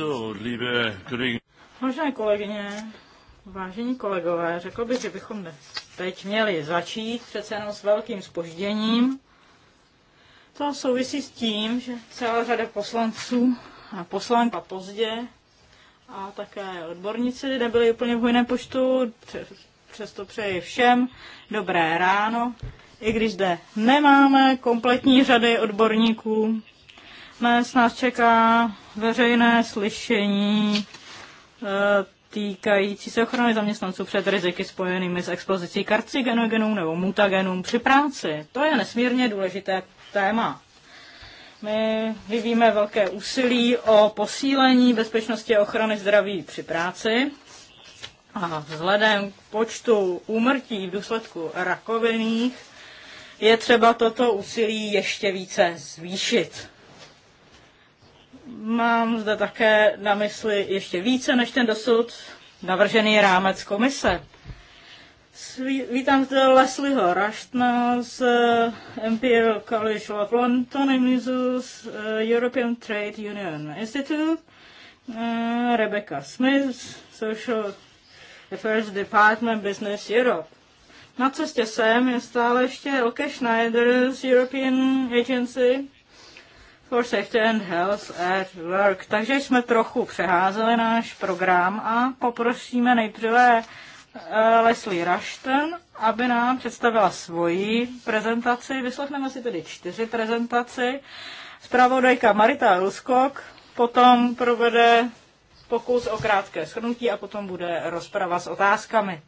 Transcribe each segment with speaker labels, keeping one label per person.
Speaker 1: So, liebe
Speaker 2: Kollegen. Možná kolegyně, vážení kolegové, řekl bych, že bychom teď měli začít přece jenom s velkým spožděním. To souvisí s tím, že celá řada poslanců a poslanka pozdě a také odborníci nebyli úplně v hojném počtu, přesto přeji všem dobré ráno. I když zde nemáme kompletní řady odborníků, dnes nás čeká veřejné slyšení eh, týkající se ochrany zaměstnanců před riziky spojenými s expozicí karcinogenů nebo mutagenům při práci. To je nesmírně důležité téma. My vyvíjíme velké úsilí o posílení bezpečnosti a ochrany zdraví při práci. A vzhledem k počtu úmrtí v důsledku rakoviných je třeba toto úsilí ještě více zvýšit. Mám zde také na mysli ještě více než ten dosud navržený rámec komise. Vítám zde Leslieho Raštna z eh, Imperial College of London and Museums eh, European Trade Union Institute, eh, Rebecca Smith, Social Affairs Department Business Europe. Na cestě sem je stále ještě Elke Schneider z European Agency for Safety and Health at Work. Takže jsme trochu přeházeli náš program a poprosíme nejprve eh, Leslie Rushton, aby nám představila svoji prezentaci. Vyslechneme si tedy čtyři prezentaci. Zpravodajka Marita Ruskok potom provede pokus o krátké shrnutí a potom bude rozprava s otázkami.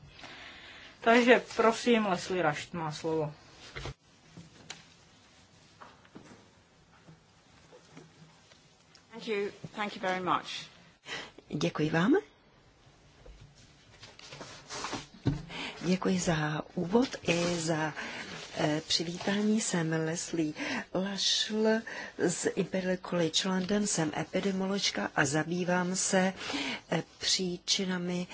Speaker 2: Takže prosím, Leslie Rushton má slovo. Thank you. Thank you very much.
Speaker 3: Děkuji vám. Děkuji za úvod i za Eh, přivítání jsem Leslie Lašl z Imperial College London, jsem epidemioložka a zabývám se eh, příčinami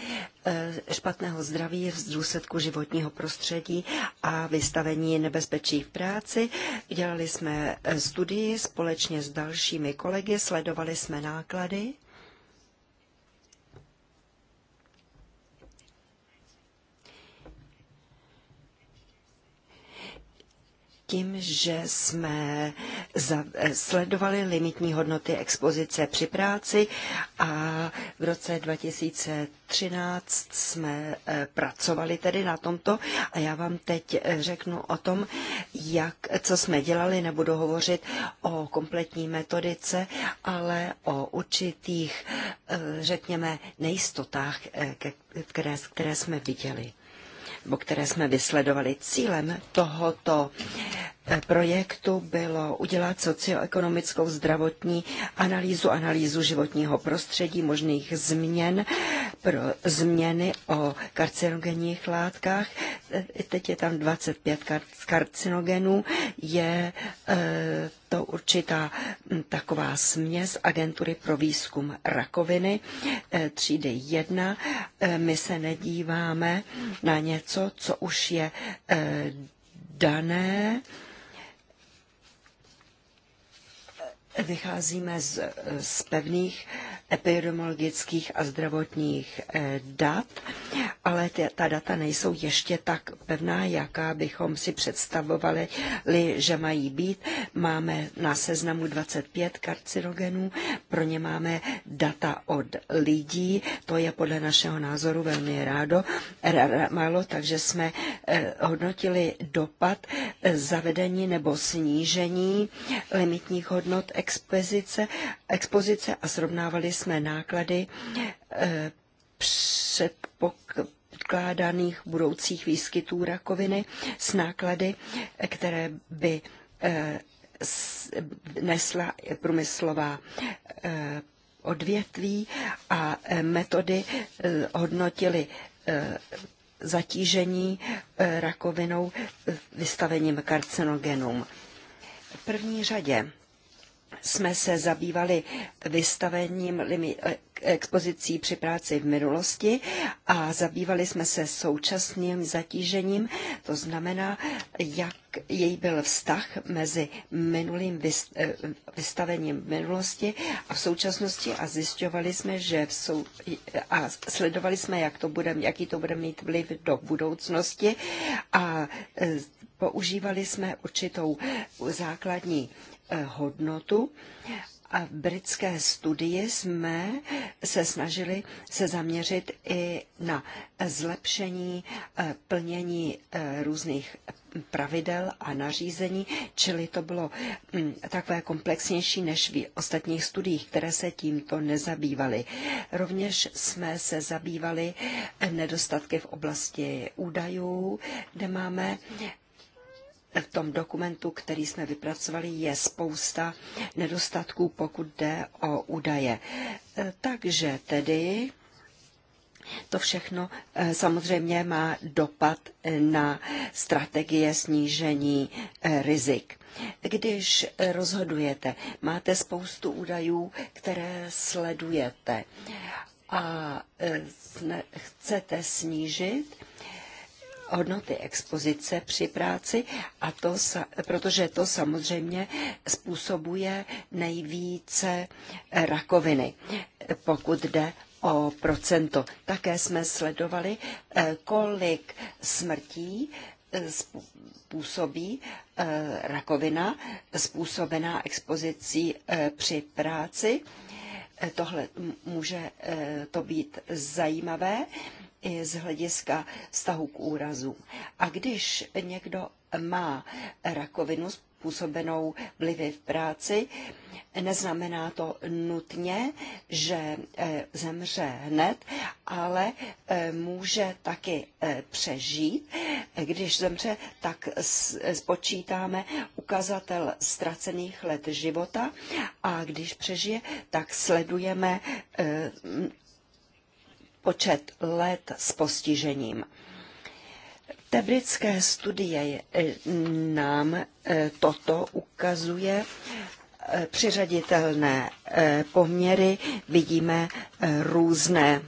Speaker 3: eh, špatného zdraví v důsledku životního prostředí a vystavení nebezpečí v práci. Dělali jsme studii společně s dalšími kolegy, sledovali jsme náklady tím, že jsme eh, sledovali limitní hodnoty expozice při práci a v roce 2013 jsme eh, pracovali tedy na tomto a já vám teď eh, řeknu o tom, jak, co jsme dělali, nebudu hovořit o kompletní metodice, ale o určitých, řekněme, nejistotách, které, které jsme viděli nebo které jsme vysledovali. Cílem tohoto projektu bylo udělat socioekonomickou zdravotní analýzu, analýzu životního prostředí, možných změn, pro změny o karcinogenních látkách. Teď je tam 25 karcinogenů. Je e, to určitá taková směs agentury pro výzkum rakoviny e, třídy 1. E, my se nedíváme na něco, co už je dané, Vycházíme z, z pevných epidemiologických a zdravotních eh, dat, ale ty, ta data nejsou ještě tak pevná, jaká bychom si představovali, že mají být. Máme na seznamu 25 karcinogenů, pro ně máme data od lidí, to je podle našeho názoru velmi rádo, málo, takže jsme eh, hodnotili dopad eh, zavedení nebo snížení limitních hodnot expozice, expozice a srovnávali jsme náklady eh, předpokládaných budoucích výskytů rakoviny s náklady, které by eh, nesla průmyslová eh, odvětví a metody hodnotily zatížení rakovinou vystavením karcinogenům. V první řadě jsme se zabývali vystavením e- expozicí při práci v minulosti a zabývali jsme se současným zatížením, to znamená, jak jej byl vztah mezi minulým e- vystavením v minulosti a v současnosti a zjišťovali jsme, že v sou... a sledovali jsme, jak to bude, jaký to bude mít vliv do budoucnosti a e, používali jsme určitou základní Eh, hodnotu. A v britské studii jsme se snažili se zaměřit i na zlepšení eh, plnění eh, různých pravidel a nařízení, čili to bylo mm, takové komplexnější než v ostatních studiích, které se tímto nezabývaly. Rovněž jsme se zabývali nedostatky v oblasti údajů, kde máme v tom dokumentu, který jsme vypracovali, je spousta nedostatků, pokud jde o údaje. E, takže tedy to všechno e, samozřejmě má dopad na strategie snížení e, rizik. Když rozhodujete, máte spoustu údajů, které sledujete a chcete snížit hodnoty expozice při práci, a to, protože to samozřejmě způsobuje nejvíce rakoviny, pokud jde o procento. Také jsme sledovali, eh, kolik smrtí eh, způsobí eh, rakovina způsobená expozicí při práci. Tohle může to být zajímavé i z hlediska vztahu k úrazu. A když někdo má rakovinu způsobenou vlivy v práci, neznamená to nutně, že eh, zemře hned, ale eh, může taky eh, přežít. Když zemře, tak spočítáme ukazatel ztracených let života a když přežije, tak sledujeme počet let s postižením. Té britské studie eh, nám eh, toto ukazuje. Eh, přiřaditelné poměry vidíme různé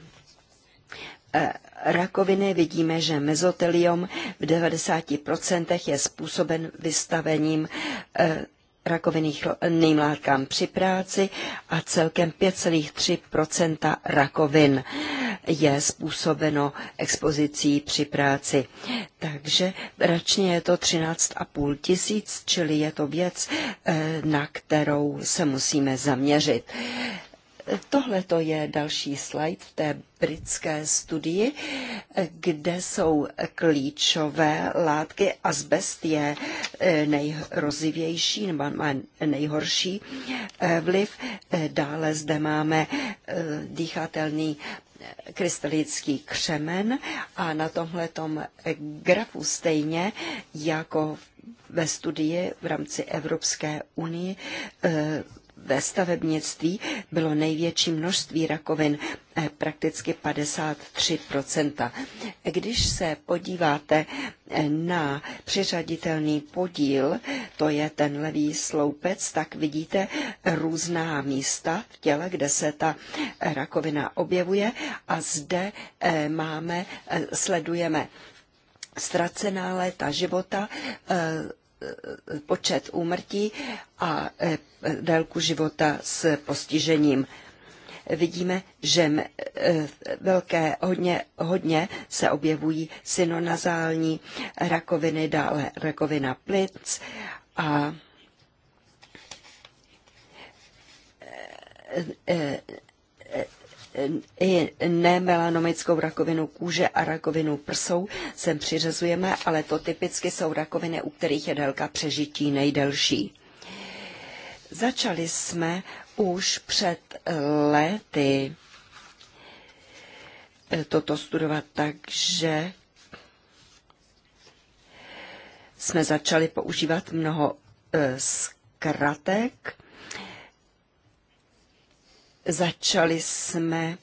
Speaker 3: rakoviny vidíme, že mezotelium v 90% je způsoben vystavením rakovinným látkám při práci a celkem 5,3 rakovin je způsobeno expozicí při práci. Takže ročně je to 13,5 tisíc, čili je to věc, eh, na kterou se musíme zaměřit. Tohle to je další slide v té britské studii, kde jsou klíčové látky. Asbest je e, nejrozivější nebo má nejhorší e, vliv. E, dále zde máme dýchatelný krystalický křemen a na tomhle grafu stejně jako ve studii v rámci Evropské unie ve stavebnictví bylo největší množství rakovin, eh, prakticky 53%. Když se podíváte eh, na přiřaditelný podíl, to je ten levý sloupec, tak vidíte různá místa v těle, kde se ta eh, rakovina objevuje a zde máme, sledujeme ztracená léta života, počet úmrtí a e, délku života s postižením. Vidíme, že e, velké, hodně, hodně se objevují synonazální rakoviny, dále rakovina plic a e, i nemelanomickou rakovinu kůže a rakovinu prsou sem přiřazujeme, ale to typicky jsou rakoviny, u kterých je délka přežití nejdelší. Začali jsme už před lety toto studovat tak, že jsme začali používat mnoho eh, zkratek Začali jsme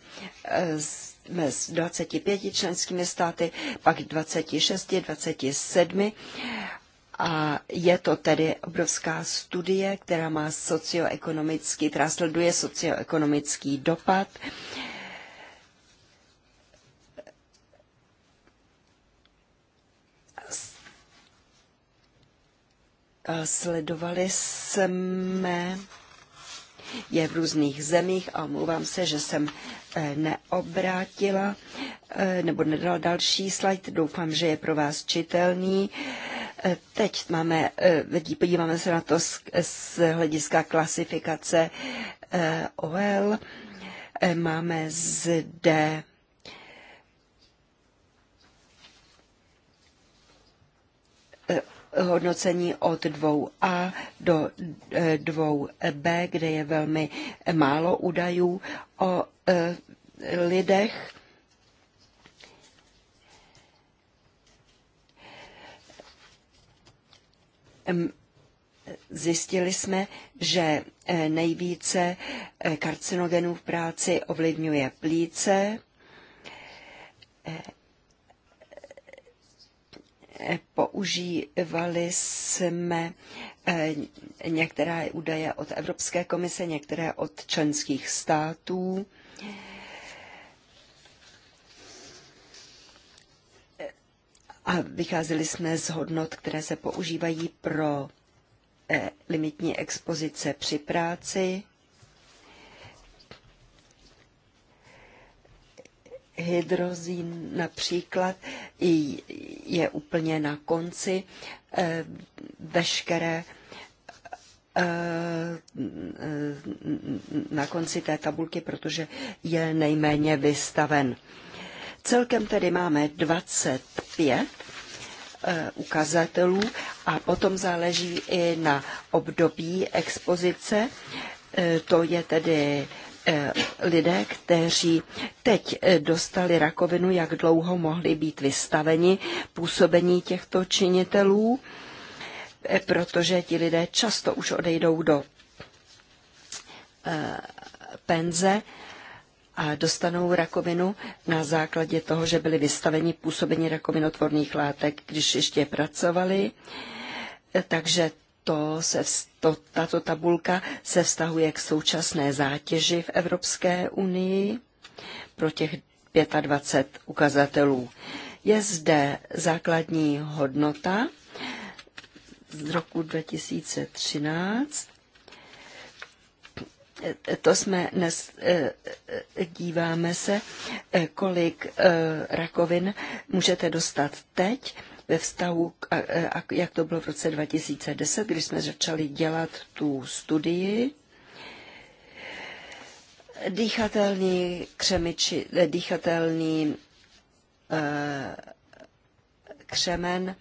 Speaker 3: eh, s s 25 členskými státy, pak 26, 27 a je to tedy obrovská studie, která má socioekonomický, která sleduje socioekonomický dopad. Sledovali jsme je v různých zemích a omlouvám se, že jsem eh, neobrátila eh, nebo nedala další slide. Doufám, že je pro vás čitelný. Eh, teď máme, podíváme se na to z, z hlediska klasifikace OL. Máme zde hodnocení od 2A do 2B, e, kde je velmi málo údajů o e, lidech. Zjistili jsme, že e, nejvíce karcinogenů v práci ovlivňuje plíce, Používali jsme eh, některé údaje od Evropské komise, některé od členských států. A vycházeli jsme z hodnot, které se používají pro eh, limitní expozice při práci, hydrozín například je úplně na konci eh, veškeré eh, na konci té tabulky, protože je nejméně vystaven. Celkem tedy máme 25 eh, ukazatelů a potom záleží i na období expozice. To je tedy Eh, lidé, kteří teď eh, dostali rakovinu, jak dlouho mohli být vystaveni působení těchto činitelů, eh, protože ti lidé často už odejdou do penze a dostanou rakovinu na základě toho, že byli vystaveni působení rakovinotvorných látek, když ještě pracovali. Takže to se, to, tato tabulka se vztahuje k současné zátěži v Evropské unii pro těch 25 ukazatelů. Je zde základní hodnota z roku 2013. E, to jsme dnes e, e, díváme se, kolik rakovin můžete dostat teď ve vztahu, k, a, a, jak to bylo v roce 2010, kdy jsme začali dělat tu studii, dýchatelný křemiči, eh, dýchatelný e, křemen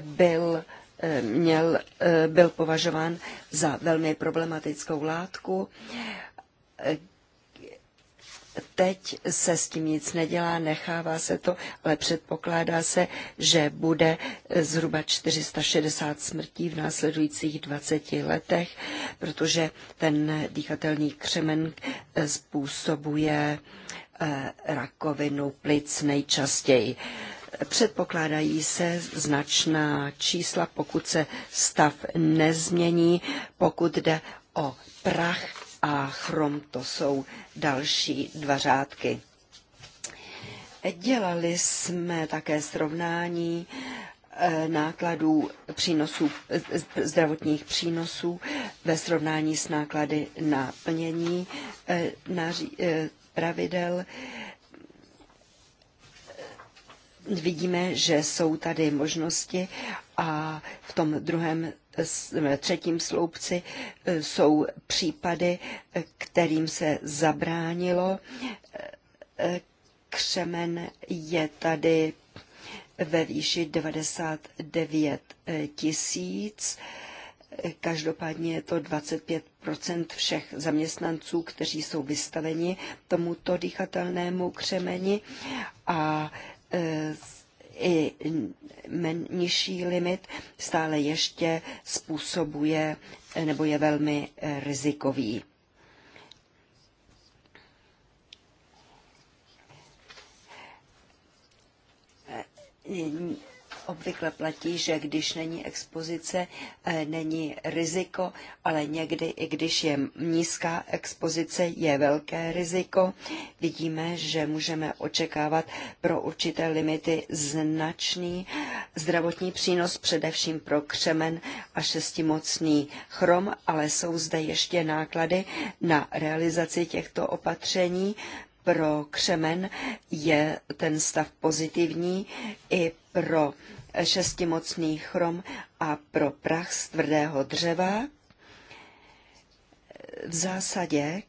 Speaker 3: byl, e, měl, e, byl považován za velmi problematickou látku, Teď se s tím nic nedělá, nechává se to, ale předpokládá se, že bude zhruba 460 smrtí v následujících 20 letech, protože ten dýchatelný křemen eh, způsobuje eh, rakovinu plic nejčastěji. Předpokládají se značná čísla, pokud se stav nezmění, pokud jde o prach a chrom to jsou další dva řádky. Dělali jsme také srovnání eh, nákladů přínosů, eh, zdravotních přínosů ve srovnání s náklady na plnění eh, pravidel. Vidíme, že jsou tady možnosti a v tom druhém v třetím sloupci e, jsou případy, e, kterým se zabránilo. E, křemen je tady ve výši 99 tisíc. Každopádně je to 25 všech zaměstnanců, kteří jsou vystaveni tomuto dýchatelnému křemeni a i men, nižší limit stále ještě způsobuje nebo je velmi eh, rizikový. Eh, Obvykle platí, že když není expozice, eh, není riziko, ale někdy i když je nízká expozice, je velké riziko. Vidíme, že můžeme očekávat pro určité limity značný zdravotní přínos, především pro křemen a šestimocný chrom, ale jsou zde ještě náklady na realizaci těchto opatření pro křemen je ten stav pozitivní i pro šestimocný chrom a pro prach z tvrdého dřeva. V zásadě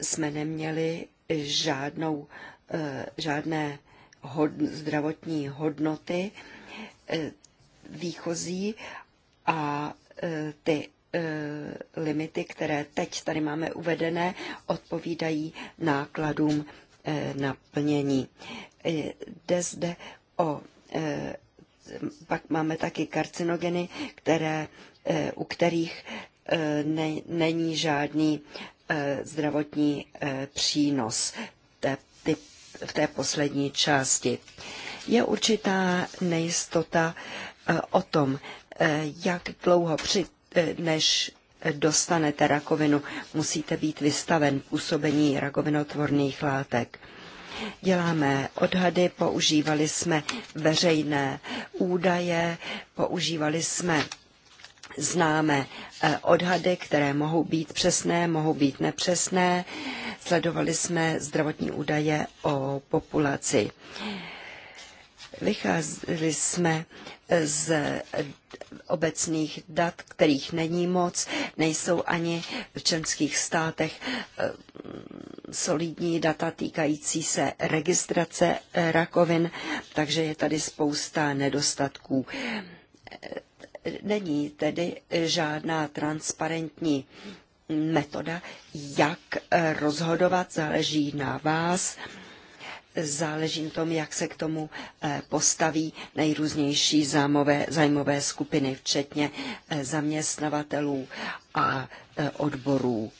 Speaker 3: jsme neměli žádnou, eh, žádné hod, zdravotní hodnoty eh, výchozí a eh, ty limity, které teď tady máme uvedené, odpovídají nákladům naplnění Jde zde o e, pak máme taky karcinogeny, které, e, u kterých e, ne, není žádný zdravotní přínos te, ty, v té poslední části. Je určitá nejistota o tom, jak dlouho při, než dostanete rakovinu, musíte být vystaven působení rakovinotvorných látek. Děláme odhady, používali jsme veřejné údaje, používali jsme známe eh, odhady, které mohou být přesné, mohou být nepřesné. Sledovali jsme zdravotní údaje o populaci. Vycházeli jsme z obecných dat, kterých není moc, nejsou ani v členských státech eh, solidní data týkající se registrace rakovin, takže je tady spousta nedostatků.
Speaker 4: Eh,
Speaker 3: není tedy žádná transparentní metoda, jak eh, rozhodovat, záleží na vás záleží na tom, jak se k tomu eh, postaví nejrůznější zájmové, zájmové skupiny, včetně eh, zaměstnavatelů a eh, odborů.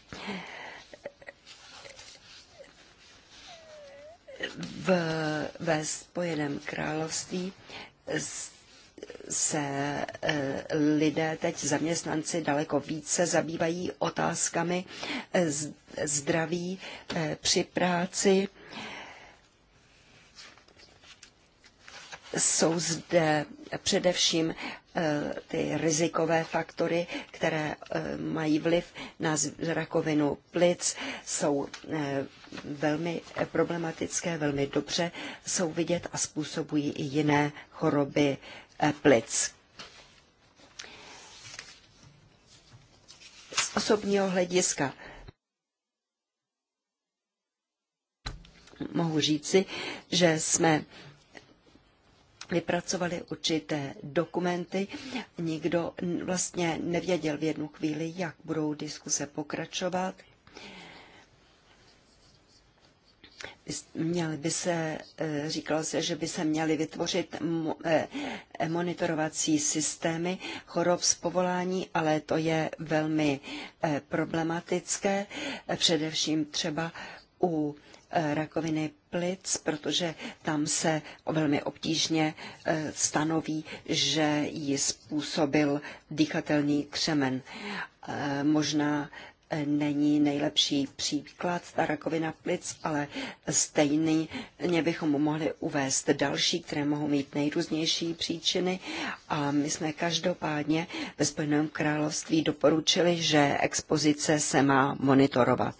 Speaker 3: V, ve Spojeném království se lidé, teď zaměstnanci, daleko více zabývají otázkami zdraví při práci jsou zde především eh, ty rizikové faktory, které eh, mají vliv na rakovinu plic, jsou eh, velmi problematické, velmi dobře jsou vidět a způsobují i jiné choroby plic. Z osobního hlediska mohu říci, že jsme vypracovali určité dokumenty. Nikdo vlastně nevěděl v jednu chvíli, jak budou diskuse pokračovat. Měli by se, eh, říkalo se, že by se měly vytvořit eh, monitorovací systémy chorob z povolání, ale to je velmi eh, problematické, především třeba u rakoviny plic, protože tam se velmi obtížně eh, stanoví, že ji způsobil dýchatelný křemen. Eh, možná eh, není nejlepší příklad ta rakovina plic, ale stejný mě bychom mohli uvést další, které mohou mít nejrůznější příčiny a my jsme každopádně ve Spojeném království doporučili, že expozice se má monitorovat.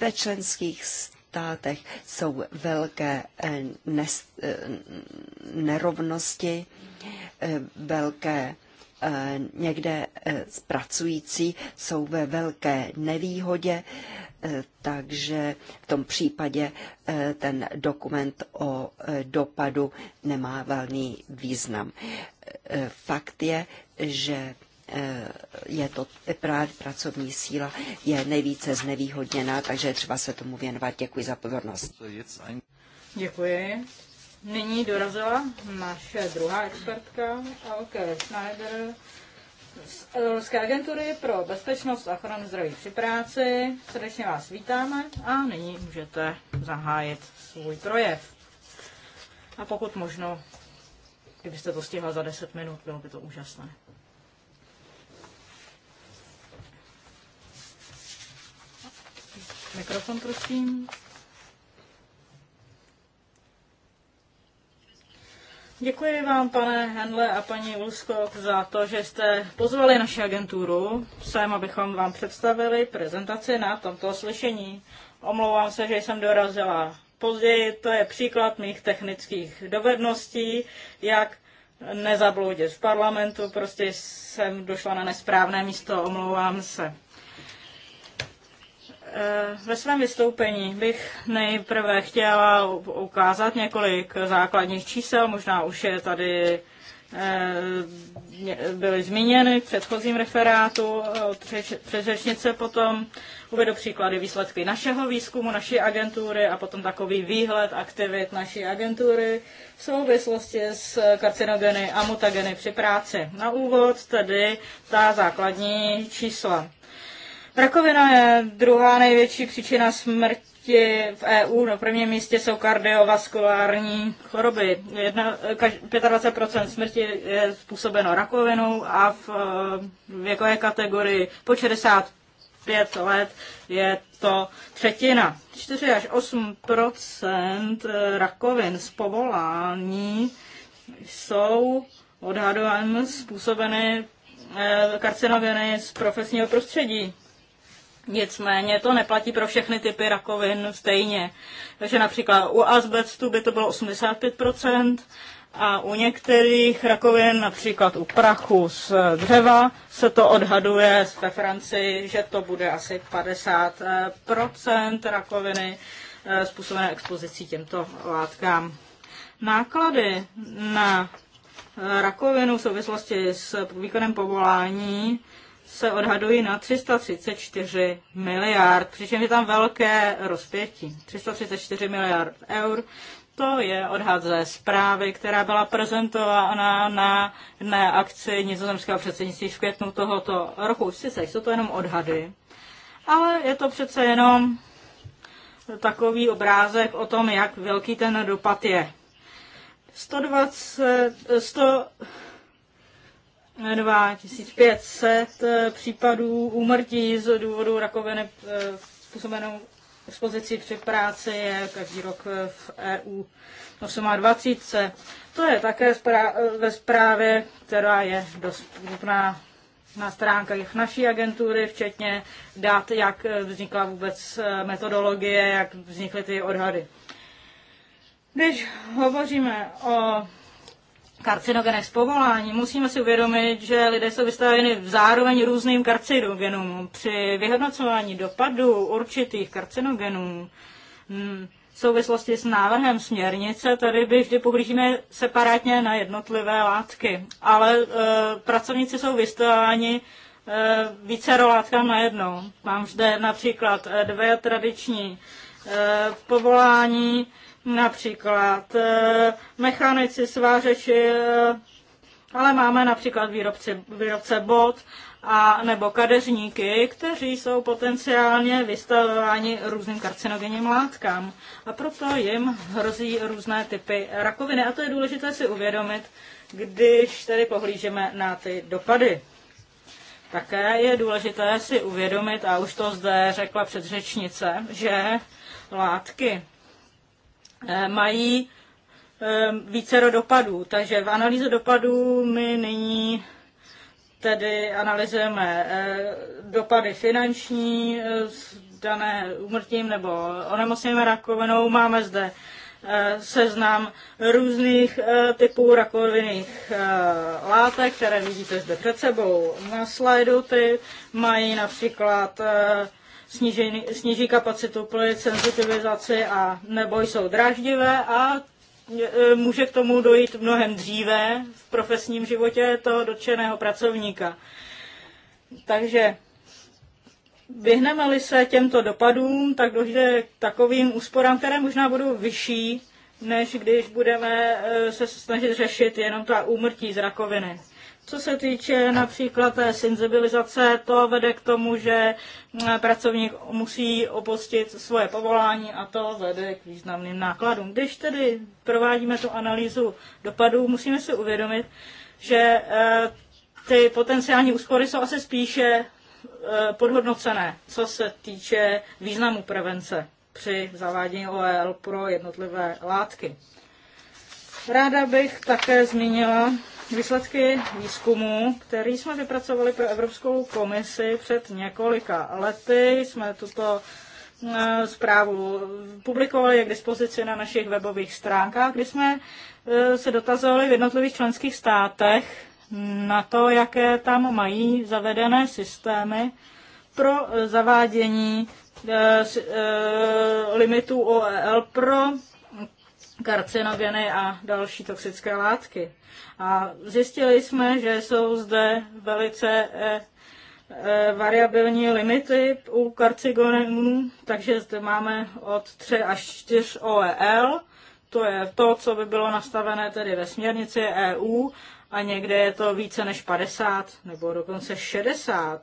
Speaker 3: Ve členských státech jsou velké eh, eh, nerovnosti, eh, velké někde zpracující jsou ve velké nevýhodě, takže v tom případě ten dokument o dopadu nemá velný význam. Fakt je, že je to právě pracovní síla, je nejvíce znevýhodněná, takže je třeba se tomu věnovat. Děkuji za pozornost.
Speaker 2: Děkuji. Nyní dorazila naše druhá expertka, Alke Schneider z Evropské agentury pro bezpečnost a ochranu zdraví při práci. Srdečně vás vítáme a nyní můžete zahájit svůj projev. A pokud možno, kdybyste to stihla za 10 minut, bylo by to úžasné. Mikrofon, prosím. Děkuji vám, pane Henle a paní Ulskok, za to, že jste pozvali naši agenturu sem, abychom vám představili prezentaci na tomto slyšení. Omlouvám se, že jsem dorazila později. To je příklad mých technických dovedností, jak nezabloudit v parlamentu. Prostě jsem došla na nesprávné místo, omlouvám se. Eh, ve svém vystoupení bych nejprve chtěla ukázat několik základních čísel, možná už je tady eh, byly zmíněny v předchozím referátu eh, od předřečnice, potom uvedu příklady výsledky našeho výzkumu, naší agentury a potom takový výhled aktivit naší agentury v souvislosti s karcinogeny a mutageny při práci. Na úvod tedy ta základní čísla. Rakovina je druhá největší příčina smrti v EU. Na prvním místě jsou kardiovaskulární choroby. Jedna, kaž, 25% smrti je způsobeno rakovinou a v eh, věkové kategorii po 60 pět let je to třetina. 4 až 8 eh, rakovin z povolání jsou odhadovány způsobeny eh, karcinogeny z profesního prostředí. Nicméně to neplatí pro všechny typy rakovin stejně. Takže například u asbestu by to bylo 85% a u některých rakovin, například u prachu z dřeva, se to odhaduje ve Francii, že to bude asi 50% rakoviny eh, způsobené expozicí těmto látkám. Náklady na eh, rakovinu v souvislosti s výkonem povolání se odhadují na 334 miliard, přičemž je tam velké rozpětí. 334 miliard eur, to je odhad ze zprávy, která byla prezentována na jedné akci nizozemského předsednictví v květnu tohoto roku. Už si se, jsou to jenom odhady, ale je to přece jenom takový obrázek o tom, jak velký ten dopad je. 120, 100, 2500 eh, případů úmrtí z důvodu rakoviny eh, způsobenou expozici při práci je každý rok eh, v EU 28. To je také ve zprávě, která je dostupná na stránkách naší agentury, včetně dat, jak vznikla vůbec metodologie, jak vznikly ty odhady. Když hovoříme o Karcinogeny z povolání, musíme si uvědomit, že lidé jsou vystaveni zároveň různým karcinogenům. Při vyhodnocování dopadu určitých karcinogenů hm, v souvislosti s návrhem směrnice, tady by vždy pohlížíme separátně na jednotlivé látky, ale e, pracovníci jsou vystaveni e, více látkám najednou. Mám zde například eh, dvě tradiční e, povolání, Například eh, mechanici, svářeči, eh, ale máme například výrobci, výrobce bot a nebo kadeřníky, kteří jsou potenciálně vystavováni různým karcinogenním látkám. A proto jim hrozí různé typy rakoviny. A to je důležité si uvědomit, když tedy pohlížeme na ty dopady. Také je důležité si uvědomit, a už to zde řekla předřečnice, že látky Eh, mají ehm, vícero dopadů. Takže v analýze dopadů my nyní tedy analyzujeme eh, dopady finanční eh, dané umrtím nebo onemocněním rakovinou. Máme zde seznam různých typů rakovinných látek, které vidíte zde před sebou na slajdu. Ty mají například Sníží sniží kapacitu pro senzitivizaci a nebo jsou draždivé a e, může k tomu dojít mnohem dříve v profesním životě toho dotčeného pracovníka. Takže vyhneme-li se těmto dopadům, tak dojde k takovým úsporám, které možná budou vyšší, než když budeme e, se snažit řešit jenom ta úmrtí z rakoviny. Co se týče například té senzibilizace, to vede k tomu, že mm, pracovník musí opustit svoje povolání a to vede k významným nákladům. Když tedy provádíme tu analýzu dopadů, musíme si uvědomit, že e, ty potenciální úspory jsou asi spíše e, podhodnocené, co se týče významu prevence při zavádění OEL pro jednotlivé látky. Ráda bych také zmínila výsledky výzkumu, který jsme vypracovali pro Evropskou komisi před několika lety. Jsme tuto eh, zprávu publikovali, k dispozici na našich webových stránkách, kdy jsme eh, se dotazovali v jednotlivých členských státech na to, jaké tam mají zavedené systémy pro eh, zavádění limitů OEL pro karcinogeny a další toxické látky. A zjistili jsme, že jsou zde velice eh, eh, variabilní limity u karcinogenů, takže zde máme od 3 až 4 OEL, to je to, co by bylo nastavené tedy ve směrnici EU a někde je to více než 50 nebo dokonce 60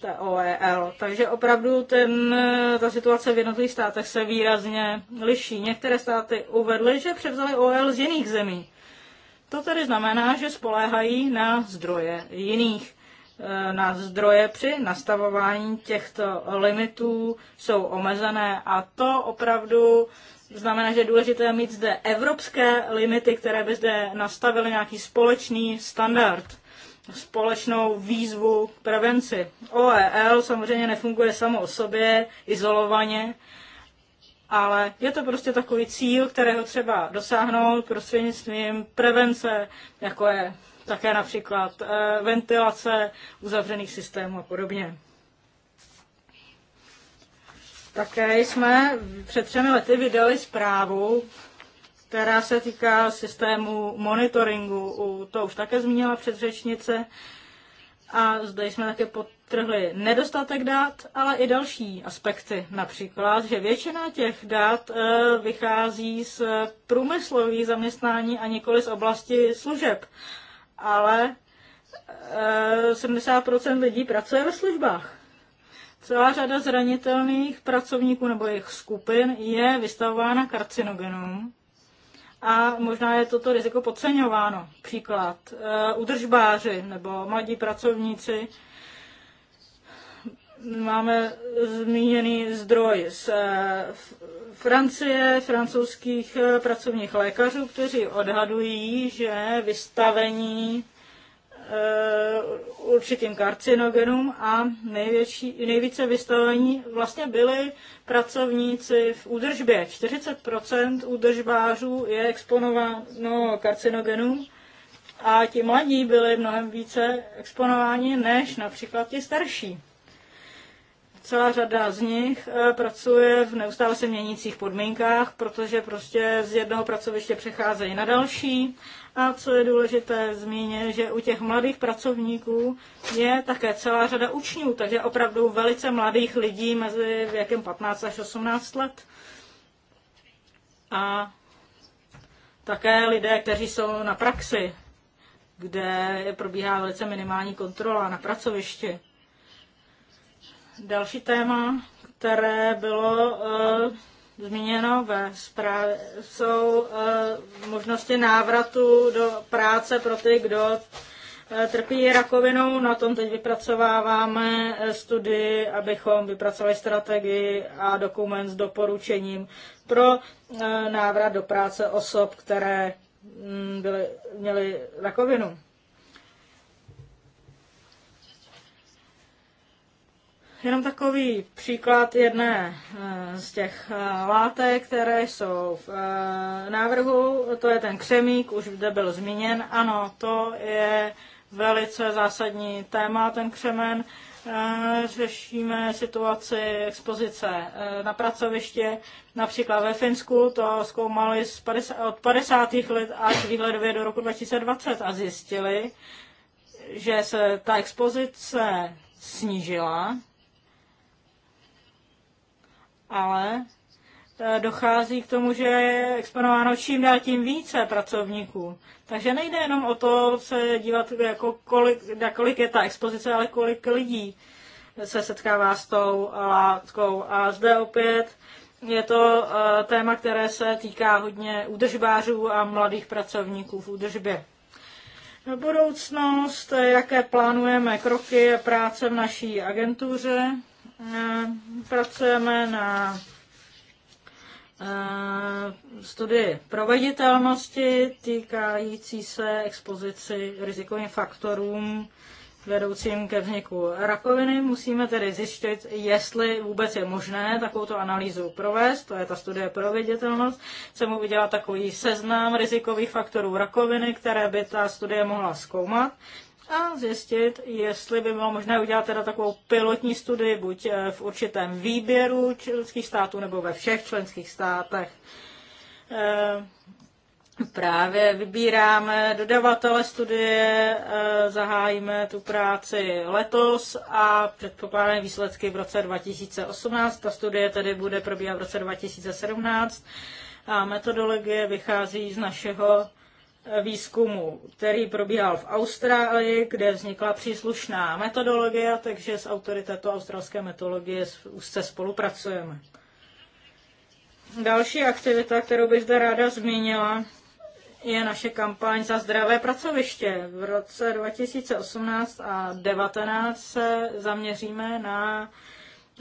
Speaker 2: té OEL. Takže opravdu ten, ta situace v jednotlivých státech se výrazně liší. Některé státy uvedly, že převzaly OEL z jiných zemí. To tedy znamená, že spoléhají na zdroje jiných. E, na zdroje při nastavování těchto limitů jsou omezené a to opravdu znamená, že je důležité mít zde evropské limity, které by zde nastavily nějaký společný standard společnou výzvu k prevenci. OEL samozřejmě nefunguje samo o sobě, izolovaně, ale je to prostě takový cíl, kterého třeba dosáhnout prostřednictvím prevence, jako je také například eh, ventilace uzavřených systémů a podobně. Také jsme před třemi lety vydali zprávu která se týká systému monitoringu. To už také zmínila předřečnice. A zde jsme také potrhli nedostatek dát, ale i další aspekty. Například, že většina těch dát eh, vychází z průmyslových zaměstnání a nikoli z oblasti služeb. Ale 70% eh, lidí pracuje ve službách. Celá řada zranitelných pracovníků nebo jejich skupin je vystavována karcinogenům a možná je toto riziko podceňováno. Příklad, eh, udržbáři nebo mladí pracovníci. Máme zmíněný zdroj z eh, Francie, francouzských eh, pracovních lékařů, kteří odhadují, že vystavení Eh, určitým karcinogenům a největší, nejvíce vystavení vlastně byli pracovníci v údržbě. 40% údržbářů je exponováno karcinogenům a ti mladí byli mnohem více exponováni než například ti starší celá řada z nich eh, pracuje v neustále se měnících podmínkách, protože prostě z jednoho pracoviště přecházejí na další. A co je důležité zmínit, že u těch mladých pracovníků je také celá řada učňů, takže opravdu velice mladých lidí mezi věkem 15 až 18 let. A také lidé, kteří jsou na praxi, kde probíhá velice minimální kontrola na pracovišti další téma, které bylo uh, zmíněno ve zprávě, jsou uh, možnosti návratu do práce pro ty, kdo eh, trpí rakovinou. Na tom teď vypracováváme studii, abychom vypracovali strategii a dokument s doporučením pro návrat do práce osob, které mm, byly, měly rakovinu. Jenom takový příklad jedné eh, z těch eh, látek, které jsou v eh, návrhu, to je ten křemík, už zde byl zmíněn. Ano, to je velice zásadní téma, ten křemen. Řešíme situaci expozice na pracoviště, například ve Finsku, to zkoumali z 50, od 50. let až výhledově do roku 2020 a zjistili, že se ta expozice snížila, ale e, dochází k tomu, že je exponováno čím dál tím více pracovníků. Takže nejde jenom o to se dívat, jako kolik, na kolik je ta expozice, ale kolik lidí se setkává s tou látkou. A zde opět je to e, téma, které se týká hodně údržbářů a mladých pracovníků v údržbě. Budoucnost, jaké plánujeme kroky práce v naší agentuře, Eh, pracujeme na eh, studii proveditelnosti týkající se expozici rizikovým faktorům vedoucím ke vzniku rakoviny. Musíme tedy zjistit, jestli vůbec je možné takovouto analýzu provést, to je ta studie proveditelnost. Chceme udělat takový seznam rizikových faktorů rakoviny, které by ta studie mohla zkoumat a zjistit, jestli by bylo možné udělat teda takovou pilotní studii buď eh, v určitém výběru členských států nebo ve všech členských státech. Eh, právě vybíráme dodavatele studie, eh, zahájíme tu práci letos a předpokládáme výsledky v roce 2018. Ta studie tedy bude probíhat v roce 2017 a metodologie vychází z našeho výzkumu, který probíhal v Austrálii, kde vznikla příslušná metodologie, takže s autory této australské metodologie úzce spolupracujeme. Další aktivita, kterou bych zde ráda zmínila, je naše kampaň za zdravé pracoviště. V roce 2018 a 2019 se zaměříme na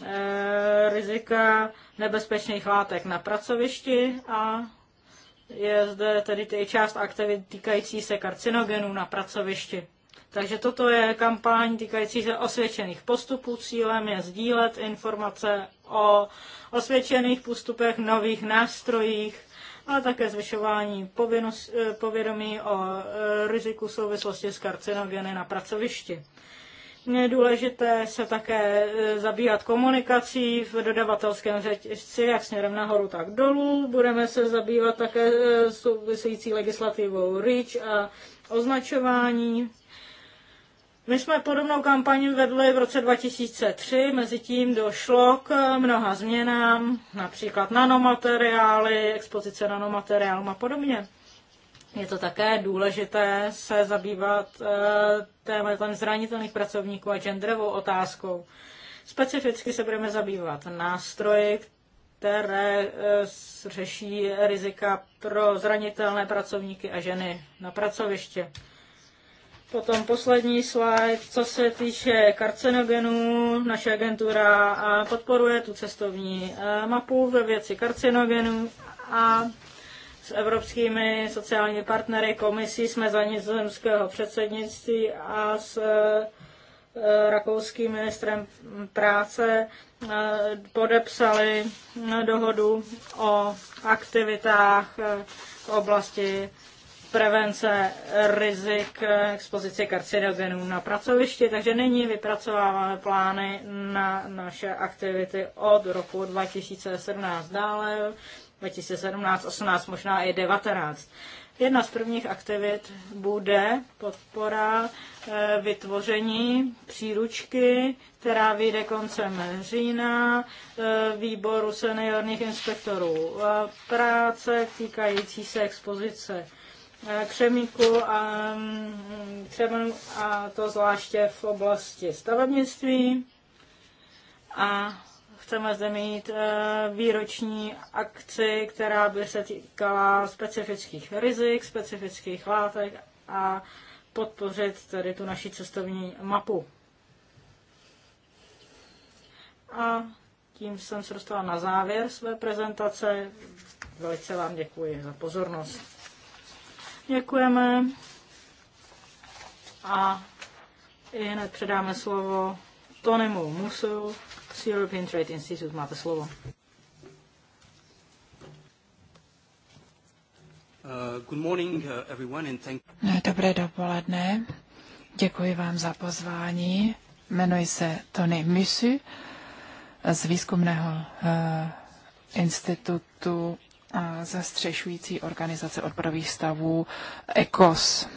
Speaker 2: e, rizika nebezpečných látek na pracovišti a je zde tedy i část aktivit týkající se karcinogenů na pracovišti. Takže toto je kampaň týkající se osvědčených postupů. Cílem je sdílet informace o osvědčených postupech, nových nástrojích, ale také zvyšování eh, povědomí o eh, riziku souvislosti s karcinogeny na pracovišti je důležité se také e, zabývat komunikací v dodavatelském řetězci, jak směrem nahoru, tak dolů. Budeme se zabývat také e, související legislativou REACH a označování. My jsme podobnou kampaň vedli v roce 2003, mezi tím došlo k e, mnoha změnám, například nanomateriály, expozice nanomateriálům a podobně. Je to také důležité se zabývat eh, tématem zranitelných pracovníků a genderovou otázkou. Specificky se budeme zabývat nástroji, které eh, řeší rizika pro zranitelné pracovníky a ženy na pracoviště. Potom poslední slide, co se týče karcinogenů, naše agentura eh, podporuje tu cestovní mapu ve věci karcinogenů a s evropskými sociálními partnery, komisí jsme za nizozemského předsednictví a s e, rakouským ministrem práce e, podepsali dohodu o aktivitách e, v oblasti prevence rizik expozice karcinogenů na pracovišti, takže nyní vypracováváme plány na naše aktivity od roku 2017 dále. 2017, 18, možná i 19. Jedna z prvních aktivit bude podpora eh, vytvoření příručky, která vyjde koncem října eh, výboru seniorních inspektorů eh, práce týkající se expozice křemíku a mm, křemenu a to zvláště v oblasti stavebnictví. A chceme zde mít eh, výroční akci, která by se týkala specifických rizik, specifických látek a podpořit tedy tu naši cestovní mapu. A tím jsem se dostala na závěr své prezentace. Velice vám děkuji za pozornost. Děkujeme a i hned předáme slovo Tonymu Musu, z European Trade Institute. Máte
Speaker 1: slovo.
Speaker 3: Uh, uh,
Speaker 1: no, dobré dopoledne. Děkuji vám za pozvání. Jmenuji se Tony Misu z výzkumného uh, institutu uh, zastřešující organizace odborových stavů ECOS.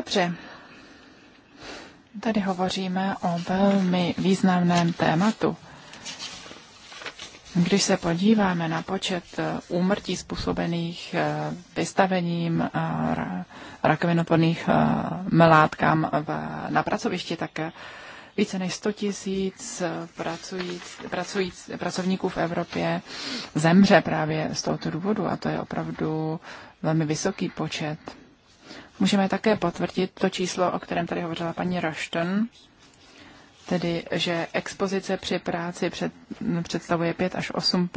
Speaker 1: Dobře. Tady hovoříme o velmi významném tématu. Když se podíváme na počet eh, úmrtí způsobených eh, vystavením eh, rakovinotvorných látkám na pracovišti, tak více než 100 tisíc pracovníků v Evropě zemře právě z tohoto důvodu a to je opravdu velmi vysoký počet. Můžeme také potvrdit to číslo, o kterém tady hovořila paní Rošton, tedy že expozice při práci před, představuje 5 až 8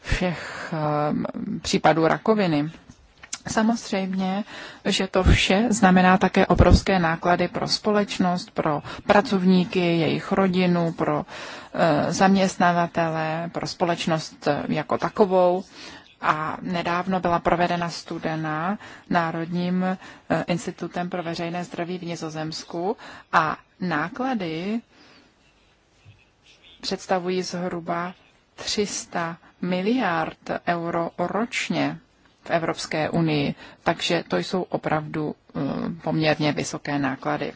Speaker 1: všech uh, případů rakoviny. Samozřejmě, že to vše znamená také obrovské náklady pro společnost, pro pracovníky, jejich rodinu, pro uh, zaměstnavatele, pro společnost jako takovou a nedávno byla provedena studena Národním e, institutem pro veřejné zdraví v Nizozemsku a náklady představují zhruba 300 miliard euro ročně v Evropské unii, takže to jsou opravdu e, poměrně vysoké náklady.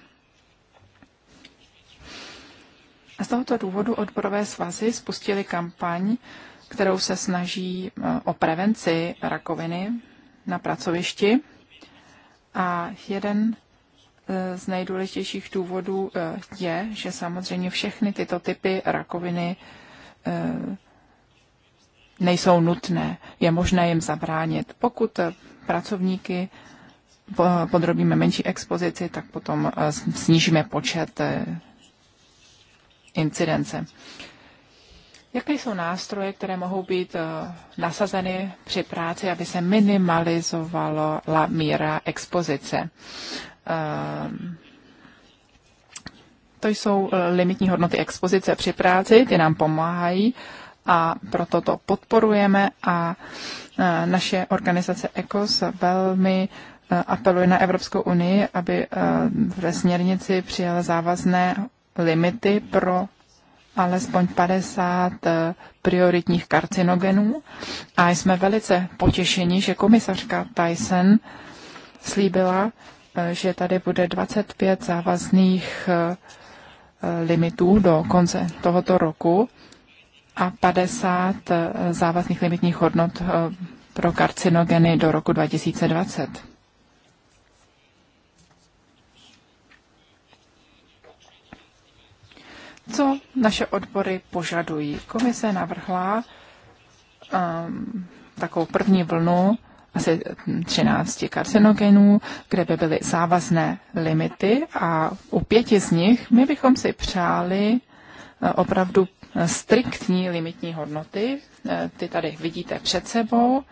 Speaker 1: A z tohoto důvodu odborové svazy spustili kampaň kterou se snaží eh, o prevenci rakoviny na pracovišti. A jeden eh, z nejdůležitějších důvodů eh, je, že samozřejmě všechny tyto typy rakoviny nejsou nutné. Je možné jim zabránit. Pokud pracovníky podrobíme menší expozici, tak potom snížíme počet incidence. Jaké jsou nástroje, které mohou být eh, nasazeny při práci, aby se minimalizovala míra expozice? Eh, to jsou eh, limitní hodnoty expozice při práci, ty nám pomáhají a proto to podporujeme a naše organizace ECOS velmi apeluje na Evropskou unii, aby ve směrnici přijala závazné limity pro alespoň 50 eh, prioritních karcinogenů a jsme velice potěšeni, že komisařka Tyson slíbila, eh, že tady bude 25 závazných eh, limitů do konce tohoto roku a 50 závazných limitních hodnot pro karcinogeny do roku 2020. Co naše odbory požadují? Komise navrhla um, takovou první vlnu asi 13 karcinogenů, kde by byly závazné limity a u pěti z nich my bychom si přáli eh, opravdu striktní limitní hodnoty. Eh, ty tady vidíte před sebou.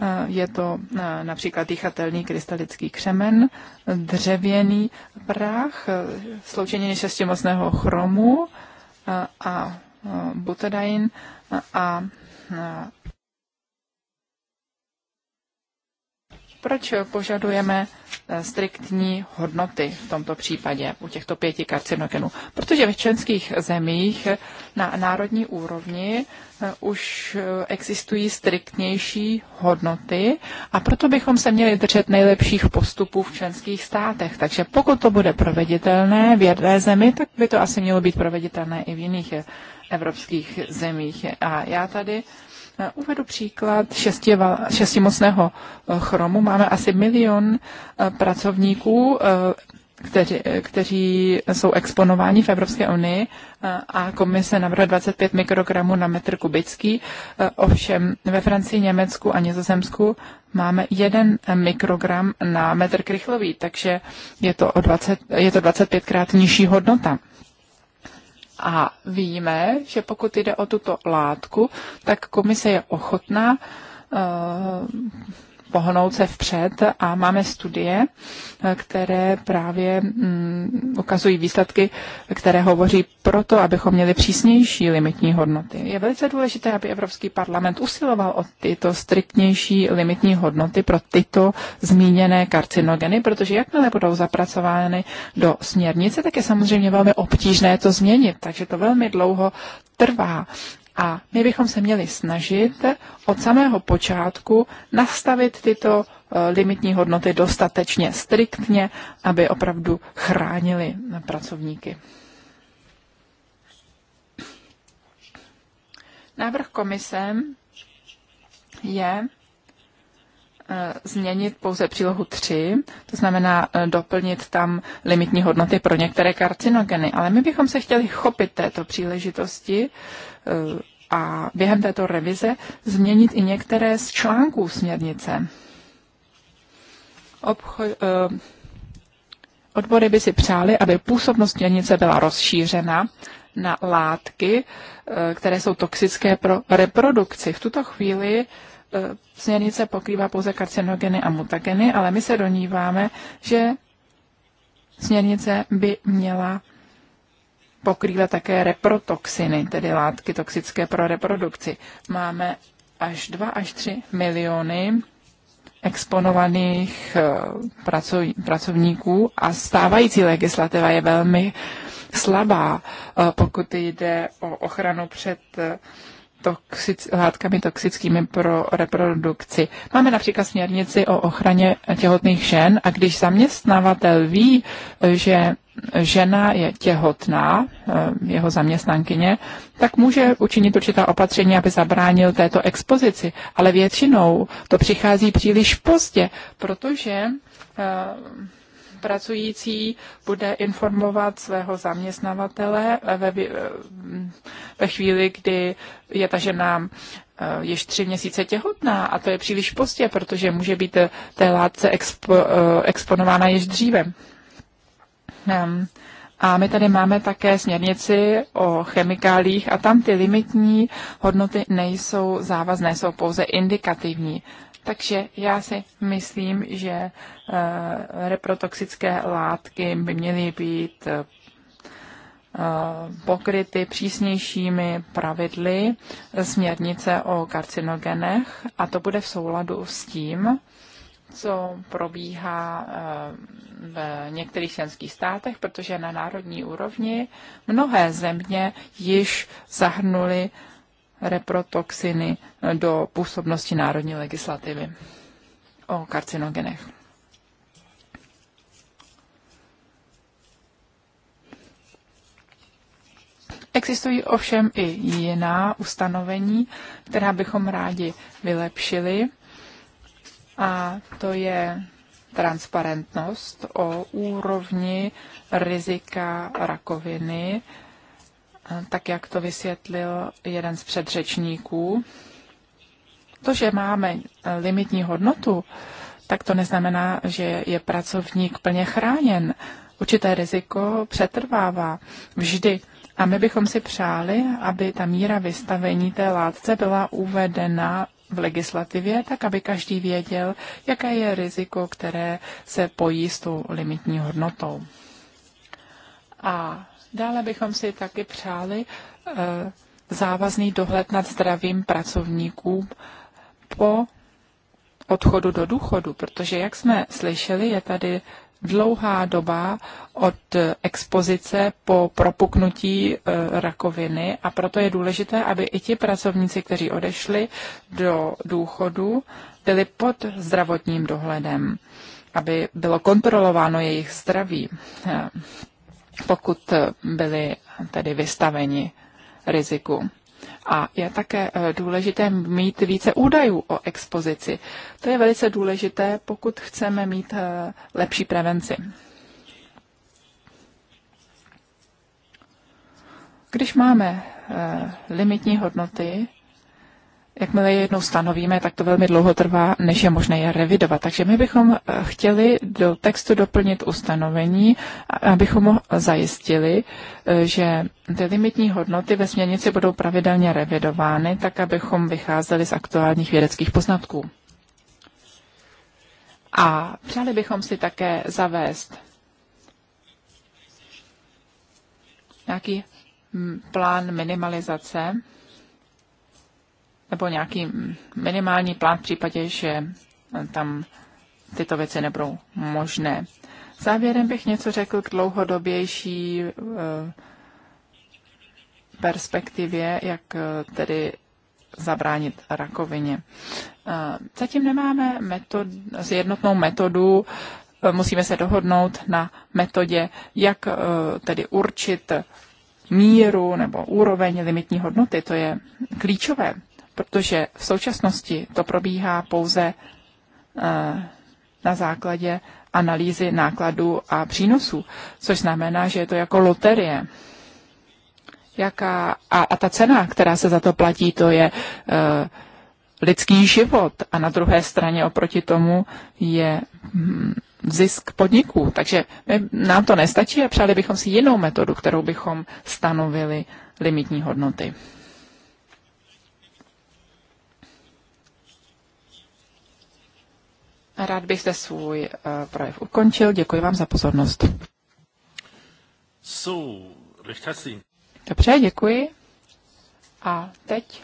Speaker 1: Eh, je to eh, například dýchatelný krystalický křemen, dřevěný prach, eh, sloučení šestimocného chromu a, butadain a proč požadujeme striktní hodnoty v tomto případě u těchto pěti karcinogenů. Protože v členských zemích na národní úrovni eh, už eh, existují striktnější hodnoty a proto bychom se měli držet nejlepších postupů v členských státech. Takže pokud to bude proveditelné v jedné zemi, tak by to asi mělo být proveditelné i v jiných eh, evropských zemích. A já tady Eh, uvedu příklad šestimocného eh, chromu. Máme asi milion eh, pracovníků, kteří, kteří jsou exponováni v Evropské unii a komise navrhuje 25 mikrogramů na metr kubický. Ovšem ve Francii, Německu a Nizozemsku máme 1 mikrogram na metr krychlový, takže je to, o 20, je to 25 krát nižší hodnota. A víme, že pokud jde o tuto látku, tak komise je ochotná eh, pohnout se vpřed a máme studie, které právě mm, ukazují výsledky, které hovoří proto, abychom měli přísnější limitní hodnoty. Je velice důležité, aby Evropský parlament usiloval o tyto striktnější limitní hodnoty pro tyto zmíněné karcinogeny, protože jakmile budou zapracovány do směrnice, tak je samozřejmě velmi obtížné to změnit, takže to velmi dlouho trvá. A my bychom se měli snažit od samého počátku nastavit tyto eh, limitní hodnoty dostatečně striktně, aby opravdu chránili pracovníky. Návrh komisem je eh, změnit pouze přílohu 3, to znamená eh, doplnit tam limitní hodnoty pro některé karcinogeny. Ale my bychom se chtěli chopit této příležitosti a během této revize změnit i některé z článků směrnice. Obcho- eh, odbory by si přáli, aby působnost směrnice byla rozšířena na látky, eh, které jsou toxické pro reprodukci. V tuto chvíli eh, směrnice pokrývá pouze karcinogeny a mutageny, ale my se doníváme, že směrnice by měla pokrývá také reprotoxiny, tedy látky toxické pro reprodukci. Máme až 2 až 3 miliony exponovaných eh, pracov, pracovníků a stávající legislativa je velmi slabá, eh, pokud jde o ochranu před eh, toxic, látkami toxickými pro reprodukci. Máme například směrnici o ochraně těhotných žen a když zaměstnavatel ví, že žena je těhotná, eh, jeho zaměstnankyně, tak může učinit určitá opatření, aby zabránil této expozici. Ale většinou to přichází příliš pozdě, protože eh, pracující bude informovat svého zaměstnavatele ve, ve chvíli, kdy je ta žena eh, již tři měsíce těhotná a to je příliš pozdě, protože může být eh, té látce expo, eh, exponována již dříve. Ehm, a my tady máme také směrnici o chemikálích a tam ty limitní hodnoty nejsou závazné, jsou pouze indikativní. Takže já si myslím, že eh, reprotoxické látky by měly být eh, pokryty přísnějšími pravidly směrnice o karcinogenech a to bude v souladu s tím, co probíhá eh, v některých členských státech, protože na národní úrovni mnohé země již zahrnuly reprotoxiny do působnosti národní legislativy o karcinogenech. Existují ovšem i jiná ustanovení, která bychom rádi vylepšili, a to je transparentnost o úrovni rizika rakoviny tak jak to vysvětlil jeden z předřečníků, to, že máme eh, limitní hodnotu, tak to neznamená, že je pracovník plně chráněn. Určité riziko přetrvává vždy. A my bychom si přáli, aby ta míra vystavení té látce byla uvedena v legislativě, tak aby každý věděl, jaké je riziko, které se pojí s tou limitní hodnotou. A Dále bychom si taky přáli eh, závazný dohled nad zdravím pracovníků po odchodu do důchodu, protože, jak jsme slyšeli, je tady dlouhá doba od expozice po propuknutí eh, rakoviny a proto je důležité, aby i ti pracovníci, kteří odešli do důchodu, byli pod zdravotním dohledem, aby bylo kontrolováno jejich zdraví. Eh, pokud eh, byli tedy vystaveni riziku. A je také eh, důležité mít více údajů o expozici. To je velice důležité, pokud chceme mít eh, lepší prevenci. Když máme limitní hodnoty, Jakmile je jednou stanovíme, tak to velmi dlouho trvá, než je možné je revidovat. Takže my bychom eh, chtěli do textu doplnit ustanovení, abychom zajistili, eh, že ty limitní hodnoty ve směrnici budou pravidelně revidovány, tak abychom vycházeli z aktuálních vědeckých poznatků. A přáli bychom si také zavést nějaký hm, plán minimalizace nebo nějaký minimální plán v případě, že tam tyto věci nebudou možné. Závěrem bych něco řekl k dlouhodobější eh, perspektivě, jak eh, tedy zabránit rakovině. Eh, zatím nemáme metod, jednotnou metodu, musíme se dohodnout na metodě, jak tedy určit míru nebo úroveň limitní hodnoty. To je klíčové protože v současnosti to probíhá pouze eh, na základě analýzy nákladů a přínosů, což znamená, že je to jako loterie. Jaká, a, a ta cena, která se za to platí, to je e, lidský život a na druhé straně oproti tomu je mm, zisk podniků. Takže my, nám to nestačí a přáli bychom si jinou metodu, kterou bychom stanovili limitní hodnoty. Rád bych zde svůj eh, projev ukončil. Děkuji vám za pozornost. So, Dobře, děkuji. A teď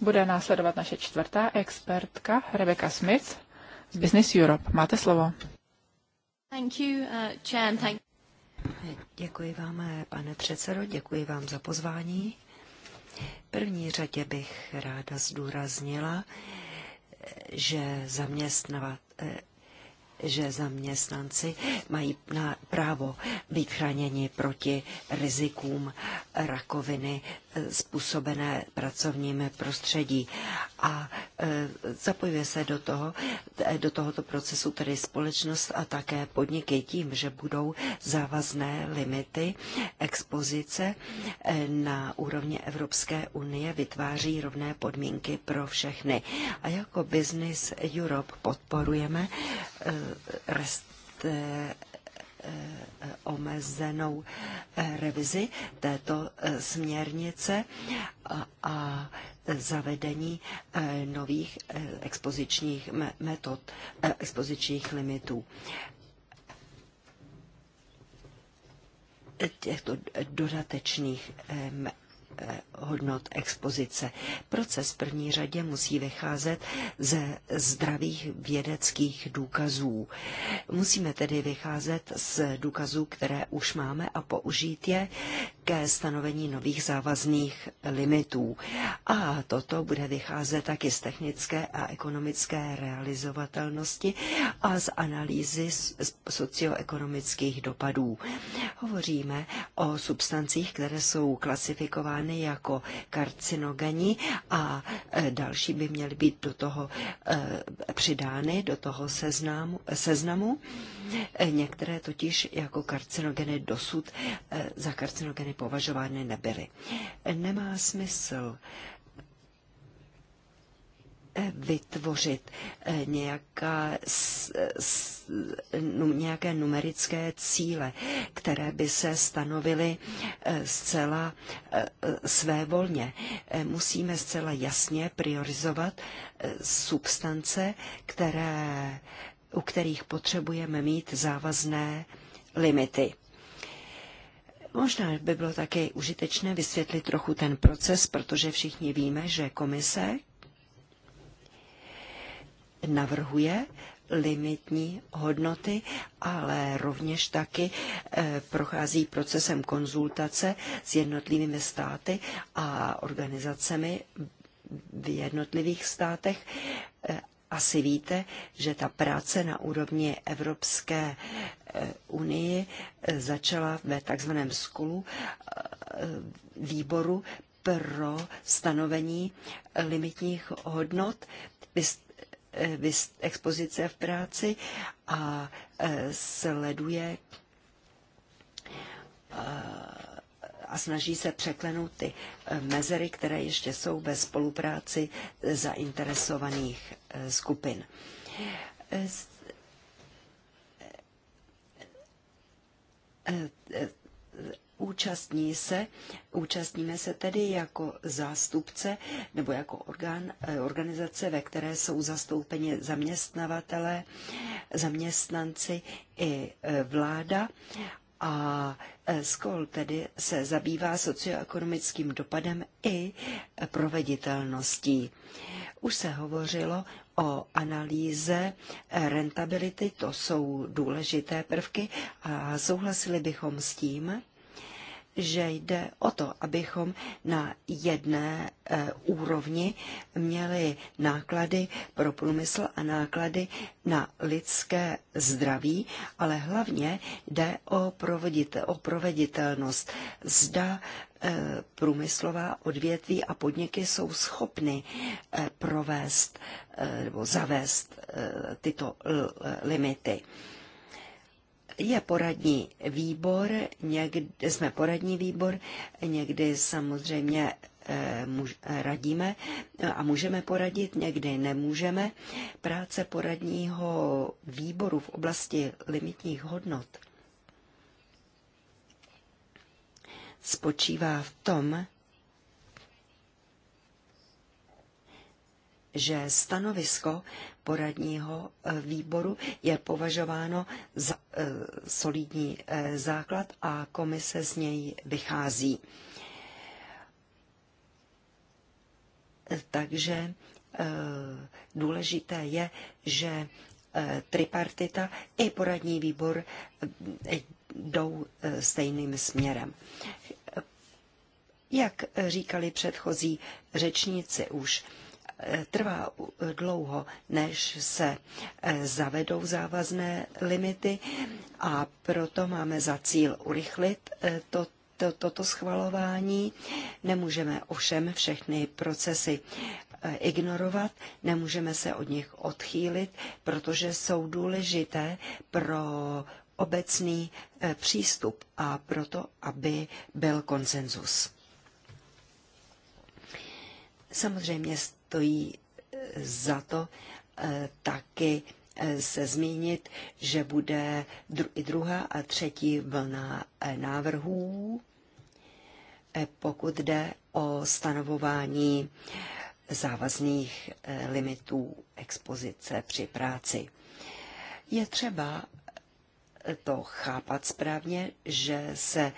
Speaker 1: bude následovat naše čtvrtá expertka Rebecca Smith z Business Europe. Máte slovo.
Speaker 2: Thank you, uh, Jan, thank...
Speaker 3: Děkuji vám, pane předsedo, děkuji vám za pozvání. V první řadě bych ráda zdůraznila, že zaměstnavat eh, že zaměstnanci mají právo být chráněni proti rizikům rakoviny způsobené pracovním prostředí. A e, zapojuje se do, toho, e, do tohoto procesu tedy společnost a také podniky tím, že budou závazné limity expozice e, na úrovni Evropské unie vytváří rovné podmínky pro všechny. A jako Business Europe podporujeme rest Eh, omezenou eh, revizi této eh, směrnice a, zavedení nových expozičních metod, expozičních limitů. těchto dodatečných hodnot expozice. Proces v první řadě musí vycházet ze zdravých vědeckých důkazů. Musíme tedy vycházet z důkazů, které už máme a použít je ke stanovení nových závazných limitů. A toto bude vycházet taky z technické a ekonomické realizovatelnosti a z analýzy socioekonomických dopadů. Hovoříme o substancích, které jsou klasifikovány jako karcinogeni a e, další by měly být do toho e, přidány, do toho seznámu, seznamu. E, některé totiž jako karcinogeny dosud za karcinogeny považovány nebyly. Nemá smysl eh, vytvořit eh, nějaká, nějaké numerické cíle, které by se stanovily eh, zcela svévolně. Musíme zcela jasně priorizovat substance, které, u kterých potřebujeme mít závazné limity. Možná by bylo také užitečné vysvětlit trochu ten proces, protože všichni víme, že komise navrhuje limitní hodnoty, ale rovněž taky eh, prochází procesem konzultace s jednotlivými státy a organizacemi v jednotlivých státech eh, asi víte, že ta práce na úrovni Evropské eh, unie eh, začala ve takzvaném skulu eh, výboru pro stanovení limitních hodnot expozice v práci a sleduje a snaží se překlenout ty eh, mezery, které ještě jsou ve spolupráci zainteresovaných eh, skupin. Eh, účastní se, účastníme se tedy jako zástupce nebo jako orgán, organizace, ve které jsou zastoupeni zaměstnavatelé, zaměstnanci i vláda a e, SKOL tedy se zabývá socioekonomickým dopadem i proveditelností. Už se hovořilo o analýze rentability, to jsou důležité prvky a souhlasili bychom s tím, že jde o to, abychom na jedné e, úrovni měli náklady pro průmysl a náklady na lidské zdraví, ale hlavně jde o, provedit, o proveditelnost. Zda e, průmyslová odvětví a podniky jsou schopny e, provést nebo zavést tyto limity je poradní výbor, někdy jsme poradní výbor, někdy samozřejmě eh, eh, radíme a můžeme poradit, někdy nemůžeme. Práce poradního výboru v oblasti limitních hodnot spočívá v tom, že stanovisko poradního e, výboru je považováno za e, solidní e, základ a komise z něj vychází. Takže důležité je, že tripartita i poradní výbor jdou stejným směrem. Jak říkali předchozí řečníci už, trvá dlouho, než se eh, zavedou závazné limity a proto máme za cíl urychlit eh, to, to, toto schvalování. Nemůžeme ovšem všechny procesy eh, ignorovat, nemůžeme se od nich odchýlit, protože jsou důležité pro obecný přístup a proto, aby byl konsenzus. Samozřejmě stojí eh, za to eh, taky eh, se zmínit, že bude i druhá a třetí vlna návrhů, pokud jde o stanovování závazných limitů expozice při práci. Je třeba to chápat správně, že se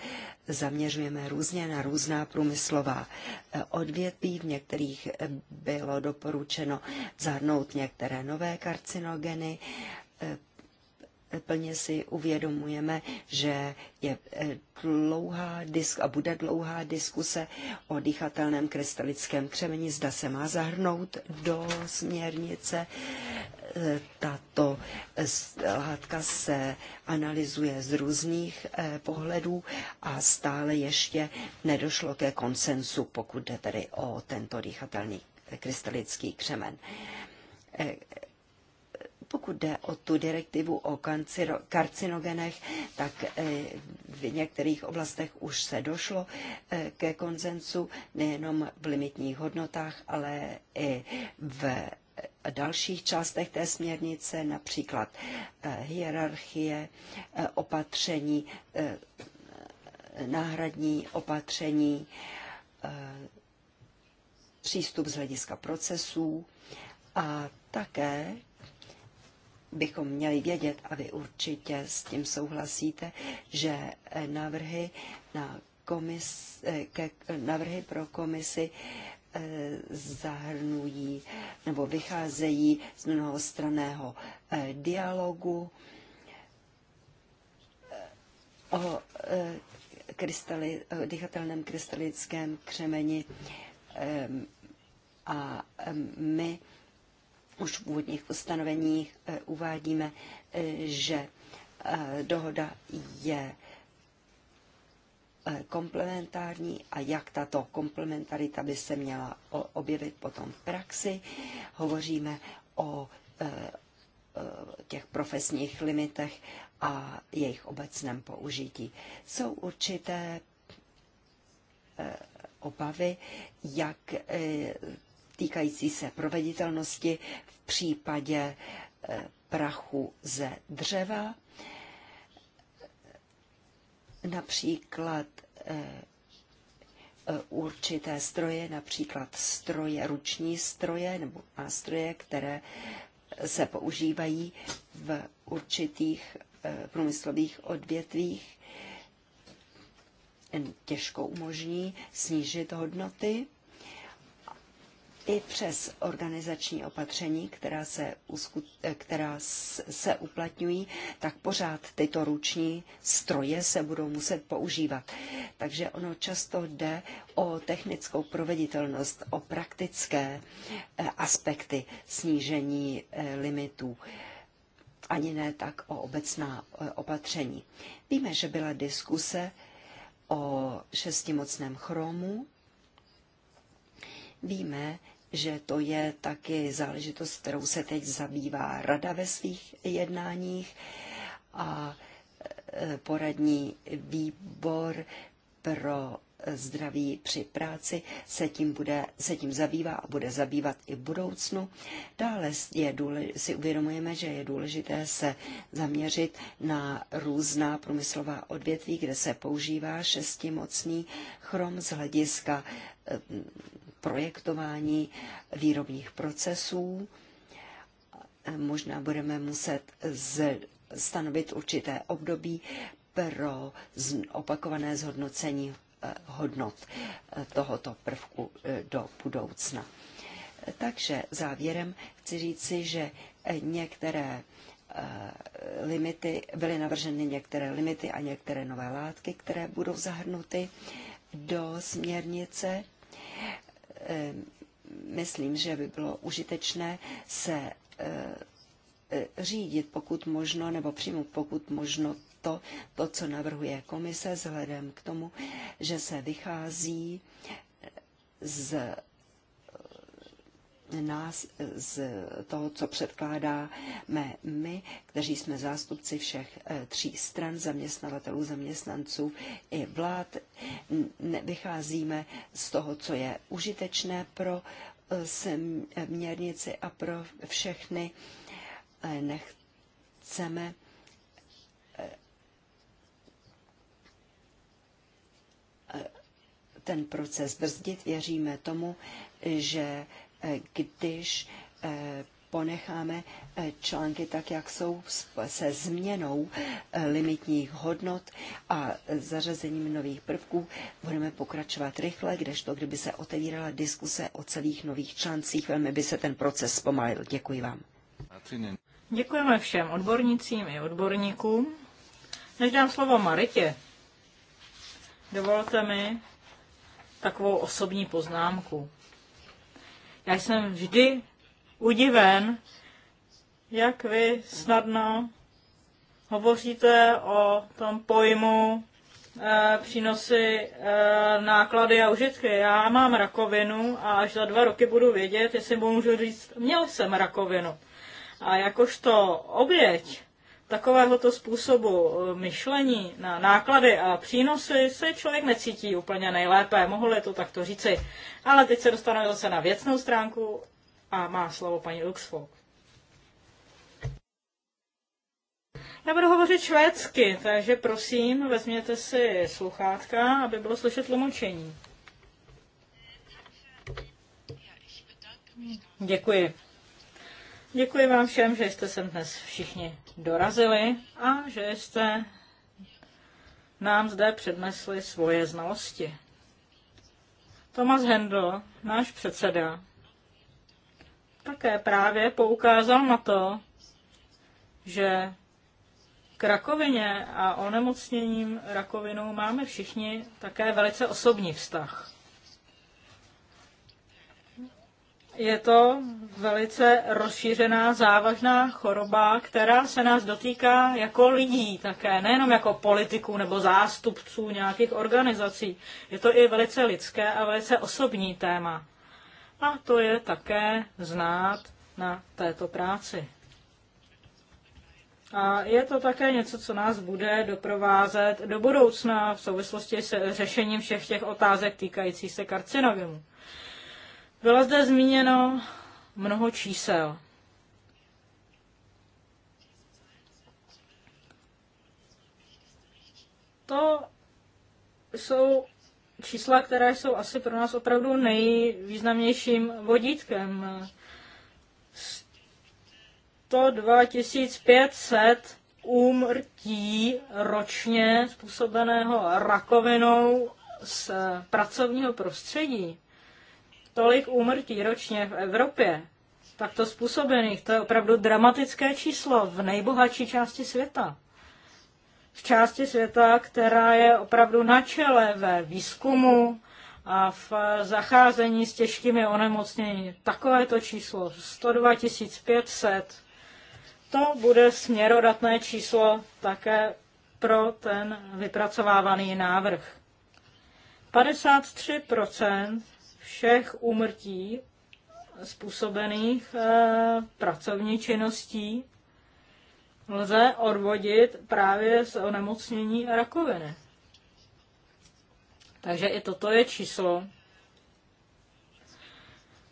Speaker 3: zaměřujeme různě na různá průmyslová eh, odvětví. V některých eh, bylo doporučeno zahrnout některé nové karcinogeny, eh, plně si uvědomujeme, že je eh, dlouhá disk a bude dlouhá diskuse o dýchatelném krystalickém křemeni, zda se má zahrnout do směrnice. Eh, tato eh, látka se analyzuje z různých pohledů a stále ještě nedošlo ke konsensu, pokud jde tedy o tento dýchatelný krystalický křemen pokud jde o tu direktivu o karcinogenech, tak eh, v některých oblastech už se došlo eh, ke konzensu nejenom v limitních hodnotách, ale i v dalších částech té směrnice, například eh, hierarchie, opatření, náhradní opatření, přístup z hlediska procesů a také bychom měli vědět, a vy určitě s tím souhlasíte, že eh, návrhy, na komis, eh, ke, eh, návrhy pro komisi zahrnují nebo vycházejí z mnohostraného dialogu o krystali, dýchatelném krystalickém křemeni a my už v úvodních ustanoveních eh, uvádíme, eh, že eh, dohoda je komplementární a jak tato komplementarita by se měla objevit potom v praxi. Hovoříme o těch profesních limitech a jejich obecném použití. Jsou určité obavy, jak týkající se proveditelnosti v případě eh, prachu ze dřeva, například eh, eh, určité stroje, například stroje, ruční stroje nebo nástroje, které se používají v určitých průmyslových odvětvích, těžko umožní snížit hodnoty i přes organizační opatření, která se, uskut, eh, která se uplatňují, tak pořád tyto ruční stroje se budou muset používat. Takže ono často jde o technickou proveditelnost, o praktické eh, aspekty snížení eh, limitů ani ne tak o obecná opatření. Víme, že byla diskuse o šestimocném chromu, Víme, že to je taky záležitost, kterou se teď zabývá rada ve svých jednáních a e, poradní výbor pro zdraví při práci se tím, bude, se tím zabývá a bude zabývat i v budoucnu. Dále je důležité si uvědomujeme, že je důležité se zaměřit na různá průmyslová odvětví, kde se používá šestimocný chrom z hlediska e, projektování výrobních procesů. Možná budeme muset stanovit určité období pro opakované zhodnocení eh, hodnot eh, tohoto prvku eh, do budoucna. Takže závěrem chci říci, že některé limity, byly navrženy některé limity a některé nové látky, které budou zahrnuty do směrnice Eh, myslím, že by bylo užitečné se eh, eh, řídit pokud možno, nebo přijmout pokud možno to, to, co navrhuje komise, vzhledem k tomu, že se vychází z nás eh, z toho, co předkládáme my, kteří jsme zástupci všech eh, tří stran, zaměstnavatelů, zaměstnanců i vlád. Vycházíme z toho, co je užitečné pro eh, směrnici a pro všechny. Nechceme ten proces brzdit. Věříme tomu, že když eh, ponecháme eh, články tak, jak jsou se změnou eh, limitních hodnot a zařazením nových prvků, budeme pokračovat rychle, kdežto kdyby se otevírala diskuse o celých nových článcích, velmi by se ten proces zpomalil. Děkuji vám.
Speaker 2: Děkujeme všem odbornicím i odborníkům. Než dám slovo Maritě, dovolte mi takovou osobní poznámku. Já jsem vždy udiven, jak vy snadno hovoříte o tom pojmu e, přínosy, e, náklady a užitky. Já mám rakovinu a až za dva roky budu vědět, jestli můžu říct, měl jsem rakovinu. A jakožto oběť takovéhoto způsobu eh, myšlení na náklady a přínosy se člověk necítí úplně nejlépe, mohl to takto říci. Ale teď se dostaneme zase na věcnou stránku a má slovo paní Luxfolk. Já budu hovořit švédsky, takže prosím, vezměte si sluchátka, aby bylo slyšet tlumočení. Děkuji. Děkuji vám všem, že jste sem dnes všichni dorazili a že jste nám zde přednesli svoje znalosti. Thomas Hendl, náš předseda, také právě poukázal na to, že k rakovině a onemocněním rakovinou máme všichni také velice osobní vztah. je to velice rozšířená závažná choroba, která se nás dotýká jako lidí také, nejenom jako politiků nebo zástupců nějakých organizací. Je to i velice lidské a velice osobní téma. A to je také znát na této práci. A je to také něco, co nás bude doprovázet do budoucna v souvislosti s řešením všech těch otázek týkajících se karcinogenů. Bylo zde zmíněno mnoho čísel. To jsou čísla, které jsou asi pro nás opravdu nejvýznamnějším vodítkem. 102 500 úmrtí ročně způsobeného rakovinou z pracovního prostředí tolik úmrtí ročně v Evropě takto způsobených, to je opravdu dramatické číslo v nejbohatší části světa. V části světa, která je opravdu na čele ve výzkumu a v zacházení s těžkými onemocnění. Takovéto číslo 102 500, to bude směrodatné číslo také pro ten vypracovávaný návrh. 53 všech úmrtí způsobených eh, pracovní činností lze odvodit právě z onemocnění rakoviny. Takže i toto je číslo,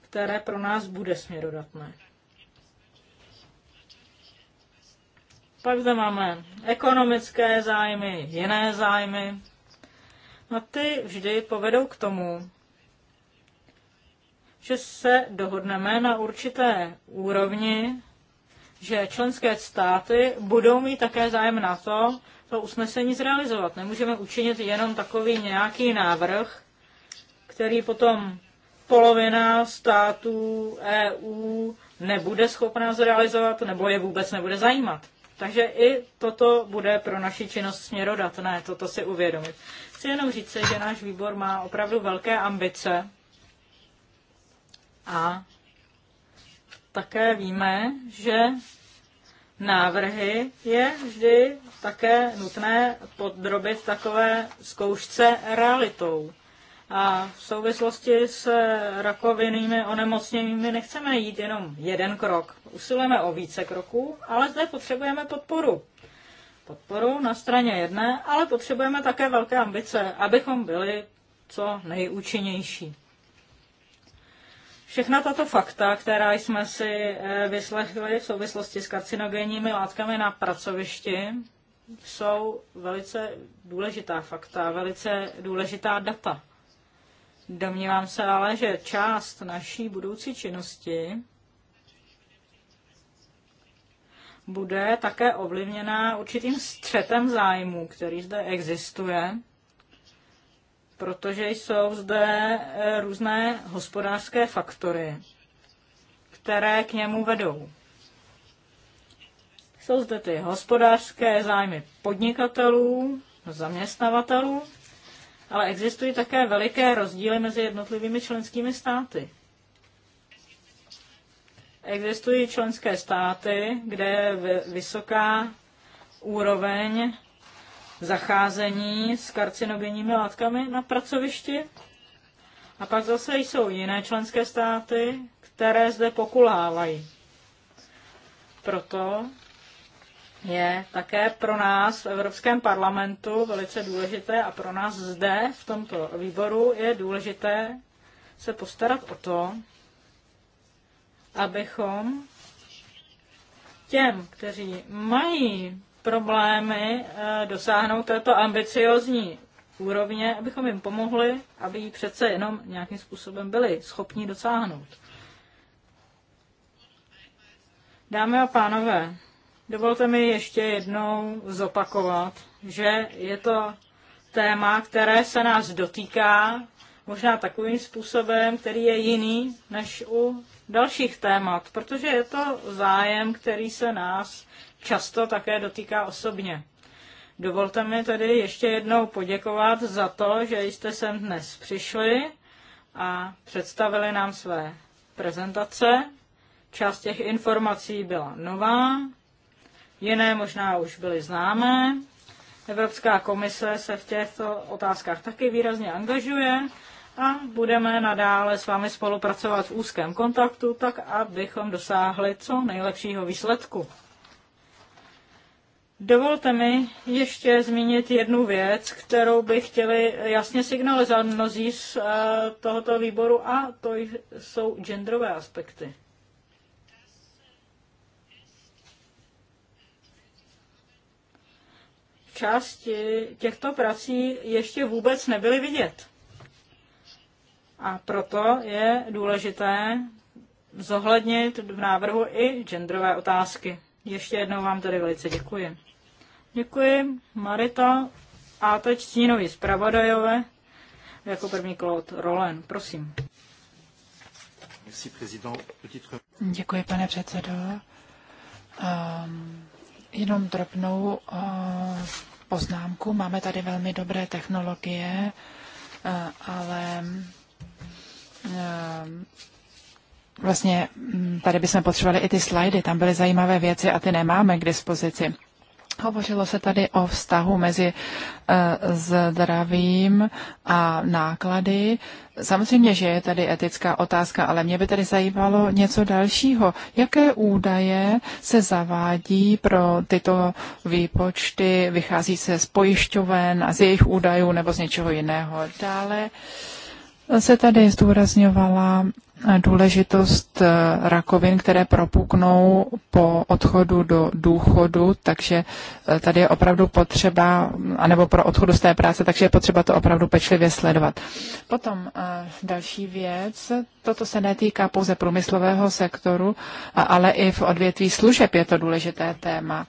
Speaker 2: které pro nás bude směrodatné. Pak zde máme ekonomické zájmy, jiné zájmy. A no ty vždy povedou k tomu, že se dohodneme na určité úrovni, že členské státy budou mít také zájem na to, to usnesení zrealizovat. Nemůžeme učinit jenom takový nějaký návrh, který potom polovina států EU nebude schopná zrealizovat nebo je vůbec nebude zajímat. Takže i toto bude pro naši činnost směrodatné, toto si uvědomit. Chci jenom říct, že náš výbor má opravdu velké ambice a také víme, že návrhy je vždy také nutné podrobit takové zkoušce realitou. A v souvislosti s rakovinnými onemocněními nechceme jít jenom jeden krok. Usilujeme o více kroků, ale zde potřebujeme podporu. Podporu na straně jedné, ale potřebujeme také velké ambice, abychom byli co nejúčinnější. Všechna tato fakta, která jsme si eh, vyslechli v souvislosti s karcinogenními látkami na pracovišti, jsou velice důležitá fakta, velice důležitá data. Domnívám se ale, že část naší budoucí činnosti bude také ovlivněna určitým střetem zájmů, který zde existuje protože jsou zde eh, různé hospodářské faktory, které k němu vedou. Jsou zde ty hospodářské zájmy podnikatelů, zaměstnavatelů, ale existují také veliké rozdíly mezi jednotlivými členskými státy. Existují členské státy, kde je vysoká úroveň zacházení s karcinogenními látkami na pracovišti. A pak zase jsou jiné členské státy, které zde pokulávají. Proto je také pro nás v Evropském parlamentu velice důležité a pro nás zde v tomto výboru je důležité se postarat o to, abychom těm, kteří mají problémy eh, dosáhnout této ambiciozní úrovně, abychom jim pomohli, aby ji přece jenom nějakým způsobem byli schopni dosáhnout. Dámy a pánové, dovolte mi ještě jednou zopakovat, že je to téma, které se nás dotýká možná takovým způsobem, který je jiný než u dalších témat, protože je to zájem, který se nás často také dotýká osobně. Dovolte mi tedy ještě jednou poděkovat za to, že jste sem dnes přišli a představili nám své prezentace. Část těch informací byla nová, jiné možná už byly známé. Evropská komise se v těchto otázkách taky výrazně angažuje a budeme nadále s vámi spolupracovat v úzkém kontaktu, tak abychom dosáhli co nejlepšího výsledku. Dovolte mi ještě zmínit jednu věc, kterou by chtěli jasně signalizovat mnozí z eh, tohoto výboru, a to jsou genderové aspekty. Části těchto prací ještě vůbec nebyly vidět. A proto je důležité zohlednit v návrhu i genderové otázky. Ještě jednou vám tedy velice děkuji. Děkuji, Marita. A teď stínovi zpravodajové, jako první Claude Rolen, prosím.
Speaker 1: Děkuji, pane předsedo. Um, jenom drobnou uh, poznámku. Máme tady velmi dobré technologie, uh, ale uh, vlastně mm, tady bychom potřebovali i ty slajdy, tam byly zajímavé věci a ty nemáme k dispozici. Hovořilo se tady o vztahu mezi eh, zdravím a náklady. Samozřejmě, že je tady etická otázka, ale mě by tady zajímalo něco dalšího. Jaké údaje se zavádí pro tyto výpočty? Vychází se z pojišťoven a z jejich údajů nebo z něčeho jiného? Dále se tady zdůrazňovala eh, důležitost eh, rakovin, které propuknou po odchodu do důchodu, takže eh, tady je opravdu potřeba, anebo pro odchodu z té práce, takže je potřeba to opravdu pečlivě sledovat. Potom další věc, toto se netýká pouze průmyslového sektoru, ale i v odvětví služeb je to důležité téma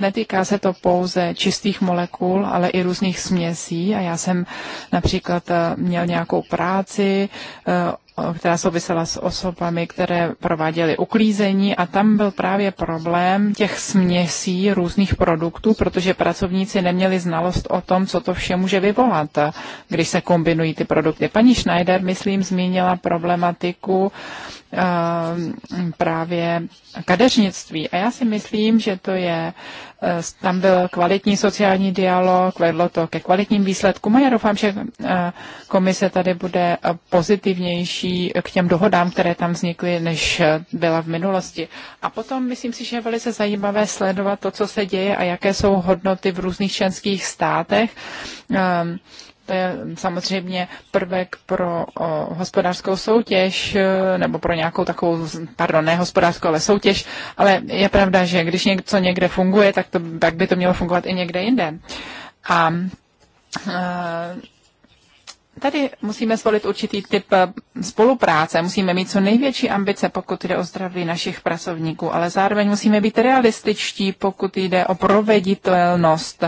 Speaker 1: netýká se to pouze čistých molekul, ale i různých směsí. A já jsem například eh, měl nějakou práci, eh, která souvisela s osobami, které prováděly uklízení a tam byl právě problém těch směsí různých produktů, protože pracovníci neměli znalost o tom, co to vše může vyvolat, eh, když se kombinují ty produkty. Paní Schneider, myslím, zmínila problematiku uh, Ehm, právě kadeřnictví. A já si myslím, že to je, eh, tam byl kvalitní sociální dialog, vedlo to ke kvalitním výsledkům a já doufám, že eh, komise tady bude eh, pozitivnější k těm dohodám, které tam vznikly, než byla v minulosti. A potom myslím si, že je velice zajímavé sledovat to, co se děje a jaké jsou hodnoty v různých členských státech. Ehm, to je samozřejmě prvek pro o, hospodářskou soutěž, e, nebo pro nějakou takovou, pardon, ne hospodářskou, ale soutěž, ale je pravda, že když něco někde funguje, tak, to, tak by to mělo fungovat i někde jinde. A, a e, Tady musíme zvolit určitý typ eh, spolupráce, musíme mít co největší ambice, pokud jde o zdraví našich pracovníků, ale zároveň musíme být realističtí, pokud jde o proveditelnost.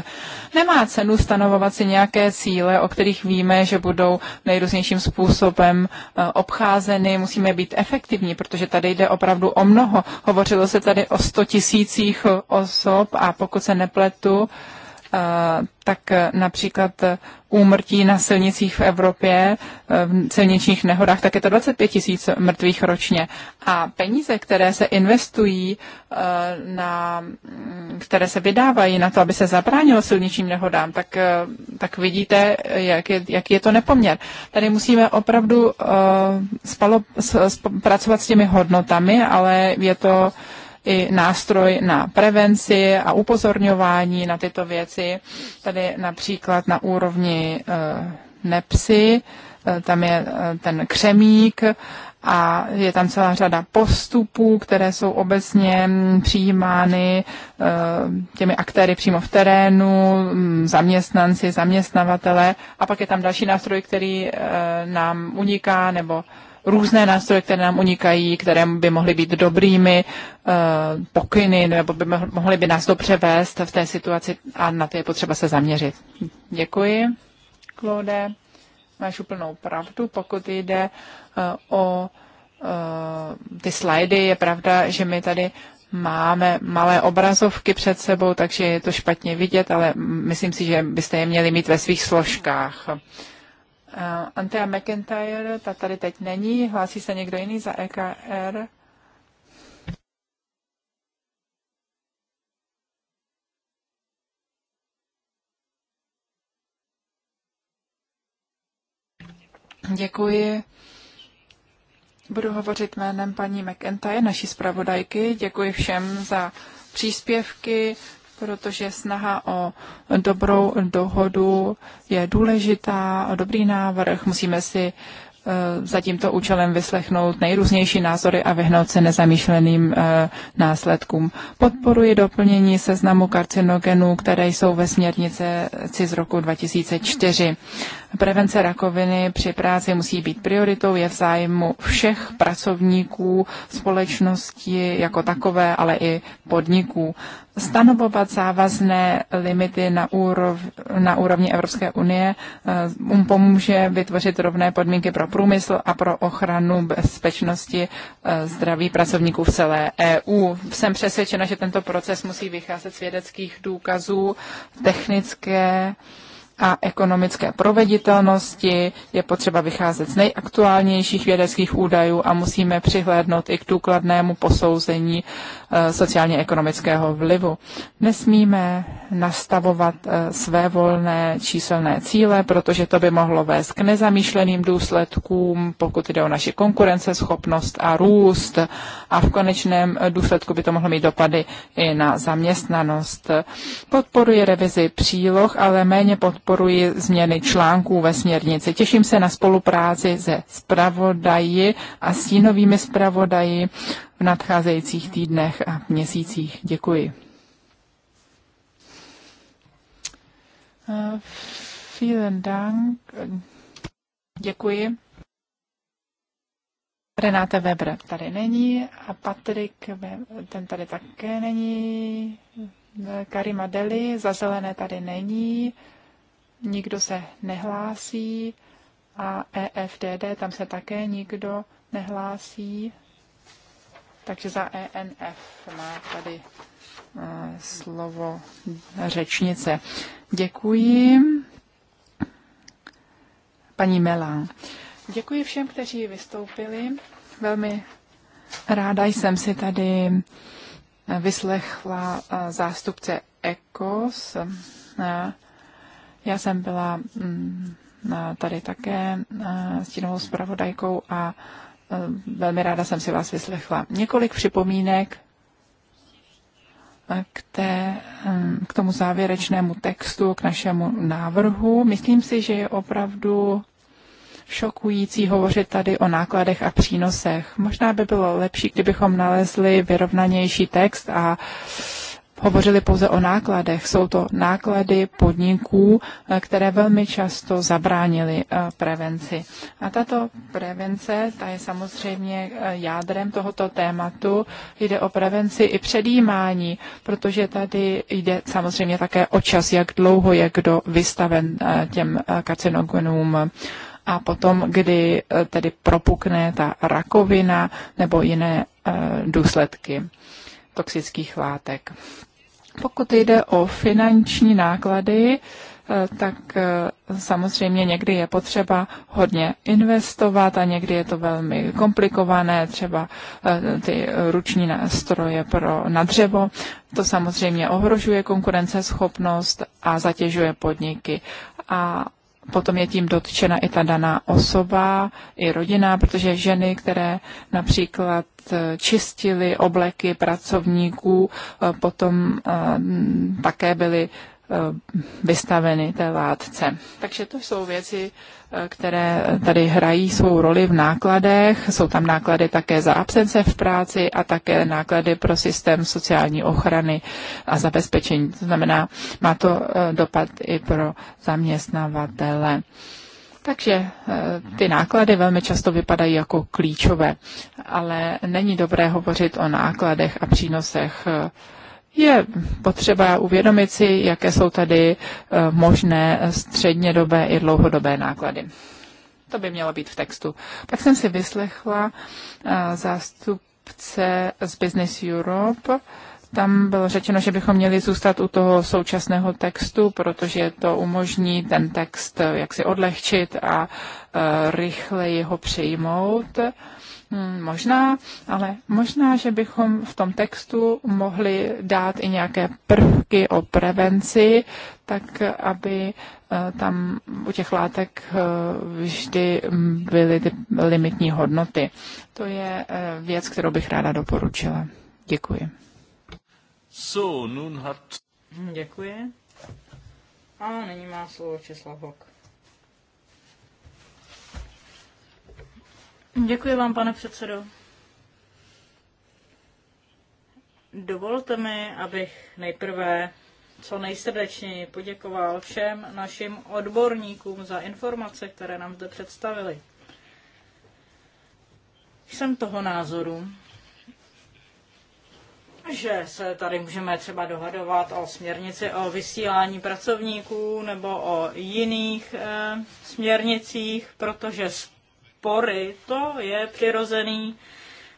Speaker 1: Nemá cenu stanovovat si nějaké cíle, o kterých víme, že budou nejrůznějším způsobem eh, obcházeny. Musíme být efektivní, protože tady jde opravdu o mnoho. Hovořilo se tady o 100 tisících eh, osob a pokud se nepletu, tak například úmrtí na silnicích v Evropě, e, v silničních nehodách, tak je to 25 tisíc mrtvých ročně. A peníze, které se investují, e, na, mm, které se vydávají na to, aby se zabránilo silničním nehodám, tak, e, tak vidíte, jak je, jak je to nepoměr. Tady musíme opravdu spalo, pracovat s těmi hodnotami, ale je to i nástroj na prevenci a upozorňování na tyto věci. Tady například na úrovni eh, nepsy, eh, tam je eh, ten křemík a je tam celá řada postupů, které jsou obecně mm, přijímány těmi aktéry přímo v terénu, mm, zaměstnanci, zaměstnavatele a pak je tam další nástroj, který nám uniká nebo různé nástroje, které nám unikají, které by mohly být dobrými eh, pokyny, nebo by mohly by nás dobře vést v té situaci a na to je potřeba se zaměřit. Děkuji, Claude. Máš úplnou pravdu, pokud jde eh, o eh, ty slajdy. Je pravda, že my tady máme malé obrazovky před sebou, takže je to špatně vidět, ale myslím si, že byste je měli mít ve svých složkách. Eh, Antea McIntyre, ta tady teď není, hlásí se někdo jiný za EKR. Děkuji. Budu hovořit jménem paní McIntyre, naší zpravodajky. Děkuji všem za příspěvky, protože snaha o dobrou dohodu je důležitá, dobrý návrh, musíme si e, za tímto účelem vyslechnout nejrůznější názory a vyhnout se nezamýšleným e, následkům. Podporuji doplnění seznamu karcinogenů, které jsou ve směrnici z roku 2004. Prevence rakoviny při práci musí být prioritou, je v zájmu všech pracovníků společnosti jako takové, ale i podniků. Stanovovat závazné limity na, úrov, na úrovni Evropské unie eh, um pomůže vytvořit rovné podmínky pro průmysl a pro ochranu bezpečnosti eh, zdraví pracovníků v celé EU. Jsem přesvědčena, že tento proces musí vycházet z vědeckých důkazů, technické a ekonomické proveditelnosti. Je potřeba vycházet z nejaktuálnějších vědeckých údajů a musíme přihlédnout i k důkladnému posouzení eh, sociálně-ekonomického vlivu. Nesmíme nastavovat eh, své volné číselné cíle, protože to by mohlo vést k nezamýšleným důsledkům, pokud jde o naši konkurenceschopnost a růst a v konečném eh, důsledku by to mohlo mít dopady i na zaměstnanost. Podporuji revizi příloh, ale méně podporuji podporuji změny článků ve směrnici. Těším se na spolupráci se zpravodaji a stínovými zpravodaji v nadcházejících týdnech a měsících. Děkuji. Eh, vielen Dank. Děkuji. Renáte Weber tady není a Patrik, ten tady také není. Karima Deli za zelené tady není nikdo se nehlásí a EFDD, tam se také nikdo nehlásí. Takže za ENF má tady eh, slovo řečnice. Děkuji. Paní Melán. Děkuji všem, kteří vystoupili. Velmi ráda jsem si tady eh, vyslechla eh, zástupce ECOS, já jsem byla mm, tady také stínovou zpravodajkou a velmi ráda jsem si vás vyslechla. Několik připomínek k, té, mm, k tomu závěrečnému textu, k našemu návrhu. Myslím si, že je opravdu šokující hovořit tady o nákladech a přínosech. Možná by bylo lepší, kdybychom nalezli vyrovnanější text a uh, hovořili pouze o nákladech. Jsou to náklady podniků, eh, které velmi často zabránily eh, prevenci. A tato prevence, ta je samozřejmě eh, jádrem tohoto tématu. Jde o prevenci i předjímání, protože tady jde samozřejmě také o čas, jak dlouho je kdo vystaven těm karcinogenům a potom, kdy tedy propukne ta rakovina nebo jiné důsledky toxických látek. Pokud jde o finanční náklady, eh, tak eh, samozřejmě někdy je potřeba hodně investovat a někdy je to velmi komplikované, třeba eh, ty ruční nástroje pro nadřevo To samozřejmě ohrožuje konkurenceschopnost a zatěžuje podniky. A potom je tím dotčena i ta daná osoba, i rodina, protože ženy, které například eh, čistily obleky pracovníků, eh, potom eh, také byly Eh, vystaveny té látce. Takže to jsou věci, eh, které tady hrají svou roli v nákladech. Jsou tam náklady také za absence v práci a také náklady pro systém sociální ochrany a zabezpečení. To znamená, má to eh, dopad i pro zaměstnavatele. Takže ty náklady velmi často vypadají jako klíčové, ale není dobré hovořit o nákladech a přínosech je potřeba uvědomit si, jaké jsou tady eh, možné střednědobé i dlouhodobé náklady. To by mělo být v textu. Pak jsem si vyslechla eh, zástupce z Business Europe. Tam bylo řečeno, že bychom měli zůstat u toho současného textu, protože to umožní ten text eh, jak si odlehčit a rychleji ho přijmout. Hmm, možná, ale možná, že bychom v tom textu mohli dát i nějaké prvky o prevenci, tak aby eh, tam u těch látek eh, vždy byly ty limitní hodnoty. To je eh, věc, kterou bych ráda doporučila. Děkuji.
Speaker 2: So, nun hat... Děkuji. A nyní má slovo Česlav Hok. Děkuji vám, pane předsedo. Dovolte mi, abych nejprve co nejsrdečněji poděkoval všem našim odborníkům za informace, které nám zde představili. Jsem toho názoru, že se tady můžeme třeba dohadovat o směrnici o vysílání pracovníků nebo o jiných e, směrnicích, protože spory. To je přirozený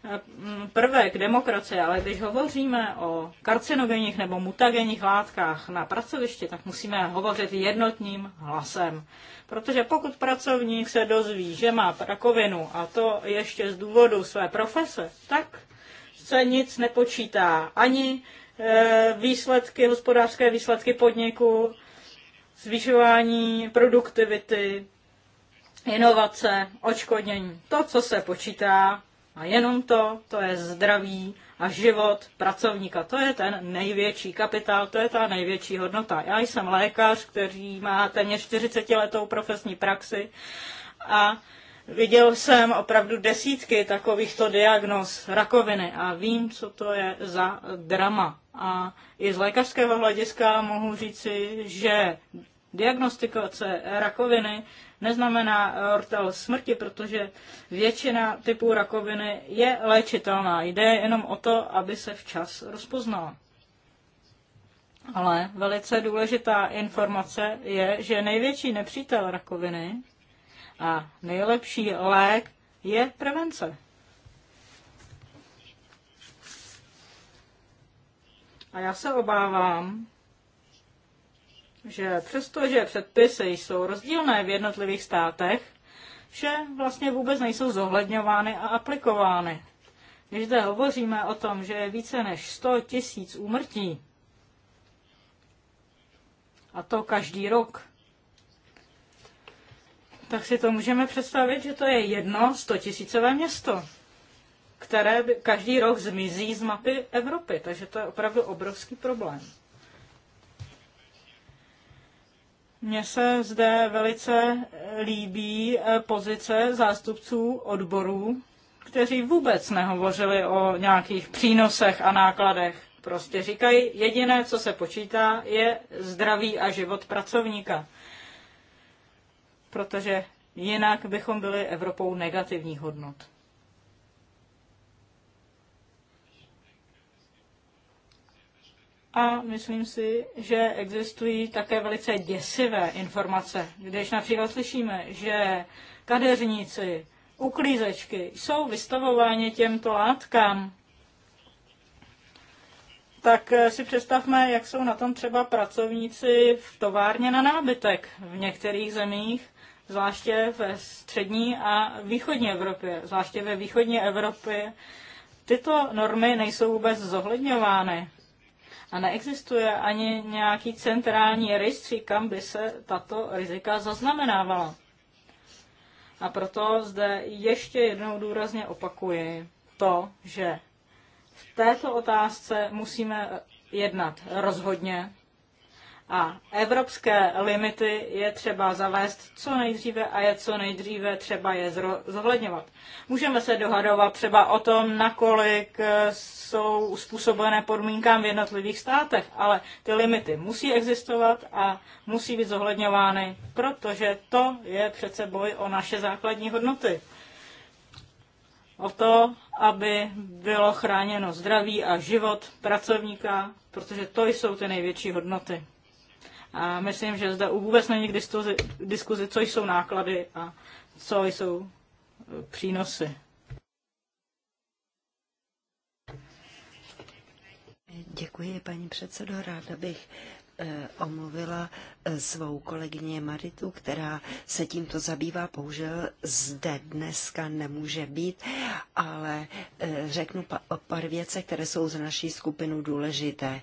Speaker 2: eh, mm, prvek demokracie, ale když hovoříme o karcinogenních nebo mutagenních látkách na pracovišti, tak musíme hovořit jednotným hlasem. Protože pokud pracovník se dozví, že má rakovinu a to ještě z důvodu své profese, tak se nic nepočítá. Ani eh, výsledky, hospodářské výsledky podniku, zvyšování produktivity, inovace, očkodnění. To, co se počítá, a jenom to, to je zdraví a život pracovníka. To je ten největší kapitál, to je ta největší hodnota. Já jsem lékař, který má téměř 40 letou profesní praxi a viděl jsem opravdu desítky takovýchto diagnóz rakoviny a vím, co to je za drama. A i z lékařského hlediska mohu říci, že diagnostikace rakoviny neznamená eh, ortel smrti, protože většina typů rakoviny je léčitelná. Jde jenom o to, aby se včas rozpoznala. Ale velice důležitá informace je, že největší nepřítel rakoviny a nejlepší lék je prevence. A já se obávám, že přestože předpisy jsou rozdílné v jednotlivých státech, že vlastně vůbec nejsou zohledňovány a aplikovány. Když zde hovoříme o tom, že je více než 100 tisíc úmrtí, a to každý rok, tak si to můžeme představit, že to je jedno 100 tisícové město, které každý rok zmizí z mapy Evropy. Takže to je opravdu obrovský problém. Mně se zde velice líbí eh, pozice zástupců odborů, kteří vůbec nehovořili o nějakých přínosech a nákladech. Prostě říkají, jediné, co se počítá, je zdraví a život pracovníka. Protože jinak bychom byli Evropou negativních hodnot. A myslím si, že existují také velice děsivé informace. Když například slyšíme, že kadeřníci, uklízečky jsou vystavováni těmto látkám, tak si představme, jak jsou na tom třeba pracovníci v továrně na nábytek v některých zemích, zvláště ve střední a východní Evropě, zvláště ve východní Evropě. Tyto normy nejsou vůbec zohledňovány. A neexistuje ani nějaký centrální rejstřík, kam by se tato rizika zaznamenávala. A proto zde ještě jednou důrazně opakuji to, že v této otázce musíme jednat rozhodně, a evropské limity je třeba zavést co nejdříve a je co nejdříve třeba je zohledňovat. Můžeme se dohadovat třeba o tom, nakolik eh, jsou způsobené podmínkám v jednotlivých státech, ale ty limity musí existovat a musí být zohledňovány, protože to je přece boj o naše základní hodnoty. O to, aby bylo chráněno zdraví a život pracovníka, protože to jsou ty největší hodnoty. A myslím, že zde vůbec není k diskuzi, co jsou náklady a co jsou e, přínosy.
Speaker 3: Děkuji, paní předsedo. Ráda bych e, omluvila svou kolegyně Maritu, která se tímto zabývá. Bohužel zde dneska nemůže být, ale eh, řeknu pár věce, které jsou z naší skupinu důležité.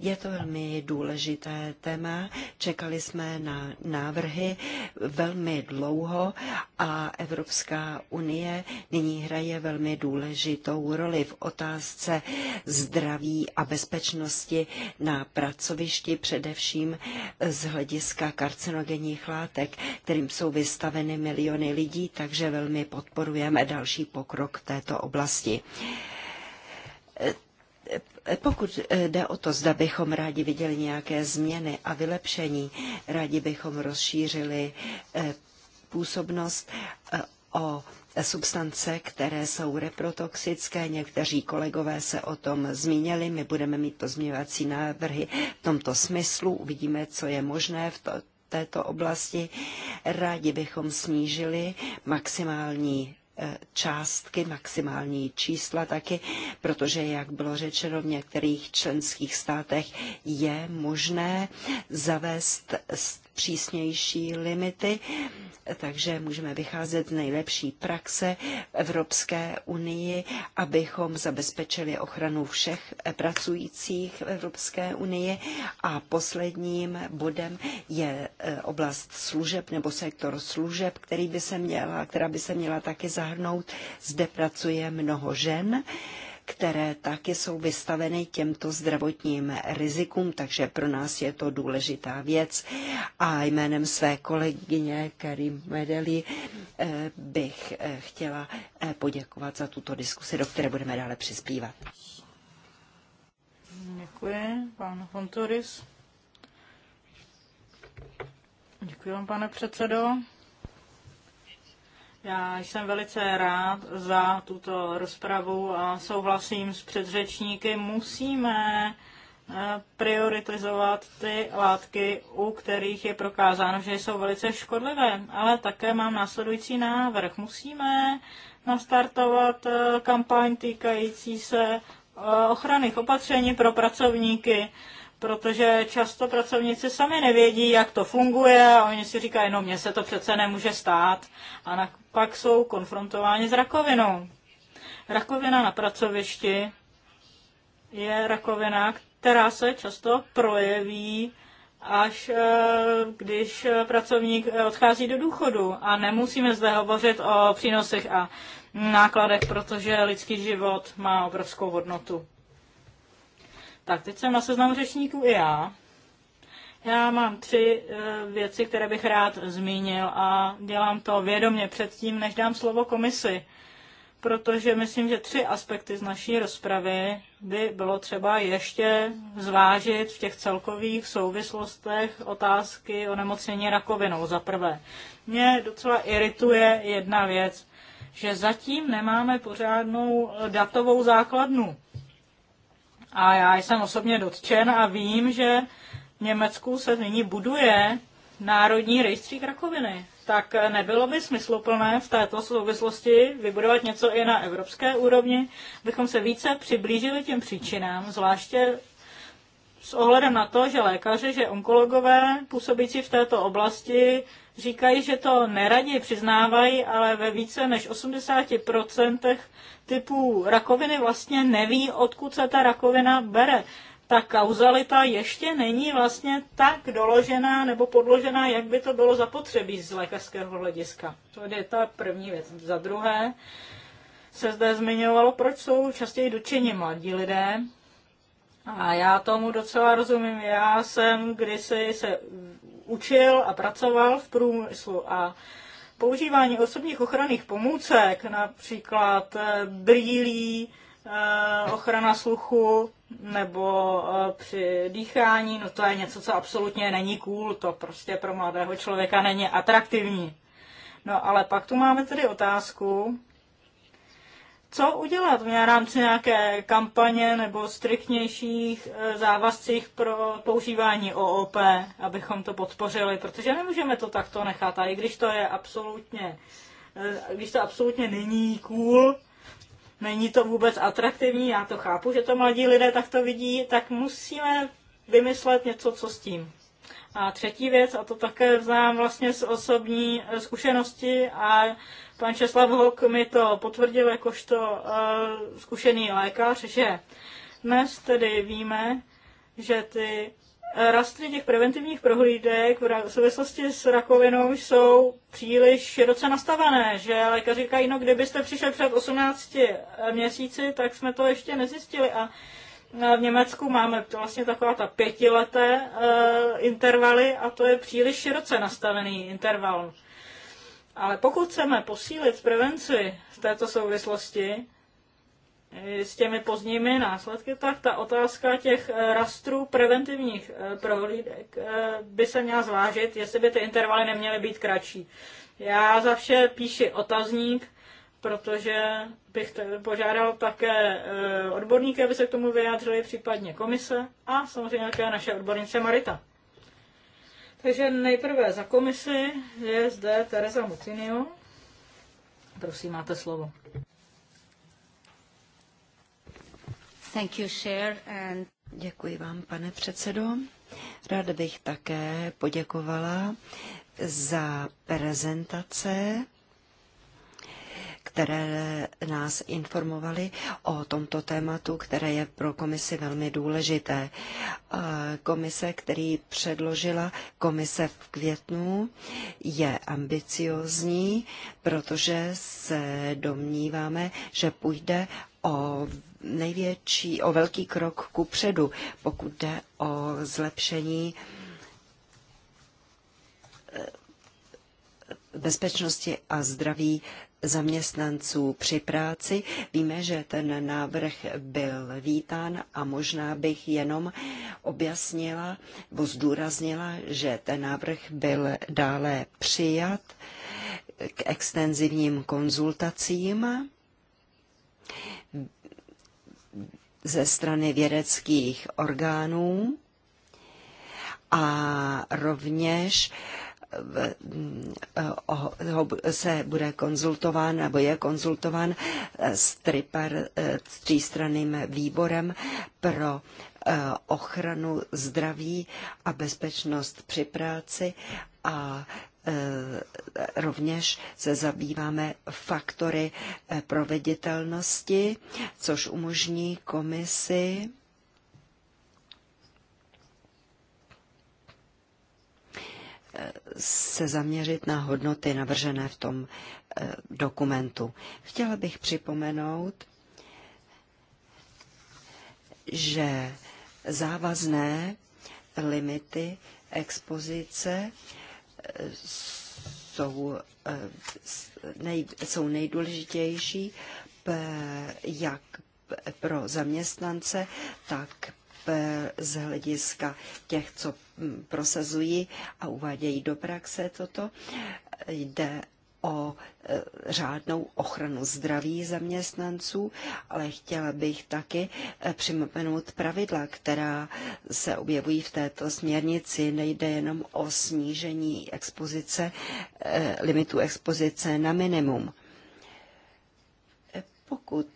Speaker 3: Je to velmi důležité téma. Čekali jsme na návrhy velmi dlouho a Evropská unie nyní hraje velmi důležitou roli v otázce zdraví a bezpečnosti na pracovišti, především z hlediska karcinogenních látek, kterým jsou vystaveny miliony lidí, takže velmi podporujeme další pokrok v této oblasti. Pokud jde o to, zda bychom rádi viděli nějaké změny a vylepšení, rádi bychom rozšířili eh, působnost eh, o substance, které jsou reprotoxické. Někteří kolegové se o tom zmínili. My budeme mít pozměňovací návrhy v tomto smyslu. Uvidíme, co je možné v to, této oblasti. Rádi bychom snížili maximální eh, částky, maximální čísla taky, protože, jak bylo řečeno, v některých členských státech je možné zavést přísnější limity, takže můžeme vycházet z nejlepší praxe v Evropské unii, abychom zabezpečili ochranu všech pracujících v Evropské unii. A posledním bodem je e, oblast služeb nebo sektor služeb, který by se měla, která by se měla taky zahrnout. Zde pracuje mnoho žen které taky jsou vystaveny těmto zdravotním rizikům, takže pro nás je to důležitá věc. A jménem své kolegyně Karim Medeli eh, bych eh, chtěla eh, poděkovat za tuto diskusi, do které budeme dále přispívat.
Speaker 2: Děkuji, pan fontoris. Děkuji vám, pane předsedo. Já jsem velice rád za tuto rozpravu a souhlasím s předřečníky. Musíme eh, prioritizovat ty látky, u kterých je prokázáno, že jsou velice škodlivé. Ale také mám následující návrh. Musíme nastartovat eh, kampaň týkající se eh, ochranných opatření pro pracovníky protože často pracovníci sami nevědí, jak to funguje a oni si říkají, no mně se to přece nemůže stát a pak jsou konfrontováni s rakovinou. Rakovina na pracovišti je rakovina, která se často projeví až eh, když pracovník eh, odchází do důchodu. A nemusíme zde hovořit o přínosech a nákladech, protože lidský život má obrovskou hodnotu. Tak, teď jsem na seznamu řečníků i já. Já mám tři eh, věci, které bych rád zmínil a dělám to vědomě předtím, než dám slovo komisi, protože myslím, že tři aspekty z naší rozpravy by bylo třeba ještě zvážit v těch celkových souvislostech otázky o nemocnění rakovinou. Za prvé, mě docela irituje jedna věc, že zatím nemáme pořádnou datovou základnu a já jsem osobně dotčen a vím, že v Německu se nyní buduje Národní rejstřík rakoviny. Tak nebylo by smysluplné v této souvislosti vybudovat něco i na evropské úrovni, bychom se více přiblížili těm příčinám, zvláště s ohledem na to, že lékaři, že onkologové působící v této oblasti Říkají, že to neradě přiznávají, ale ve více než 80% typů rakoviny vlastně neví, odkud se ta rakovina bere. Ta kauzalita ještě není vlastně tak doložená nebo podložená, jak by to bylo zapotřebí z lékařského hlediska. To je ta první věc. Za druhé se zde zmiňovalo, proč jsou častěji dočeni mladí lidé, a já tomu docela rozumím. Já jsem kdysi se učil a pracoval v průmyslu a používání osobních ochranných pomůcek, například eh, brýlí, eh, ochrana sluchu nebo eh, při dýchání, no to je něco, co absolutně není cool, to prostě pro mladého člověka není atraktivní. No ale pak tu máme tedy otázku, co udělat v rámci nějaké kampaně nebo striktnějších eh, závazcích pro používání OOP, abychom to podpořili, protože nemůžeme to takto nechat. A i když to je absolutně, eh, když to absolutně není cool, není to vůbec atraktivní, já to chápu, že to mladí lidé takto vidí, tak musíme vymyslet něco, co s tím. A třetí věc, a to také znám vlastně z osobní eh, zkušenosti a Pan Česlav Hok mi to potvrdil jakožto uh, zkušený lékař, že dnes tedy víme, že ty rastry těch preventivních prohlídek v souvislosti s rakovinou jsou příliš široce nastavené, že lékaři říkají, no kdybyste přišli před 18 eh, měsíci, tak jsme to ještě nezjistili a eh, v Německu máme vlastně taková ta pětileté uh, intervaly a to je příliš široce nastavený interval. Ale pokud chceme posílit prevenci v této souvislosti s těmi pozdními následky, tak ta otázka těch eh, rastrů preventivních eh, prohlídek eh, by se měla zvážit, jestli by ty intervaly neměly být kratší. Já za vše píši otazník, protože bych požádal také odborníky, aby se k tomu vyjádřili, případně komise a samozřejmě také naše odbornice Marita. Takže nejprve za komisi je zde Teresa Mucinio. Prosím, máte slovo. Thank you, Chair, and... Děkuji
Speaker 3: vám, pane předsedo. Ráda bych také poděkovala za prezentace které nás informovali o tomto tématu, které je pro komisi velmi důležité. E, komise, který předložila komise v květnu, je ambiciozní, protože se domníváme, že půjde o největší, o velký krok ku předu, pokud jde o zlepšení e, bezpečnosti a zdraví zaměstnanců při práci. Víme, že ten návrh byl vítán a možná bych jenom objasnila nebo zdůraznila, že ten návrh byl dále přijat k extenzivním konzultacím ze strany vědeckých orgánů a rovněž Eh, se bude konzultován nebo je konzultován eh, s, tripar, s eh, třístranným výborem pro ochranu zdraví a bezpečnost při práci a rovněž se zabýváme faktory proveditelnosti, což umožní komisi se zaměřit na hodnoty navržené v tom eh, dokumentu. Chtěla bych připomenout, že závazné limity expozice eh, jsou, eh, nej, jsou nejdůležitější jak pro zaměstnance, tak Eh, z hlediska těch, co mm, prosazují a uvádějí do praxe toto. Jde o eh, řádnou ochranu zdraví zaměstnanců, ale chtěla bych taky eh, připomenout pravidla, která se objevují v této směrnici. Nejde jenom o snížení expozice, limitu expozice na minimum. Pokud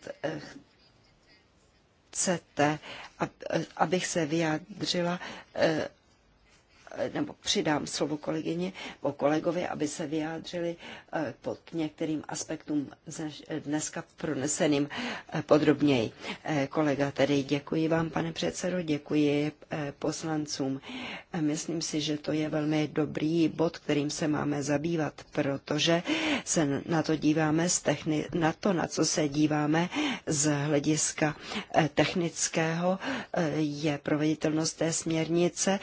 Speaker 3: chcete, eh, abych se vyjádřila eh, nebo přidám slovo kolegyně o kolegovi, aby se vyjádřili eh, pod některým aspektům dneska proneseným eh, podrobněji. Eh, kolega, tedy děkuji vám, pane předsedo, děkuji poslancům. Myslím si, že to je velmi dobrý bod, kterým se máme zabývat, protože se na to díváme z techni- na to, na co se díváme z hlediska technického, je proveditelnost té směrnice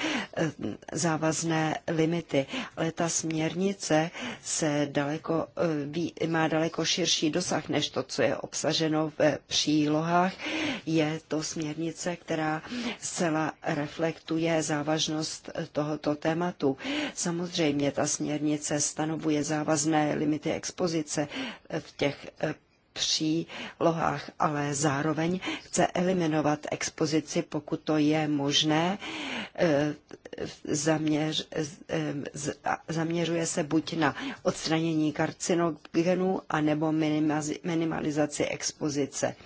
Speaker 3: závazné limity, ale ta směrnice se daleko, eh, má daleko širší dosah než to, co je obsaženo v přílohách. Je to směrnice, která zcela reflektuje závažnost tohoto tématu. Samozřejmě ta směrnice stanovuje závazné limity expozice v těch eh, přílohách, ale zároveň chce eliminovat expozici, pokud to je možné. E, zaměř, e, zaměřuje se buď na odstranění karcinogenů, anebo minimalizaci expozice.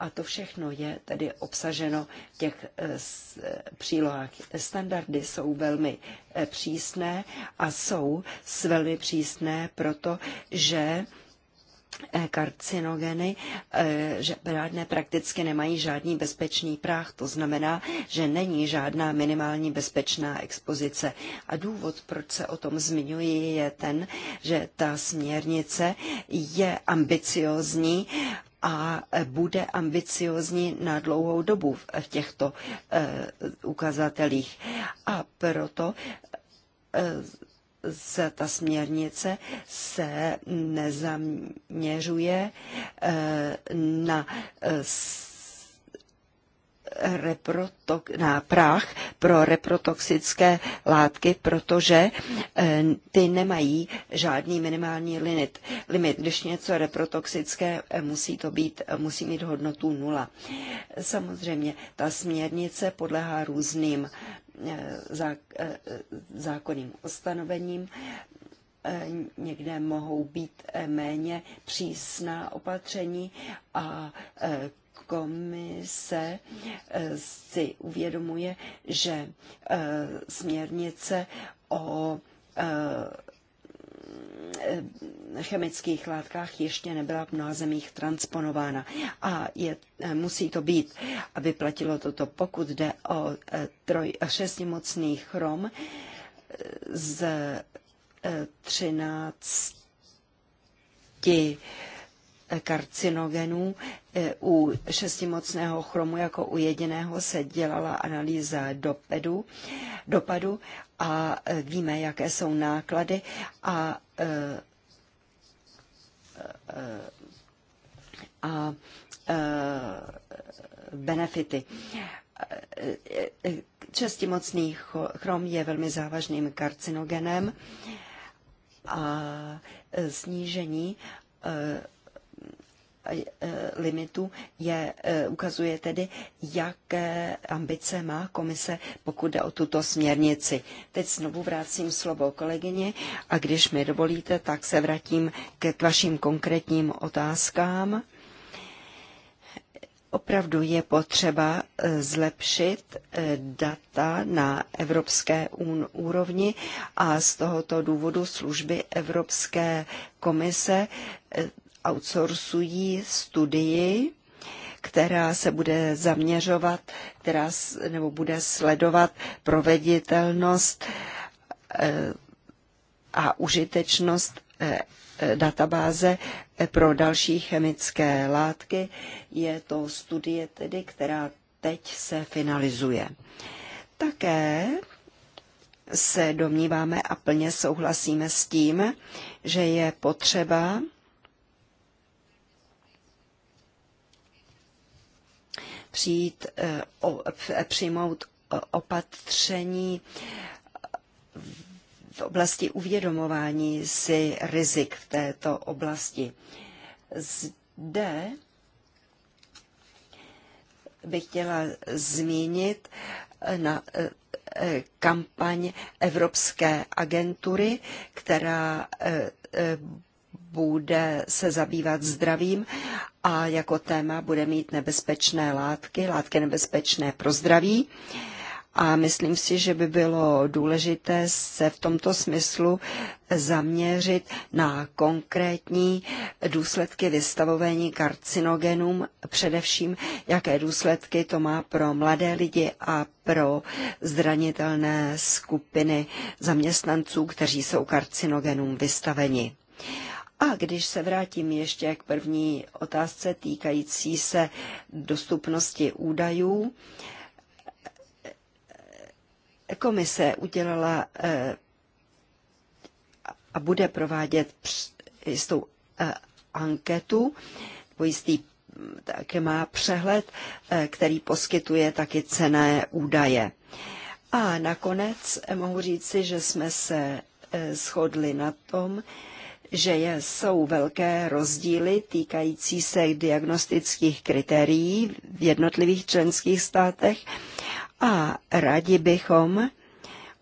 Speaker 3: A to všechno je tedy obsaženo v těch e, přílohách. Standardy jsou velmi přísné a jsou velmi přísné proto, že Eh, karcinogeny, eh, že žádné prakticky nemají žádný bezpečný práh. To znamená, že není žádná minimální bezpečná expozice. A důvod, proč se o tom zmiňuji, je ten, že ta směrnice je ambiciozní a bude ambiciozní na dlouhou dobu v těchto eh, ukazatelích. A proto se ta směrnice se nezaměřuje eh, na eh, na prach pro reprotoxické látky, protože eh, ty nemají žádný minimální limit. limit. Když něco reprotoxické, musí to být, musí mít hodnotu nula. Samozřejmě ta směrnice podlehá různým E, e, zákonným ustanovením. E, někde mohou být méně přísná opatření a komise si uvědomuje, že směrnice o Eh, chemických látkách ještě nebyla v mnoha zemích transponována. A je, eh, musí to být, aby platilo toto, pokud jde o eh, troj, šestimocný chrom z 13 karcinogenů. U šestimocného chromu jako u jediného se dělala analýza dopadu, dopadu a e, víme, jaké jsou náklady a, e, e, a, a benefity. Čestimocný chrom je velmi závažným karcinogenem a snížení Eh, limitu je, eh, ukazuje tedy, jaké ambice má komise, pokud jde o tuto směrnici. Teď znovu vrátím slovo kolegyně a když mi dovolíte, tak se vrátím k vašim konkrétním otázkám. Opravdu je potřeba eh, zlepšit data na evropské úrovni a z tohoto důvodu služby Evropské komise outsourcují studii, která se bude zaměřovat, která nebo bude sledovat proveditelnost eh, a užitečnost eh, eh, databáze pro další chemické látky. Je to studie tedy, která teď se finalizuje. Také se domníváme a plně souhlasíme s tím, že je potřeba přijít, eh, přijmout eh, opatření eh, v oblasti uvědomování si rizik v této oblasti. Zde bych chtěla zmínit na kampaň Evropské agentury, která bude se zabývat zdravím a jako téma bude mít nebezpečné látky, látky nebezpečné pro zdraví. A myslím si, že by bylo důležité se v tomto smyslu zaměřit na konkrétní důsledky vystavování karcinogenům, především jaké důsledky to má pro mladé lidi a pro zranitelné skupiny zaměstnanců, kteří jsou karcinogenům vystaveni. A když se vrátím ještě k první otázce týkající se dostupnosti údajů, komise udělala eh, a bude provádět jistou eh, anketu, nebo jistý také má přehled, eh, který poskytuje taky cené údaje. A nakonec mohu říci, že jsme se shodli na tom, že jsou velké rozdíly týkající se diagnostických kritérií v jednotlivých členských státech a rádi bychom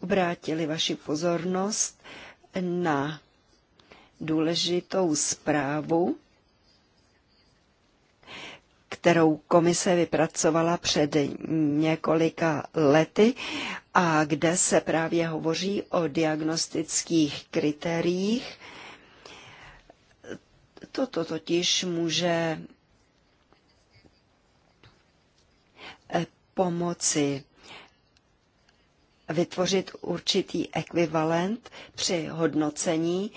Speaker 3: obrátili vaši pozornost na důležitou zprávu, kterou komise vypracovala před několika lety a kde se právě hovoří o diagnostických kritériích Toto totiž může eh, pomoci vytvořit určitý ekvivalent při hodnocení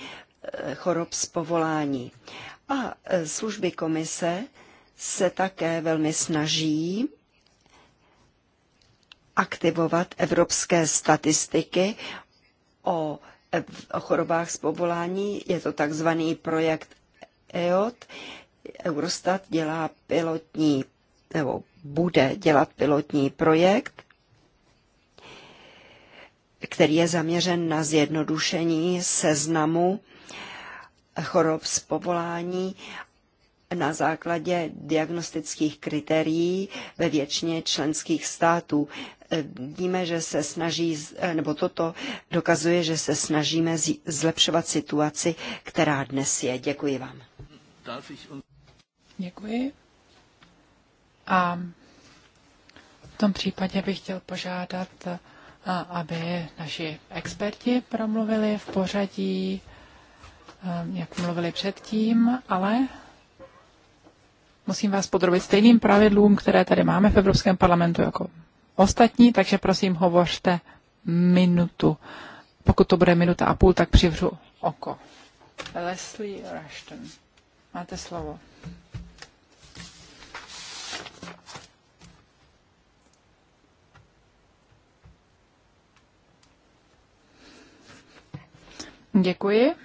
Speaker 3: eh, chorob z povolání. A eh, služby komise se také velmi snaží aktivovat evropské statistiky o, chorobách z povolání. Je to takzvaný projekt EOT. Eurostat dělá pilotní, nebo bude dělat pilotní projekt, který je zaměřen na zjednodušení seznamu chorob z povolání na základě diagnostických kritérií ve většině členských států. Víme, že se snaží, nebo toto dokazuje, že se snažíme zlepšovat situaci, která dnes je. Děkuji vám.
Speaker 4: Děkuji.
Speaker 1: A v tom případě bych chtěl požádat, eh, aby naši experti promluvili v pořadí, eh, jak mluvili předtím, ale musím vás podrobit stejným pravidlům, které tady máme v Evropském parlamentu jako ostatní, takže prosím hovořte minutu. Pokud to bude minuta a půl, tak přivřu oko. Leslie Rushton. Máte slovo. Děkuji.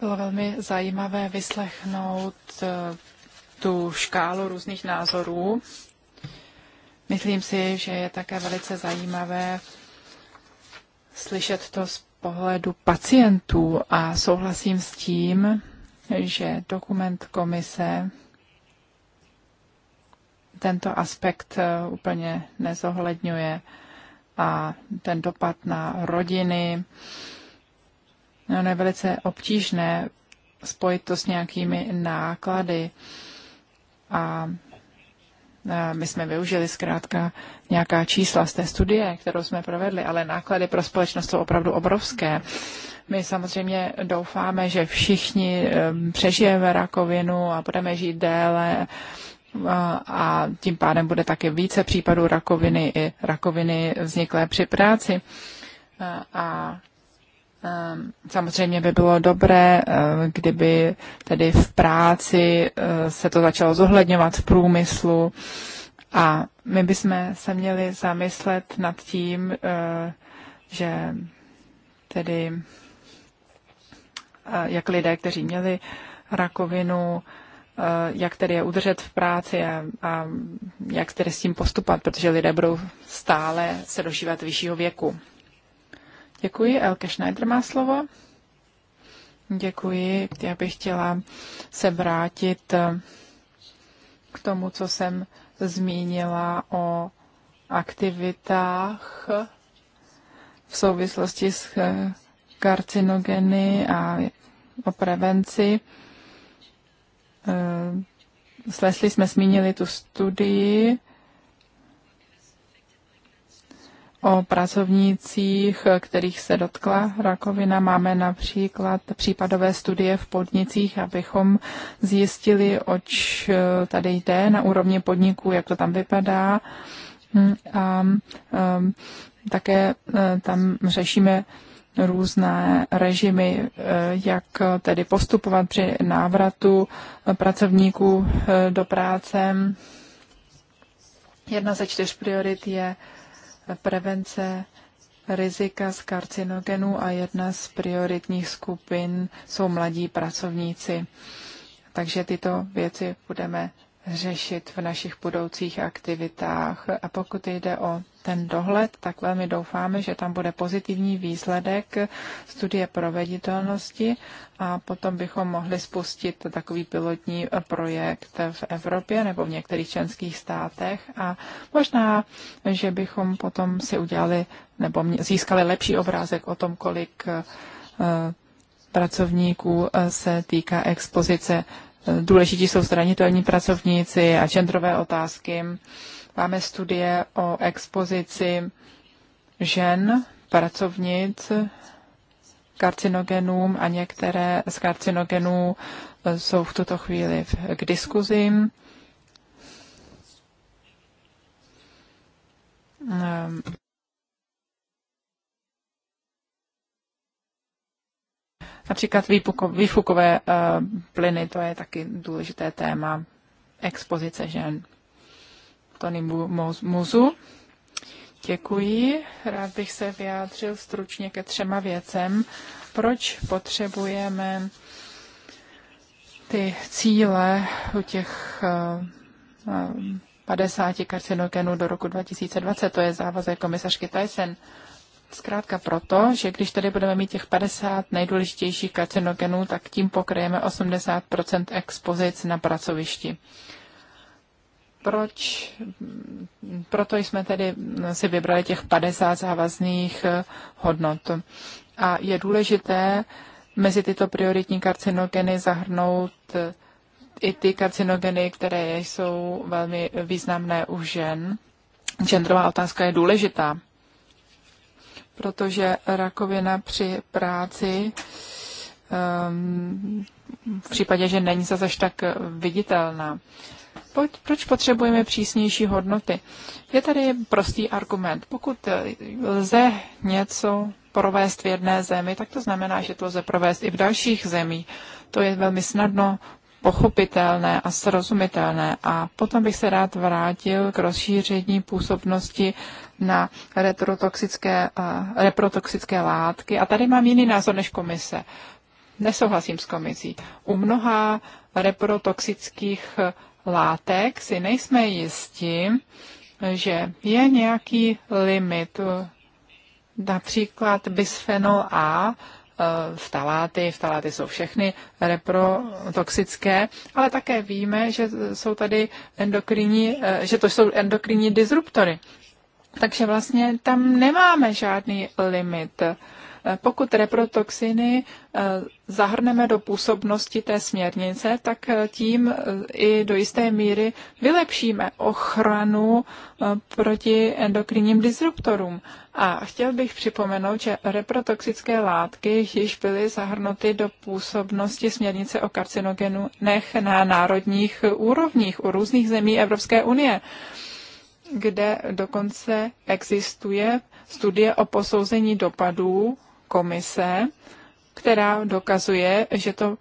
Speaker 1: Bylo velmi zajímavé vyslechnout eh, tu škálu různých názorů. Myslím si, že je také velice zajímavé slyšet to z pohledu pacientů a souhlasím s tím, že dokument komise tento aspekt eh, úplně nezohledňuje a ten dopad na rodiny. je velice obtížné spojit to s nějakými náklady a my jsme využili zkrátka nějaká čísla z té studie, kterou jsme provedli, ale náklady pro společnost jsou opravdu obrovské. My samozřejmě doufáme, že všichni přežijeme rakovinu a budeme žít déle a tím pádem bude také více případů rakoviny i rakoviny vzniklé při práci. A Ehm, samozřejmě by bylo dobré, ehm, kdyby tedy v práci eh, se to začalo zohledňovat v průmyslu a my bychom se měli zamyslet nad tím, eh, že tedy eh, jak lidé, kteří měli rakovinu, jak tedy je udržet v práci a, a jak tedy s tím postupat, protože lidé budou stále se dožívat vyššího věku. Děkuji. Elke Schneider má slovo. Děkuji. Já bych chtěla se vrátit eh, k tomu, co jsem zmínila o aktivitách v souvislosti s eh, karcinogeny a o prevenci. Eh, Slesli jsme zmínili tu studii o pracovnících, kterých se dotkla rakovina. Máme například případové studie v podnicích, abychom zjistili, oč eh, tady jde na úrovni podniků, jak to tam vypadá. Hm, a ehm, také eh, tam řešíme různé režimy, eh, jak tedy postupovat při návratu pracovníků do práce. Jedna ze čtyř priorit je prevence rizika z karcinogenů a jedna z prioritních skupin jsou mladí pracovníci. Takže tyto věci budeme řešit v našich budoucích aktivitách. A pokud jde o ten dohled, tak velmi doufáme, že tam bude pozitivní výsledek studie proveditelnosti a potom bychom mohli spustit takový pilotní projekt v Evropě nebo v některých členských státech a možná, že bychom potom si udělali nebo získali lepší obrázek o tom, kolik eh, pracovníků eh, se týká expozice důležití jsou zranitelní pracovníci a genderové otázky. Máme studie o expozici žen, pracovnic, karcinogenům a některé z karcinogenů e, jsou v tuto chvíli k diskuzím. Ehm, Například výfukové eh, plyny, to je taky důležité téma expozice žen. Tony Muzu. Děkuji. Rád bych se vyjádřil stručně ke třema věcem. Proč potřebujeme ty cíle u těch 50 eh, eh, karcinogenů do roku 2020? To je závazek komisařky Tyson. Zkrátka proto, že když tady budeme mít těch 50 nejdůležitějších karcinogenů, tak tím pokryjeme 80 expozic na pracovišti. Proč? Proto jsme tedy si vybrali těch 50 závazných eh, hodnot. A je důležité mezi tyto prioritní karcinogeny zahrnout eh, i ty karcinogeny, které jsou velmi významné u žen. Gendrová otázka je důležitá protože rakovina při práci ehm, v případě, že není zase tak viditelná. Proč potřebujeme přísnější hodnoty? Je tady prostý argument. Pokud lze něco provést v jedné zemi, tak to znamená, že to lze provést i v dalších zemích. To je velmi snadno pochopitelné a srozumitelné. A potom bych se rád vrátil k rozšíření působnosti na uh, reprotoxické látky. A tady mám jiný názor než komise. Nesouhlasím s komisí. U mnoha reprotoxických látek si nejsme jisti, že je nějaký limit, například bisphenol A, Eh, vtaláty, vtaláty jsou všechny reprotoxické, ale také víme, že jsou tady endokrinní, eh, že to jsou endokrinní disruptory. Takže vlastně tam nemáme žádný limit. Pokud reprotoxiny eh, zahrneme do působnosti té směrnice, tak eh, tím eh, i do jisté míry vylepšíme ochranu proti endokrinním disruptorům. A chtěl bych připomenout, že reprotoxické látky již byly zahrnuty do působnosti směrnice o karcinogenech na národních úrovních u různých zemí Evropské unie kde dokonce existuje studie o posouzení dopadů komise, která dokazuje, že to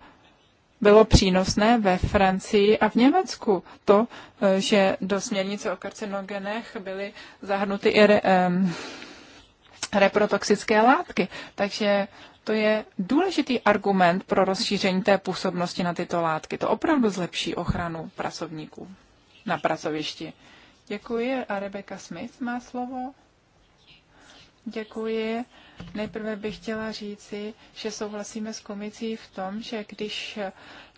Speaker 1: bylo přínosné ve Francii a v Německu. To, eh, že do směrnice o karcinogenech byly zahrnuty i re, um, reprotoxické látky. Takže to je důležitý argument pro rozšíření té působnosti na tyto látky. To opravdu zlepší ochranu pracovníků na pracovišti. Děkuji a Rebecca Smith má slovo. Děkuji. Nejprve bych chtěla říci, že souhlasíme s komicí v tom, že když eh,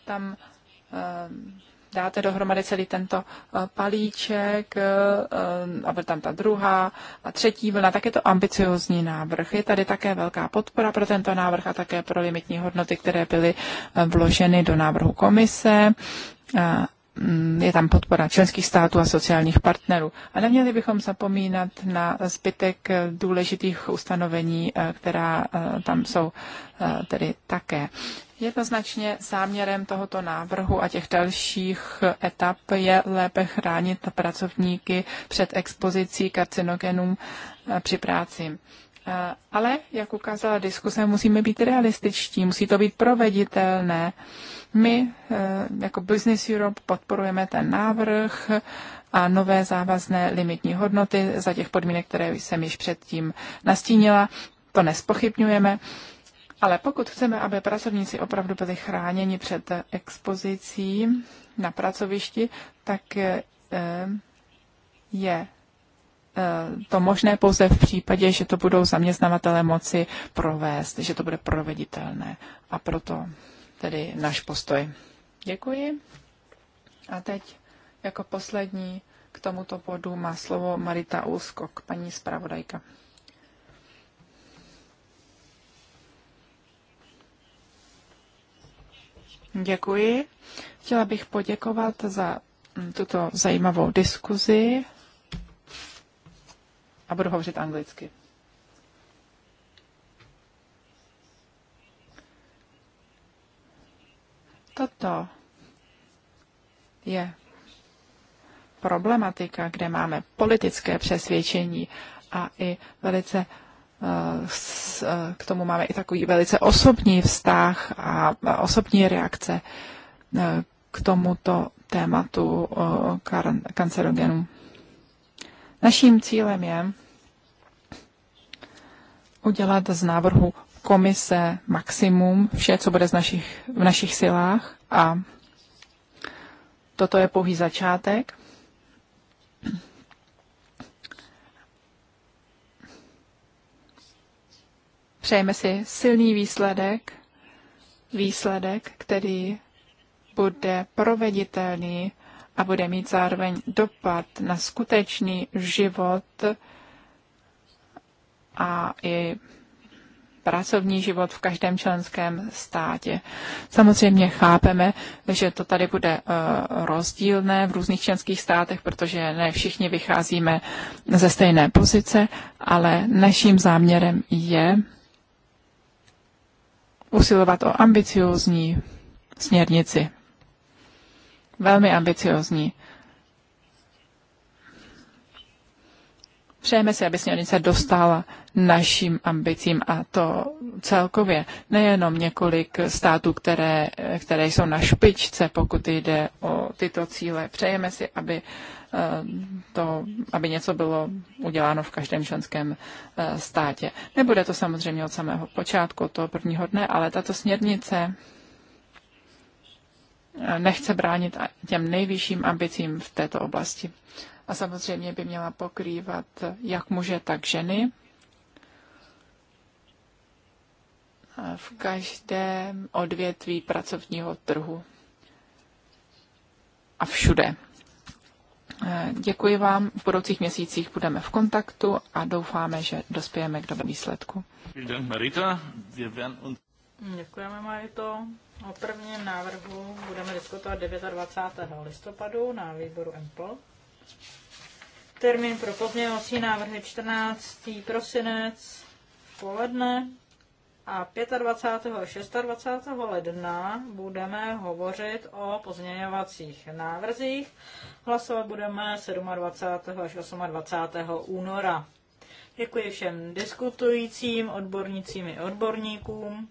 Speaker 1: tam eh, dáte dohromady celý tento eh, palíček, a byl tam ta druhá a třetí vlna, tak je to ambiciozní návrh. Je tady také velká podpora pro tento návrh a také pro limitní hodnoty, které byly vloženy do návrhu komise Mm, je tam podpora členských států a sociálních partnerů. A neměli bychom zapomínat na zbytek důležitých ustanovení, eh, která eh, tam jsou eh, tedy také. Jednoznačně záměrem tohoto návrhu a těch dalších etap je lépe chránit pracovníky před expozicí karcinogenům při práci. Eh, ale, jak ukázala diskuse, musíme být realističtí, musí to být proveditelné. My eh, jako Business Europe podporujeme ten návrh a nové závazné limitní hodnoty za těch podmínek, které jsem již předtím nastínila. To nespochybňujeme. Ale pokud chceme, aby pracovníci opravdu byli chráněni před expozicí na pracovišti, tak eh, je Eh, to možné pouze v případě, že to budou zaměstnavatele moci provést, že to bude proveditelné. A proto tedy náš postoj. Děkuji. A teď jako poslední k tomuto bodu má slovo Marita Úskok, paní zpravodajka. Děkuji. Chtěla bych poděkovat za tuto zajímavou diskuzi a budu hovořit anglicky. Toto je problematika, kde máme politické přesvědčení a i velice eh, eh, k tomu máme i takový velice osobní vztah a osobní reakce eh, k tomuto tématu kancerogenu. Naším cílem je udělat z návrhu komise maximum, vše, co bude z našich, v našich silách a toto je pouhý začátek. Přejeme si silný výsledek, výsledek, který bude proveditelný a bude mít zároveň dopad na skutečný život a i pracovní život v každém členském státě. Samozřejmě chápeme, že to tady bude eh, rozdílné v různých členských státech, protože ne všichni vycházíme ze stejné pozice, ale naším záměrem je usilovat o ambiciózní směrnici velmi ambiciozní. Přejeme si, aby směrnice dostala našim ambicím a to celkově. Nejenom několik států, které, které jsou na špičce, pokud jde o tyto cíle. Přejeme si, aby, eh, to, aby něco bylo uděláno v každém členském eh, státě. Nebude to samozřejmě od samého počátku, od toho prvního dne, ale tato směrnice nechce bránit těm nejvyšším ambicím v této oblasti. A samozřejmě by měla pokrývat jak muže, tak ženy. V každém odvětví pracovního trhu. A všude. Eh, děkuji vám. V budoucích měsících budeme v kontaktu a doufáme, že dospějeme k dobrému výsledku.
Speaker 2: Děkujeme, Marito. O prvním návrhu budeme diskutovat 29. listopadu na výboru MPL. Termín pro pozměňovací návrhy 14. prosinec v poledne a 25. a 26. ledna budeme hovořit o pozměňovacích návrzích. Hlasovat budeme 27. až 28. února. Děkuji všem diskutujícím, odbornicím i odborníkům.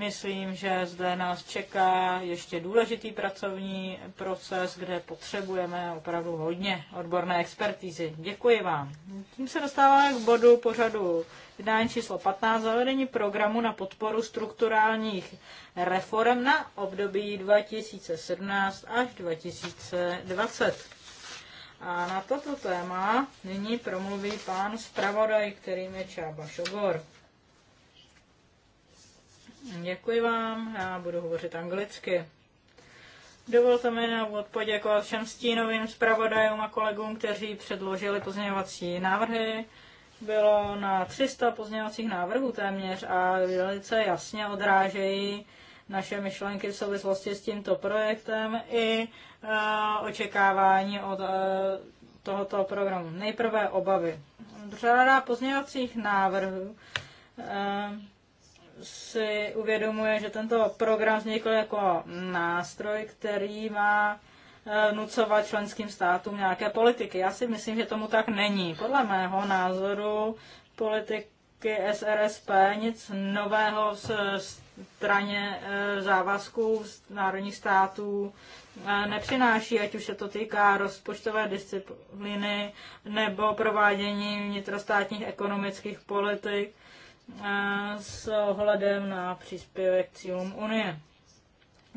Speaker 2: Myslím, že zde nás čeká ještě důležitý pracovní proces, kde potřebujeme opravdu hodně odborné expertízy. Děkuji vám. Tím se dostáváme k bodu pořadu jednání číslo 15, zavedení programu na podporu strukturálních reform na období 2017 až 2020. A na toto téma nyní promluví pán zpravodaj, kterým je Čába Šogor. Děkuji vám, já budu hovořit anglicky. Dovolte mi na úvod poděkovat všem stínovým zpravodajům a kolegům, kteří předložili pozměňovací návrhy. Bylo na 300 pozměňovacích návrhů téměř a velice jasně odrážejí naše myšlenky v souvislosti s tímto projektem i uh, očekávání od uh, tohoto programu. Nejprve obavy. Řada pozměňovacích návrhů uh, si uvědomuje, že tento program vznikl jako nástroj, který má eh, nucovat členským státům nějaké politiky. Já si myslím, že tomu tak není. Podle mého názoru politiky SRSP nic nového eh, z straně závazků národních států eh, nepřináší, ať už se to týká rozpočtové disciplíny nebo provádění vnitrostátních ekonomických politik s ohledem na příspěvek cílům Unie.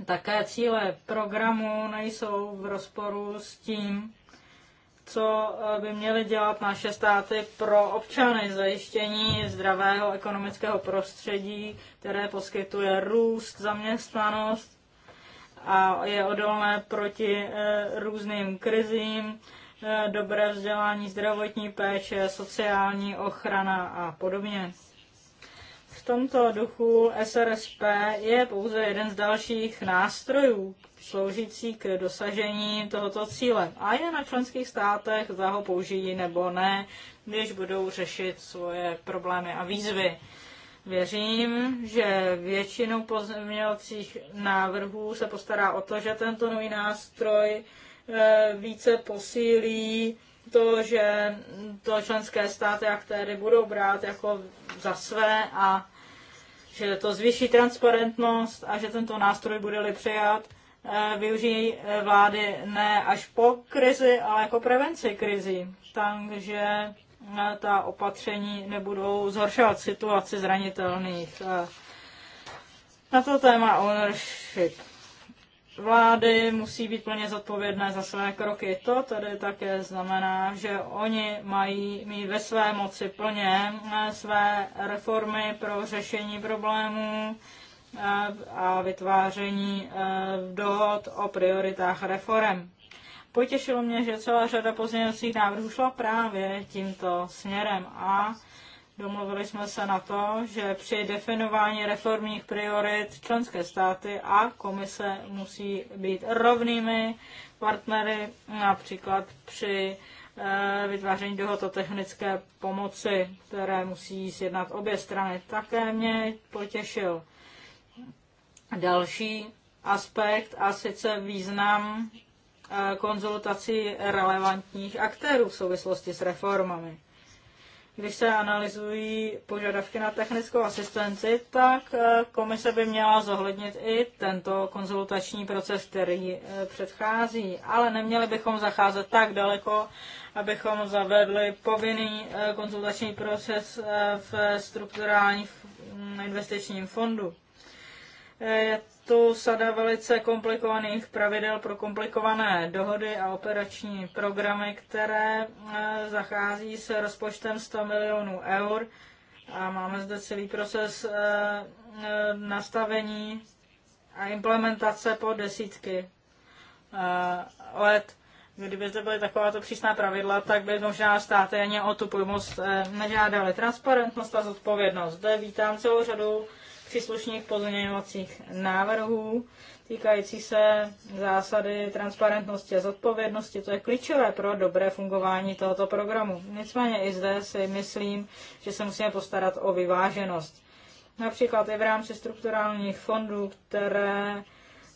Speaker 2: Také cíle programu nejsou v rozporu s tím, co by měly dělat naše státy pro občany. Zajištění zdravého ekonomického prostředí, které poskytuje růst, zaměstnanost a je odolné proti eh, různým krizím, eh, dobré vzdělání, zdravotní péče, sociální ochrana a podobně tomto duchu SRSP je pouze jeden z dalších nástrojů sloužící k dosažení tohoto cíle. A je na členských státech, zda ho použijí nebo ne, když budou řešit svoje problémy a výzvy. Věřím, že většinou pozměňovacích návrhů se postará o to, že tento nový nástroj e, více posílí to, že to členské státy aktéry budou brát jako za své a že to zvýší transparentnost a že tento nástroj bude-li přijat, eh, využijí eh, vlády ne až po krizi, ale jako prevenci krizi. Takže eh, ta opatření nebudou zhoršovat situaci zranitelných. Na to téma ownership vlády musí být plně zodpovědné za své kroky. To tedy také znamená, že oni mají mít ve své moci plně eh, své reformy pro řešení problémů eh, a vytváření eh, dohod o prioritách reform. Potěšilo mě, že celá řada pozměňovacích návrhů šla právě tímto směrem a Domluvili jsme se na to, že při definování reformních priorit členské státy a komise musí být rovnými partnery, například při eh, vytváření dohod o technické pomoci, které musí sjednat obě strany. Také mě potěšil další aspekt a sice význam eh, konzultací relevantních aktérů v souvislosti s reformami když se analyzují požadavky na technickou asistenci, tak eh, komise by měla zohlednit i tento konzultační proces, který eh, předchází. Ale neměli bychom zacházet tak daleko, abychom zavedli povinný eh, konzultační proces v strukturálním investičním fondu. Je tu sada velice komplikovaných pravidel pro komplikované dohody a operační programy, které e, zachází s rozpočtem 100 milionů eur. A máme zde celý proces e, e, nastavení a implementace po desítky let. Kdyby zde byly takováto přísná pravidla, tak by možná státy ani o tu pomoc nežádali. Transparentnost a zodpovědnost. Zde vítám celou řadu příslušných pozměňovacích návrhů týkající se zásady transparentnosti a zodpovědnosti. To je klíčové pro dobré fungování tohoto programu. Nicméně i zde si myslím, že se musíme postarat o vyváženost. Například i v rámci strukturálních fondů, které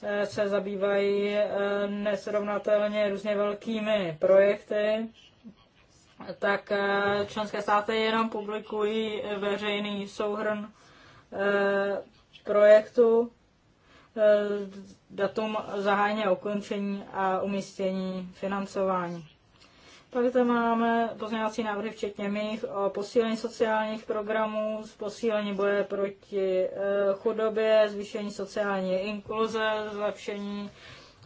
Speaker 2: eh, se zabývají eh, nesrovnatelně různě velkými projekty, tak eh, členské státy jenom publikují veřejný souhrn Eh, projektu, eh, datum zahájení a ukončení a umístění financování. Pak tam máme pozměňovací návrhy, včetně mých, o posílení sociálních programů, posílení boje proti eh, chudobě, zvýšení sociální inkluze, zlepšení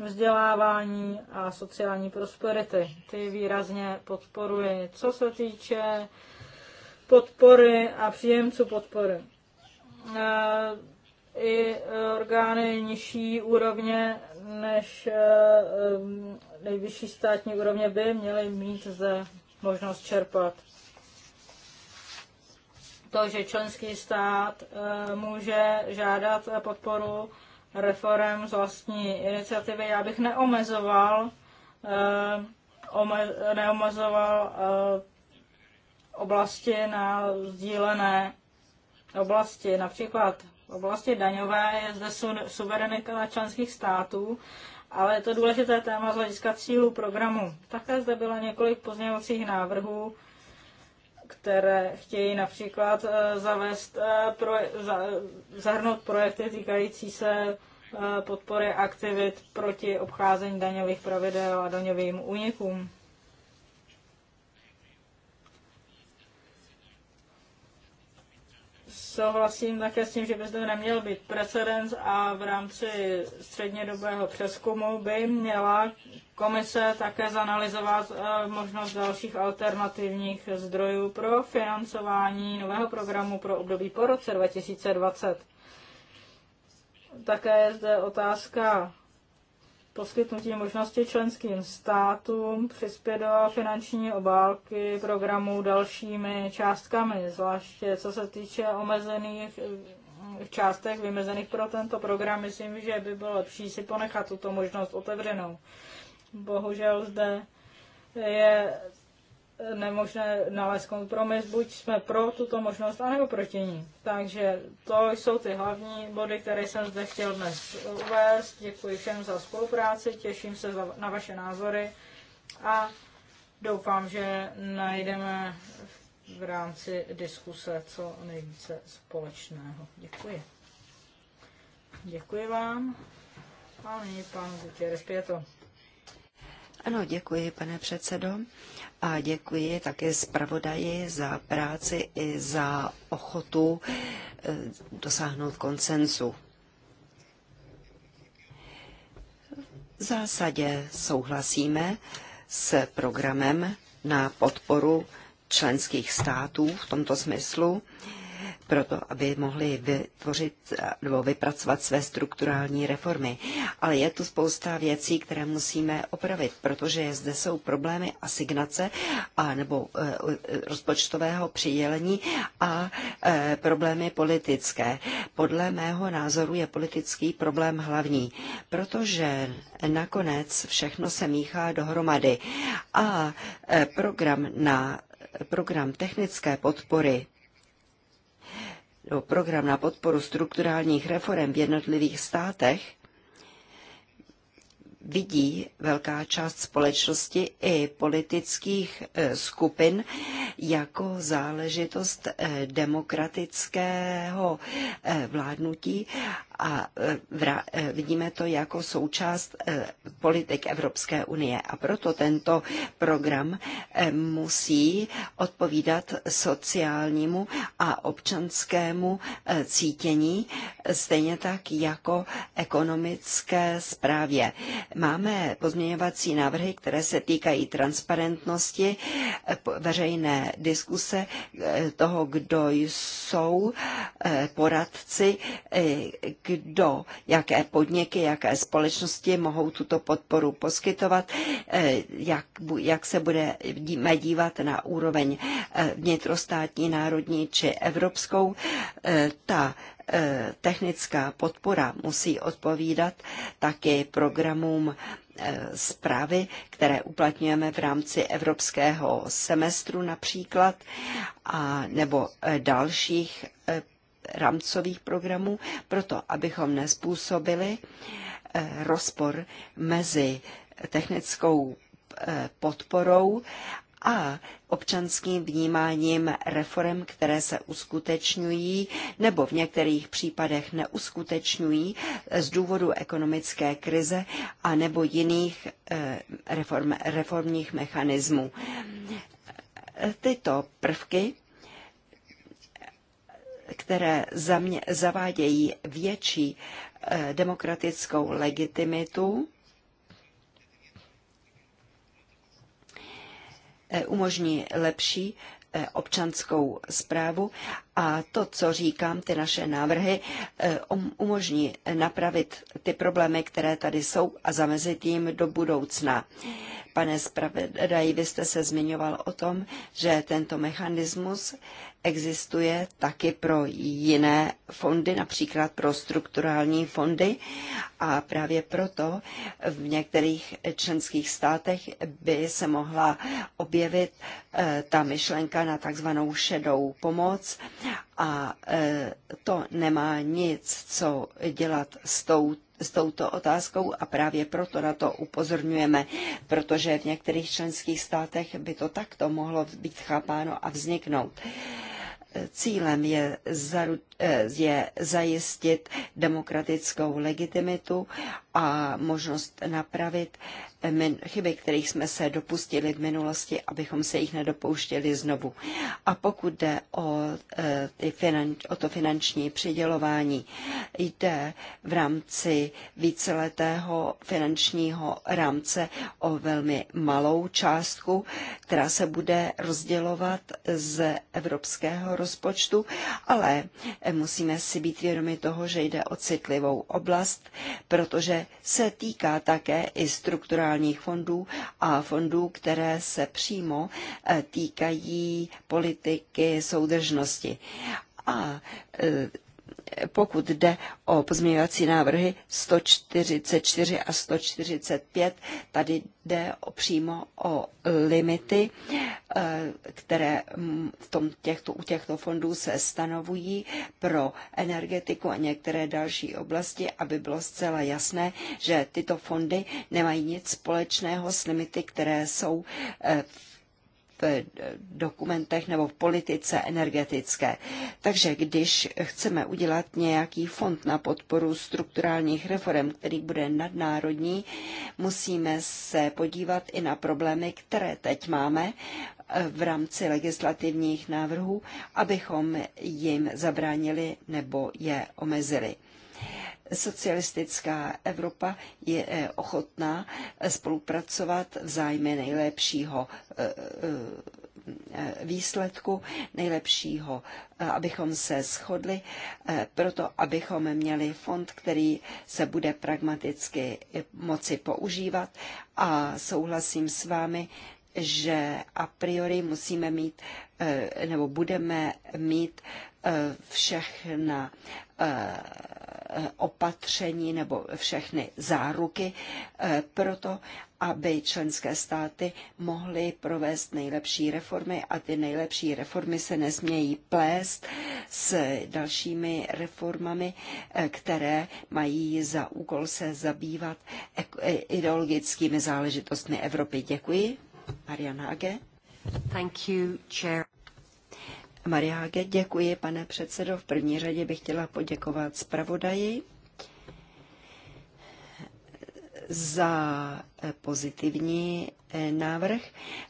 Speaker 2: vzdělávání a sociální prosperity. Ty výrazně podporuje. Co se týče podpory a příjemců podpory. Eh, i orgány nižší úrovně než eh, eh, nejvyšší státní úrovně by měly mít zde možnost čerpat. To, že členský stát může žádat podporu reform z vlastní iniciativy, já bych neomezoval, neomezoval oblasti na sdílené oblasti, například v oblasti daňové, je zde suverenita členských států, ale je to důležité téma z hlediska cílů programu. Také zde bylo několik pozměňovacích návrhů, které chtějí například eh, zavést, eh, pro, za, zahrnout projekty týkající se eh, podpory aktivit proti obcházení daňových pravidel a daňovým únikům. souhlasím také s tím, že by zde neměl být precedens a v rámci střednědobého přeskumu by měla komise také zanalizovat eh, možnost dalších alternativních zdrojů pro financování nového programu pro období po roce 2020. Také je zde otázka poskytnutí možnosti členským státům přispět do finanční obálky programů dalšími částkami, zvláště co se týče omezených eh, částek vymezených pro tento program, myslím, že by bylo lepší si ponechat tuto možnost otevřenou. Bohužel zde je nemožné nalézt kompromis, buď jsme pro tuto možnost, anebo proti ní. Takže to jsou ty hlavní body, které jsem zde chtěl dnes uvést. Děkuji všem za spolupráci, těším se na vaše názory a doufám, že najdeme v rámci diskuse co nejvíce společného. Děkuji. Děkuji vám. A nyní pan Gutierrez Pěto.
Speaker 3: Ano, děkuji, pane předsedo a děkuji také zpravodaji za práci i za ochotu eh, dosáhnout koncenzu. V zásadě souhlasíme s programem na podporu členských států v tomto smyslu proto, aby mohli vytvořit nebo vypracovat své strukturální reformy. Ale je tu spousta věcí, které musíme opravit, protože zde jsou problémy asignace a nebo e, e, rozpočtového přidělení a e, problémy politické. Podle mého názoru je politický problém hlavní, protože nakonec všechno se míchá dohromady a program na program technické podpory nebo program na podporu strukturálních reform v jednotlivých státech, vidí velká část společnosti i politických e, skupin jako záležitost e, demokratického e, vládnutí a e, e, vidíme to jako součást e, politik Evropské unie. A proto tento program musí odpovídat sociálnímu a občanskému cítění, stejně tak jako ekonomické zprávě. Máme pozměňovací návrhy, které se týkají transparentnosti, veřejné diskuse toho, kdo jsou poradci, k kdo, jaké podniky, jaké společnosti mohou tuto podporu poskytovat, eh, jak, jak se bude dívat na úroveň eh, vnitrostátní, národní či evropskou. Eh, ta technická podpora musí odpovídat taky programům zprávy, které uplatňujeme v rámci evropského semestru například, a, nebo dalších rámcových programů, proto abychom nespůsobili eh, rozpor mezi technickou eh, podporou a občanským vnímáním reform, které se uskutečňují nebo v některých případech neuskutečňují z důvodu ekonomické krize a nebo jiných eh, reform, reformních mechanismů. Tyto prvky které zavádějí větší eh, demokratickou legitimitu, eh, umožní lepší eh, občanskou zprávu a to, co říkám, ty naše návrhy, um-, umožní napravit ty problémy, které tady jsou a zamezit jim do budoucna. Pane zpravedaji, vy jste se zmiňoval o tom, že tento mechanismus existuje taky pro jiné fondy, například pro strukturální fondy a právě proto v některých členských státech by se mohla objevit eh, ta myšlenka na takzvanou šedou pomoc a eh, to nemá nic, co dělat s tou s touto otázkou a právě proto na to upozorňujeme, protože v některých členských státech by to takto mohlo být chápáno a vzniknout. Cílem je, zaru, eh, je zajistit demokratickou legitimitu a možnost napravit chyby, kterých jsme se dopustili v minulosti, abychom se jich nedopouštěli znovu. A pokud jde o, e, ty finan, o to finanční přidělování, jde v rámci víceletého finančního rámce o velmi malou částku, která se bude rozdělovat z evropského rozpočtu, ale musíme si být vědomi toho, že jde o citlivou oblast, protože se týká také i strukturální strukturálních fondů a fondů, které se přímo eh, týkají politiky soudržnosti. A eh, pokud jde o pozměňovací návrhy 144 a 145, tady jde o přímo o limity, eh, které v tom těchto, u těchto fondů se stanovují pro energetiku a některé další oblasti, aby bylo zcela jasné, že tyto fondy nemají nic společného s limity, které jsou v eh, dokumentech nebo v politice energetické. Takže když chceme udělat nějaký fond na podporu strukturálních reform, který bude nadnárodní, musíme se podívat i na problémy, které teď máme v rámci legislativních návrhů, abychom jim zabránili nebo je omezili. Socialistická Evropa je eh, ochotná eh, spolupracovat v zájmu nejlepšího eh, výsledku, nejlepšího, abychom se shodli, proto abychom měli fond, který se bude pragmaticky moci používat a souhlasím s vámi, že a priori musíme mít nebo budeme mít všechna opatření nebo všechny záruky eh, pro to, aby členské státy mohly provést nejlepší reformy a ty nejlepší reformy se nesmějí plést s dalšími reformami, eh, které mají za úkol se zabývat eh, ideologickými záležitostmi Evropy. Děkuji. Marian Hage. Thank you, chair. Mariáge, děkuji, pane předsedo. V první řadě bych chtěla poděkovat zpravodaji za pozitivní Eh, návrh.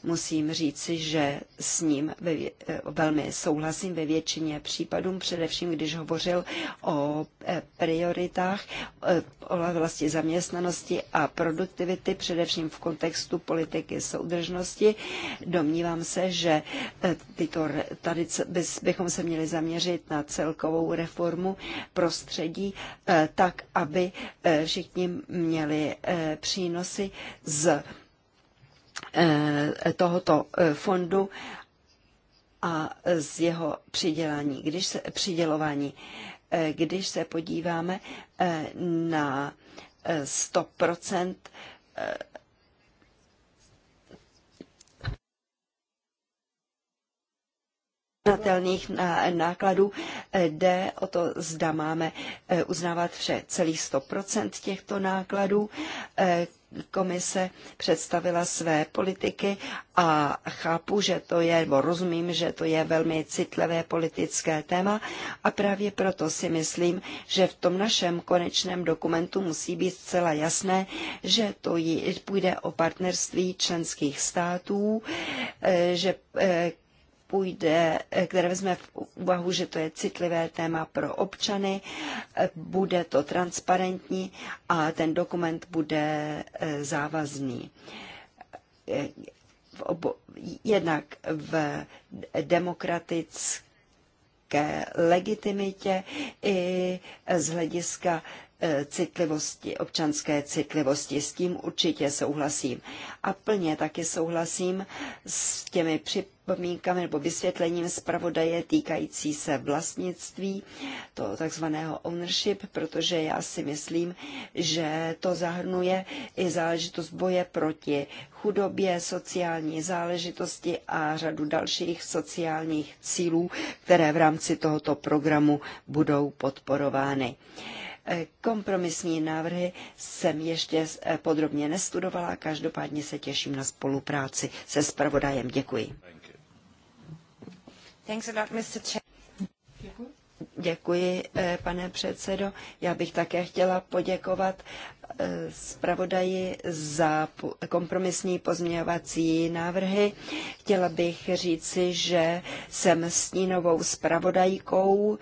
Speaker 3: Musím říci, že s ním eh, velmi souhlasím ve většině případů, především když hovořil o eh, prioritách, o vlastně zaměstnanosti a produktivity, především v kontextu politiky soudržnosti. Domnívám se, že tyto, tady bychom se měli zaměřit na celkovou reformu prostředí, tak, aby všichni měli přínosy z Eh, tohoto eh, fondu a z jeho přidělání, když se, přidělování. Eh, když se podíváme na 100 uznatelných nákladů. Jde o to, zda máme uznávat vše celých 100% těchto nákladů, komise představila své politiky a chápu, že to je, nebo rozumím, že to je velmi citlivé politické téma a právě proto si myslím, že v tom našem konečném dokumentu musí být zcela jasné, že to půjde o partnerství členských států, eh, že eh, půjde, které vezme v úvahu, že to je citlivé téma pro občany, bude to transparentní a ten dokument bude eh, závazný. Eh, v obo, jednak v demokratické legitimitě i z hlediska E, citlivosti, občanské citlivosti. S tím určitě souhlasím. A plně taky souhlasím s těmi připomínkami nebo vysvětlením zpravodaje týkající se vlastnictví, to takzvaného ownership, protože já si myslím, že to zahrnuje i záležitost boje proti chudobě, sociální záležitosti a řadu dalších sociálních cílů, které v rámci tohoto programu budou podporovány. E, kompromisní návrhy jsem ještě e, podrobně nestudovala, každopádně se těším na spolupráci se spravodajem. Děkuji. Děkuji, e, pane předsedo. Já bych také chtěla poděkovat zpravodaji za kompromisní pozměňovací návrhy. Chtěla bych říci, že jsem novou zpravodajkou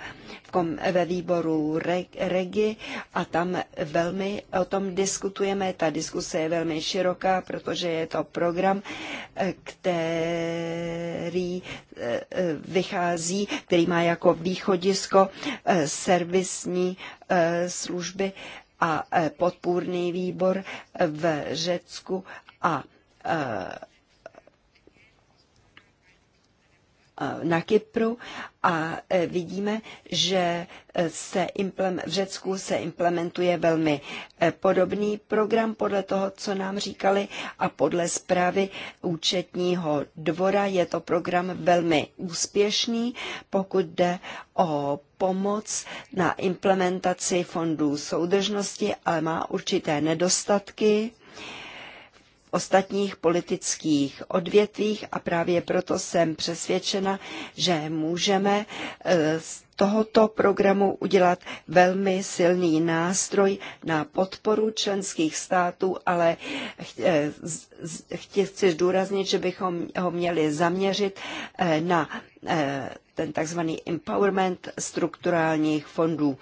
Speaker 3: ve výboru REGI a tam velmi o tom diskutujeme. Ta diskuse je velmi široká, protože je to program, eh, který eh, eh, vychází, který má jako východisko servisní služby a e, podpůrný výbor v Řecku a e, na Kypru a e, vidíme, že e, se v Řecku se implementuje velmi e, podobný program podle toho, co nám říkali a podle zprávy účetního dvora je to program velmi úspěšný, pokud jde o pomoc na implementaci fondů soudržnosti, ale má určité nedostatky ostatních politických odvětvích a právě proto jsem přesvědčena, že můžeme eh, z tohoto programu udělat velmi silný nástroj na podporu členských států, ale eh, chci zdůraznit, že bychom ho měli zaměřit eh, na ten takzvaný empowerment strukturálních fondů.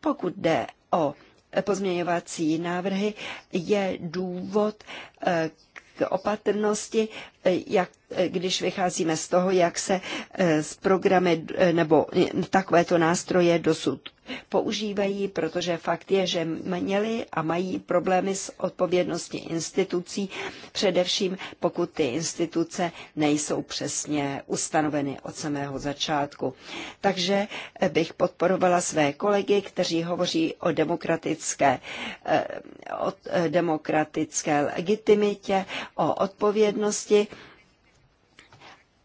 Speaker 3: Pokud jde o pozměňovací návrhy je důvod eh, k opatrnosti jak, když vycházíme z toho, jak se eh, z programy eh, nebo takovéto nástroje dosud používají, protože fakt je, že měli a mají problémy s odpovědností institucí, především pokud ty instituce nejsou přesně ustanoveny od samého začátku. Takže eh, bych podporovala své kolegy, kteří hovoří o demokratické, o demokratické legitimitě, o odpovědnosti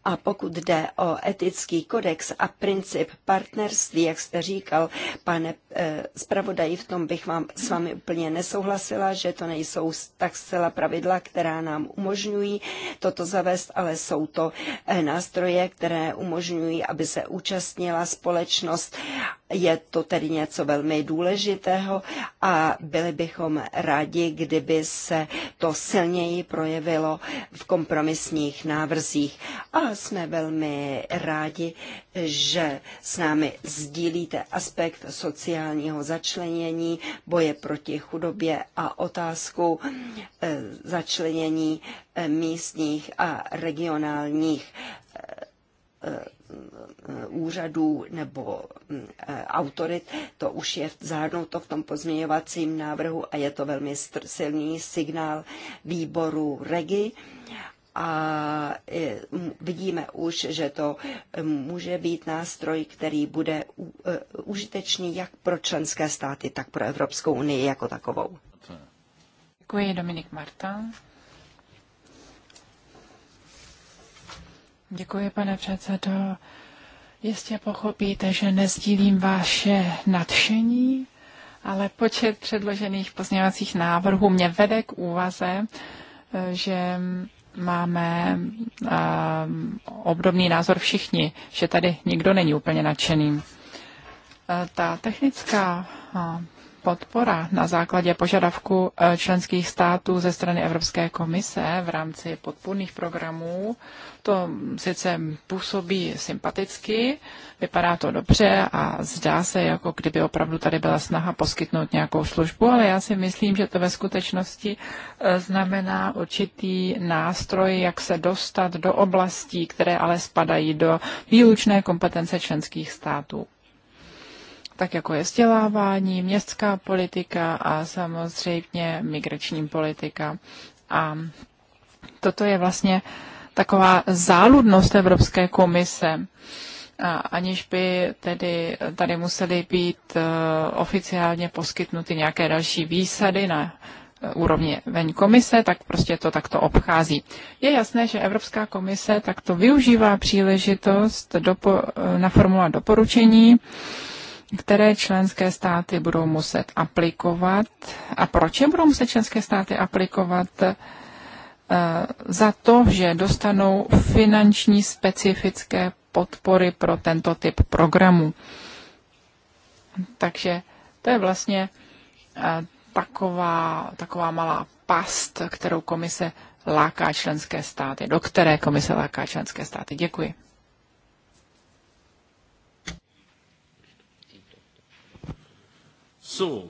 Speaker 3: a pokud jde o etický kodex a princip partnerství, jak jste říkal, pane eh, zpravodaji, v tom bych vám s vámi úplně nesouhlasila, že to nejsou tak zcela pravidla, která nám umožňují toto zavést, ale jsou to eh, nástroje, které umožňují, aby se účastnila společnost. Je to tedy něco velmi důležitého a byli bychom rádi, kdyby se to silněji projevilo v kompromisních návrzích. A jsme velmi rádi, že s námi sdílíte aspekt sociálního začlenění, boje proti chudobě a otázku eh, začlenění eh, místních a regionálních eh, úřadů nebo mm, autorit. To už je zahrnuto v tom pozměňovacím návrhu a je to velmi silný signál výboru REGI a e, vidíme už, že to e, může být nástroj, který bude e, užitečný jak pro členské státy, tak pro Evropskou unii jako takovou.
Speaker 1: Děkuji, Dominik Marta. Děkuji, pane předsedo. Jistě pochopíte, že nezdílím vaše nadšení, ale počet předložených pozměňovacích návrhů mě vede k úvaze, že máme eh, obdobný názor všichni, že tady nikdo není úplně nadšený. Eh, ta technická eh, podpora na základě požadavku e, členských států ze strany Evropské komise v rámci podpůrných programů. To sice působí sympaticky, vypadá to dobře a zdá se, jako kdyby opravdu tady byla snaha poskytnout nějakou službu, ale já si myslím, že to ve skutečnosti e, znamená určitý nástroj, jak se dostat do oblastí, které ale spadají do výlučné kompetence členských států tak jako je vzdělávání, městská politika a samozřejmě migrační politika. A toto je vlastně taková záludnost Evropské komise, a aniž by tedy tady musely být eh, oficiálně poskytnuty nějaké další výsady na eh, úrovni veň komise, tak prostě to takto obchází. Je jasné, že Evropská komise takto využívá příležitost dopo, eh, formula doporučení, které členské státy budou muset aplikovat a proč je budou muset členské státy aplikovat eh, za to, že dostanou finanční specifické podpory pro tento typ programu. Takže to je vlastně eh, taková, taková malá past, kterou komise láká členské státy, do které komise láká členské státy. Děkuji.
Speaker 2: So,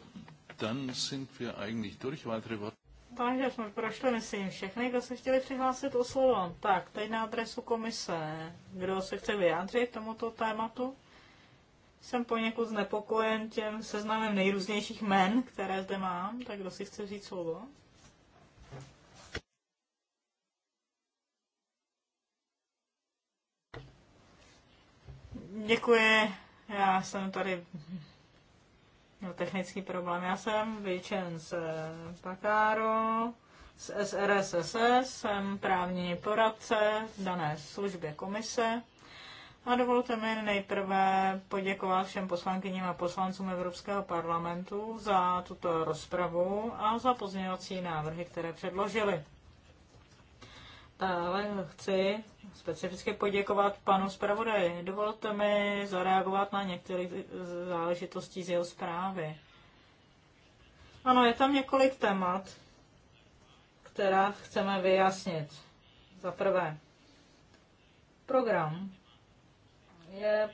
Speaker 2: dann sind wir eigentlich
Speaker 1: durch. Weitere Worte?
Speaker 2: Takže jsme prošli, myslím, všechny, kdo se chtěli přihlásit o slovo. Tak, teď na adresu komise. Kdo se chce vyjádřit tomuto tématu? Jsem poněkud znepokojen těm seznamem nejrůznějších men, které zde mám. Tak kdo si chce říct slovo?
Speaker 1: Děkuji.
Speaker 2: Já jsem tady měl no, technický problém. Já jsem vyčen z eh, Pakáru, z SRSS, jsem právní poradce v dané službě komise. A dovolte mi nejprve poděkovat všem poslankyním a poslancům Evropského parlamentu za tuto rozpravu a za pozměňovací návrhy, které předložili. Ale chci specificky poděkovat panu zpravodaji. Dovolte mi zareagovat na některé záležitosti z jeho zprávy. Ano, je tam několik témat, která chceme vyjasnit. Za prvé, program je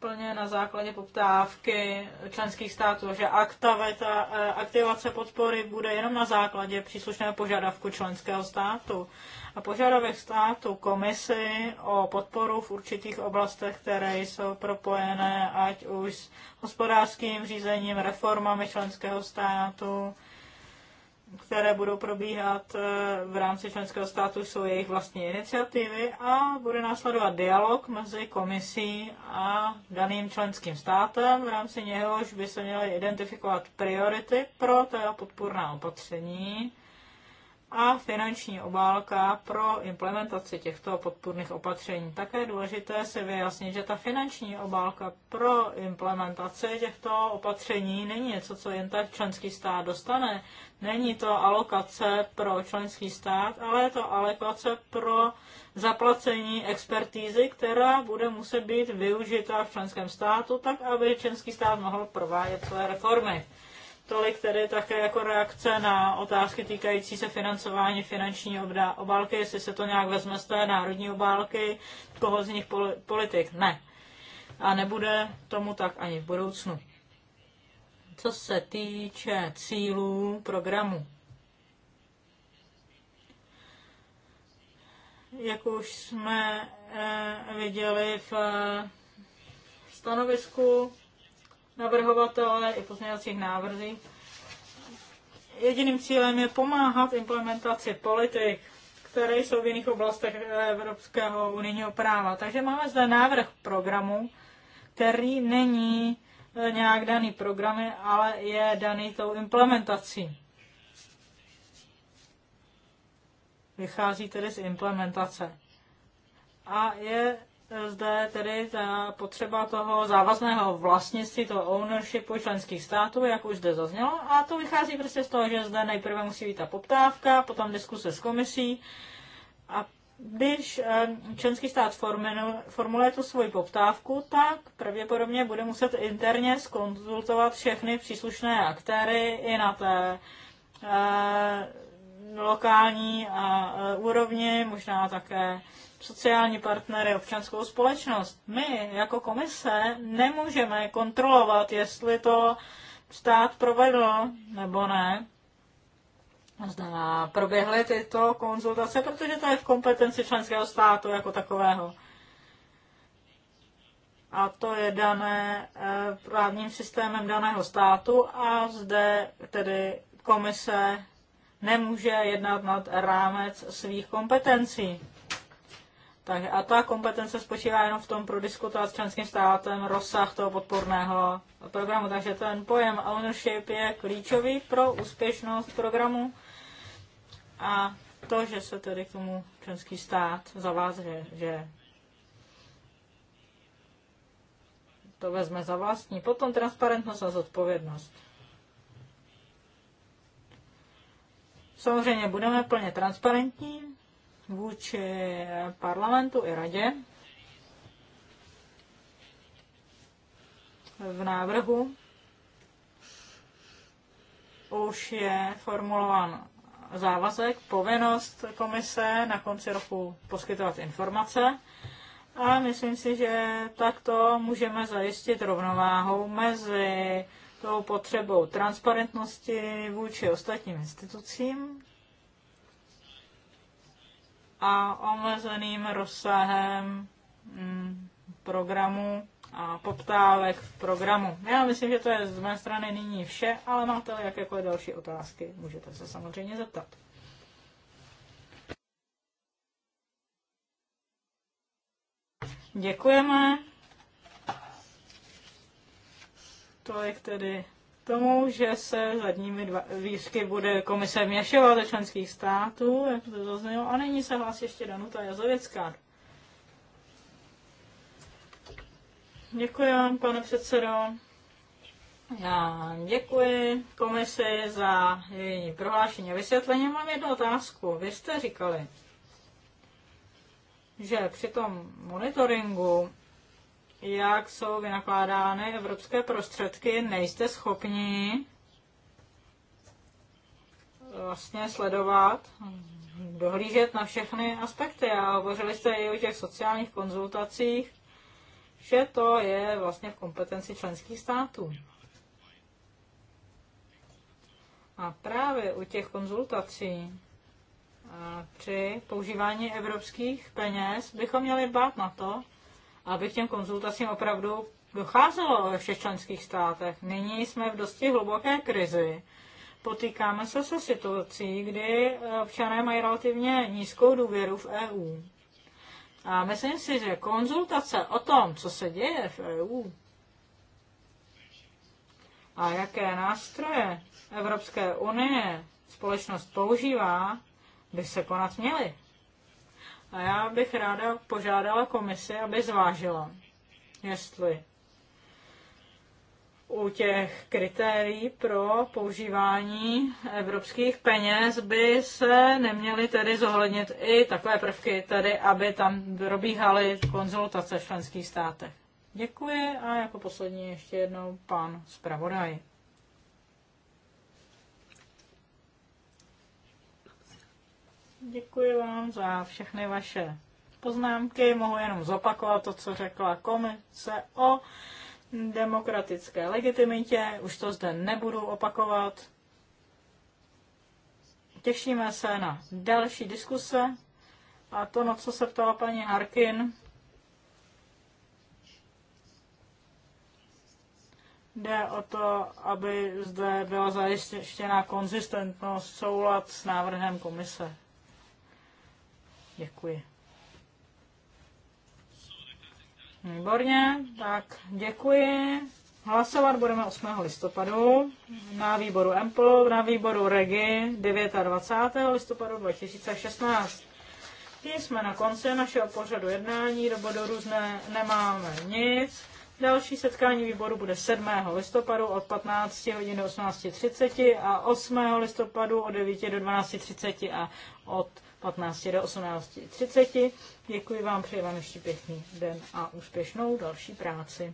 Speaker 2: plně na základě poptávky členských států, že aktivita, e, aktivace podpory bude jenom na základě příslušného požadavku členského státu. A požadavek státu komisi o podporu v určitých oblastech, které jsou propojené ať už s hospodářským řízením, reformami členského státu, které budou probíhat eh, v rámci členského státu, jsou jejich vlastní iniciativy a bude následovat dialog mezi komisí a daným členským státem, v rámci něhož by se měly identifikovat priority pro ta podpůrná opatření a finanční obálka pro implementaci těchto podpůrných opatření. Také je důležité si vyjasnit, že ta finanční obálka pro implementaci těchto opatření není něco, co jen tak členský stát dostane. Není to alokace pro členský stát, ale je to alokace pro zaplacení expertízy, která bude muset být využita v členském státu, tak aby členský stát mohl provádět své reformy. Tolik tedy také jako reakce na otázky týkající se financování finanční obálky, jestli se to nějak vezme z té národní obálky, koho z nich politik. Ne. A nebude tomu tak ani v budoucnu. Co se týče cílů programu, jak už jsme eh, viděli v eh, stanovisku, navrhovatele i pozměňovacích návrzích. Jediným cílem je pomáhat implementaci politik, které jsou v jiných oblastech evropského unijního práva. Takže máme zde návrh programu, který není eh, nějak daný programy, ale je daný tou implementací. Vychází tedy z implementace. A je zde tedy ta potřeba toho závazného vlastnictví, toho ownershipu členských států, jak už zde zaznělo. A to vychází prostě z toho, že zde nejprve musí být ta poptávka, potom diskuse s komisí. A když eh, členský stát formuluje tu svoji poptávku, tak pravděpodobně bude muset interně skonzultovat všechny příslušné aktéry i na té eh, lokální a eh, úrovni, možná také sociální partnery, občanskou společnost. My jako komise nemůžeme kontrolovat, jestli to stát provedl nebo ne. Zda proběhly tyto konzultace, protože to je v kompetenci členského státu jako takového. A to je dané právním eh, systémem daného státu a zde tedy komise nemůže jednat nad rámec svých kompetencí. Takže a ta kompetence spočívá jenom v tom prodiskutovat s členským státem rozsah toho podporného programu. Takže ten pojem ownership je klíčový pro úspěšnost programu a to, že se tedy k tomu členský stát zavázuje, že to vezme za vlastní. Potom transparentnost a zodpovědnost. Samozřejmě budeme plně transparentní, vůči parlamentu i radě v návrhu už je formulován závazek, povinnost komise na konci roku poskytovat informace. A myslím si, že takto můžeme zajistit rovnováhu mezi tou potřebou transparentnosti vůči ostatním institucím a omezeným rozsahem mm, programu a poptávek v programu. Já myslím, že to je z mé strany nyní vše, ale máte jakékoliv další otázky, můžete se samozřejmě zeptat. Děkujeme. Tolik tedy tomu, že se zadními dva, výzky bude komise měšovat do členských států, jak to zaznělo, a nyní se hlásí ještě Danuta Jazověcká. Děkuji vám, pane předsedo. Já děkuji komisi za její prohlášení a vysvětlení. Mám jednu otázku. Vy jste říkali, že při tom monitoringu jak jsou vynakládány evropské prostředky, nejste schopni vlastně sledovat, dohlížet na všechny aspekty. A hovořili jste i o těch sociálních konzultacích, že to je vlastně v kompetenci členských států. A právě u těch konzultací při používání evropských peněz bychom měli bát na to, aby k těm konzultacím opravdu docházelo ve všech členských státech. Nyní jsme v dosti hluboké krizi. Potýkáme se se situací, kdy občané mají relativně nízkou důvěru v EU. A myslím si, že konzultace o tom, co se děje v EU a jaké nástroje Evropské unie společnost používá, by se konat měly. A já bych ráda požádala komisi, aby zvážila, jestli u těch kritérií pro používání evropských peněz by se neměly tedy zohlednit i takové prvky, tedy aby tam probíhaly konzultace v členských státech. Děkuji a jako poslední ještě jednou pan zpravodaj. Děkuji vám za všechny vaše poznámky. Mohu jenom zopakovat to, co řekla komise o demokratické legitimitě. Už to zde nebudu opakovat. Těšíme se na další diskuse a to, na co se ptala paní Harkin, jde o to, aby zde byla zajištěná konzistentnost, soulad s návrhem komise. Děkuji. Výborně, tak děkuji. Hlasovat budeme 8. listopadu na výboru EMPL, na výboru REGI 29. listopadu 2016. Tím jsme na konci našeho pořadu jednání, do bodu různé nemáme nic. Další setkání výboru bude 7. listopadu od 15 hodin do 18.30 a 8. listopadu od 9 do 12.30 a od 15 do 18.30. Děkuji vám, přeji vám ještě pěkný den a úspěšnou další práci.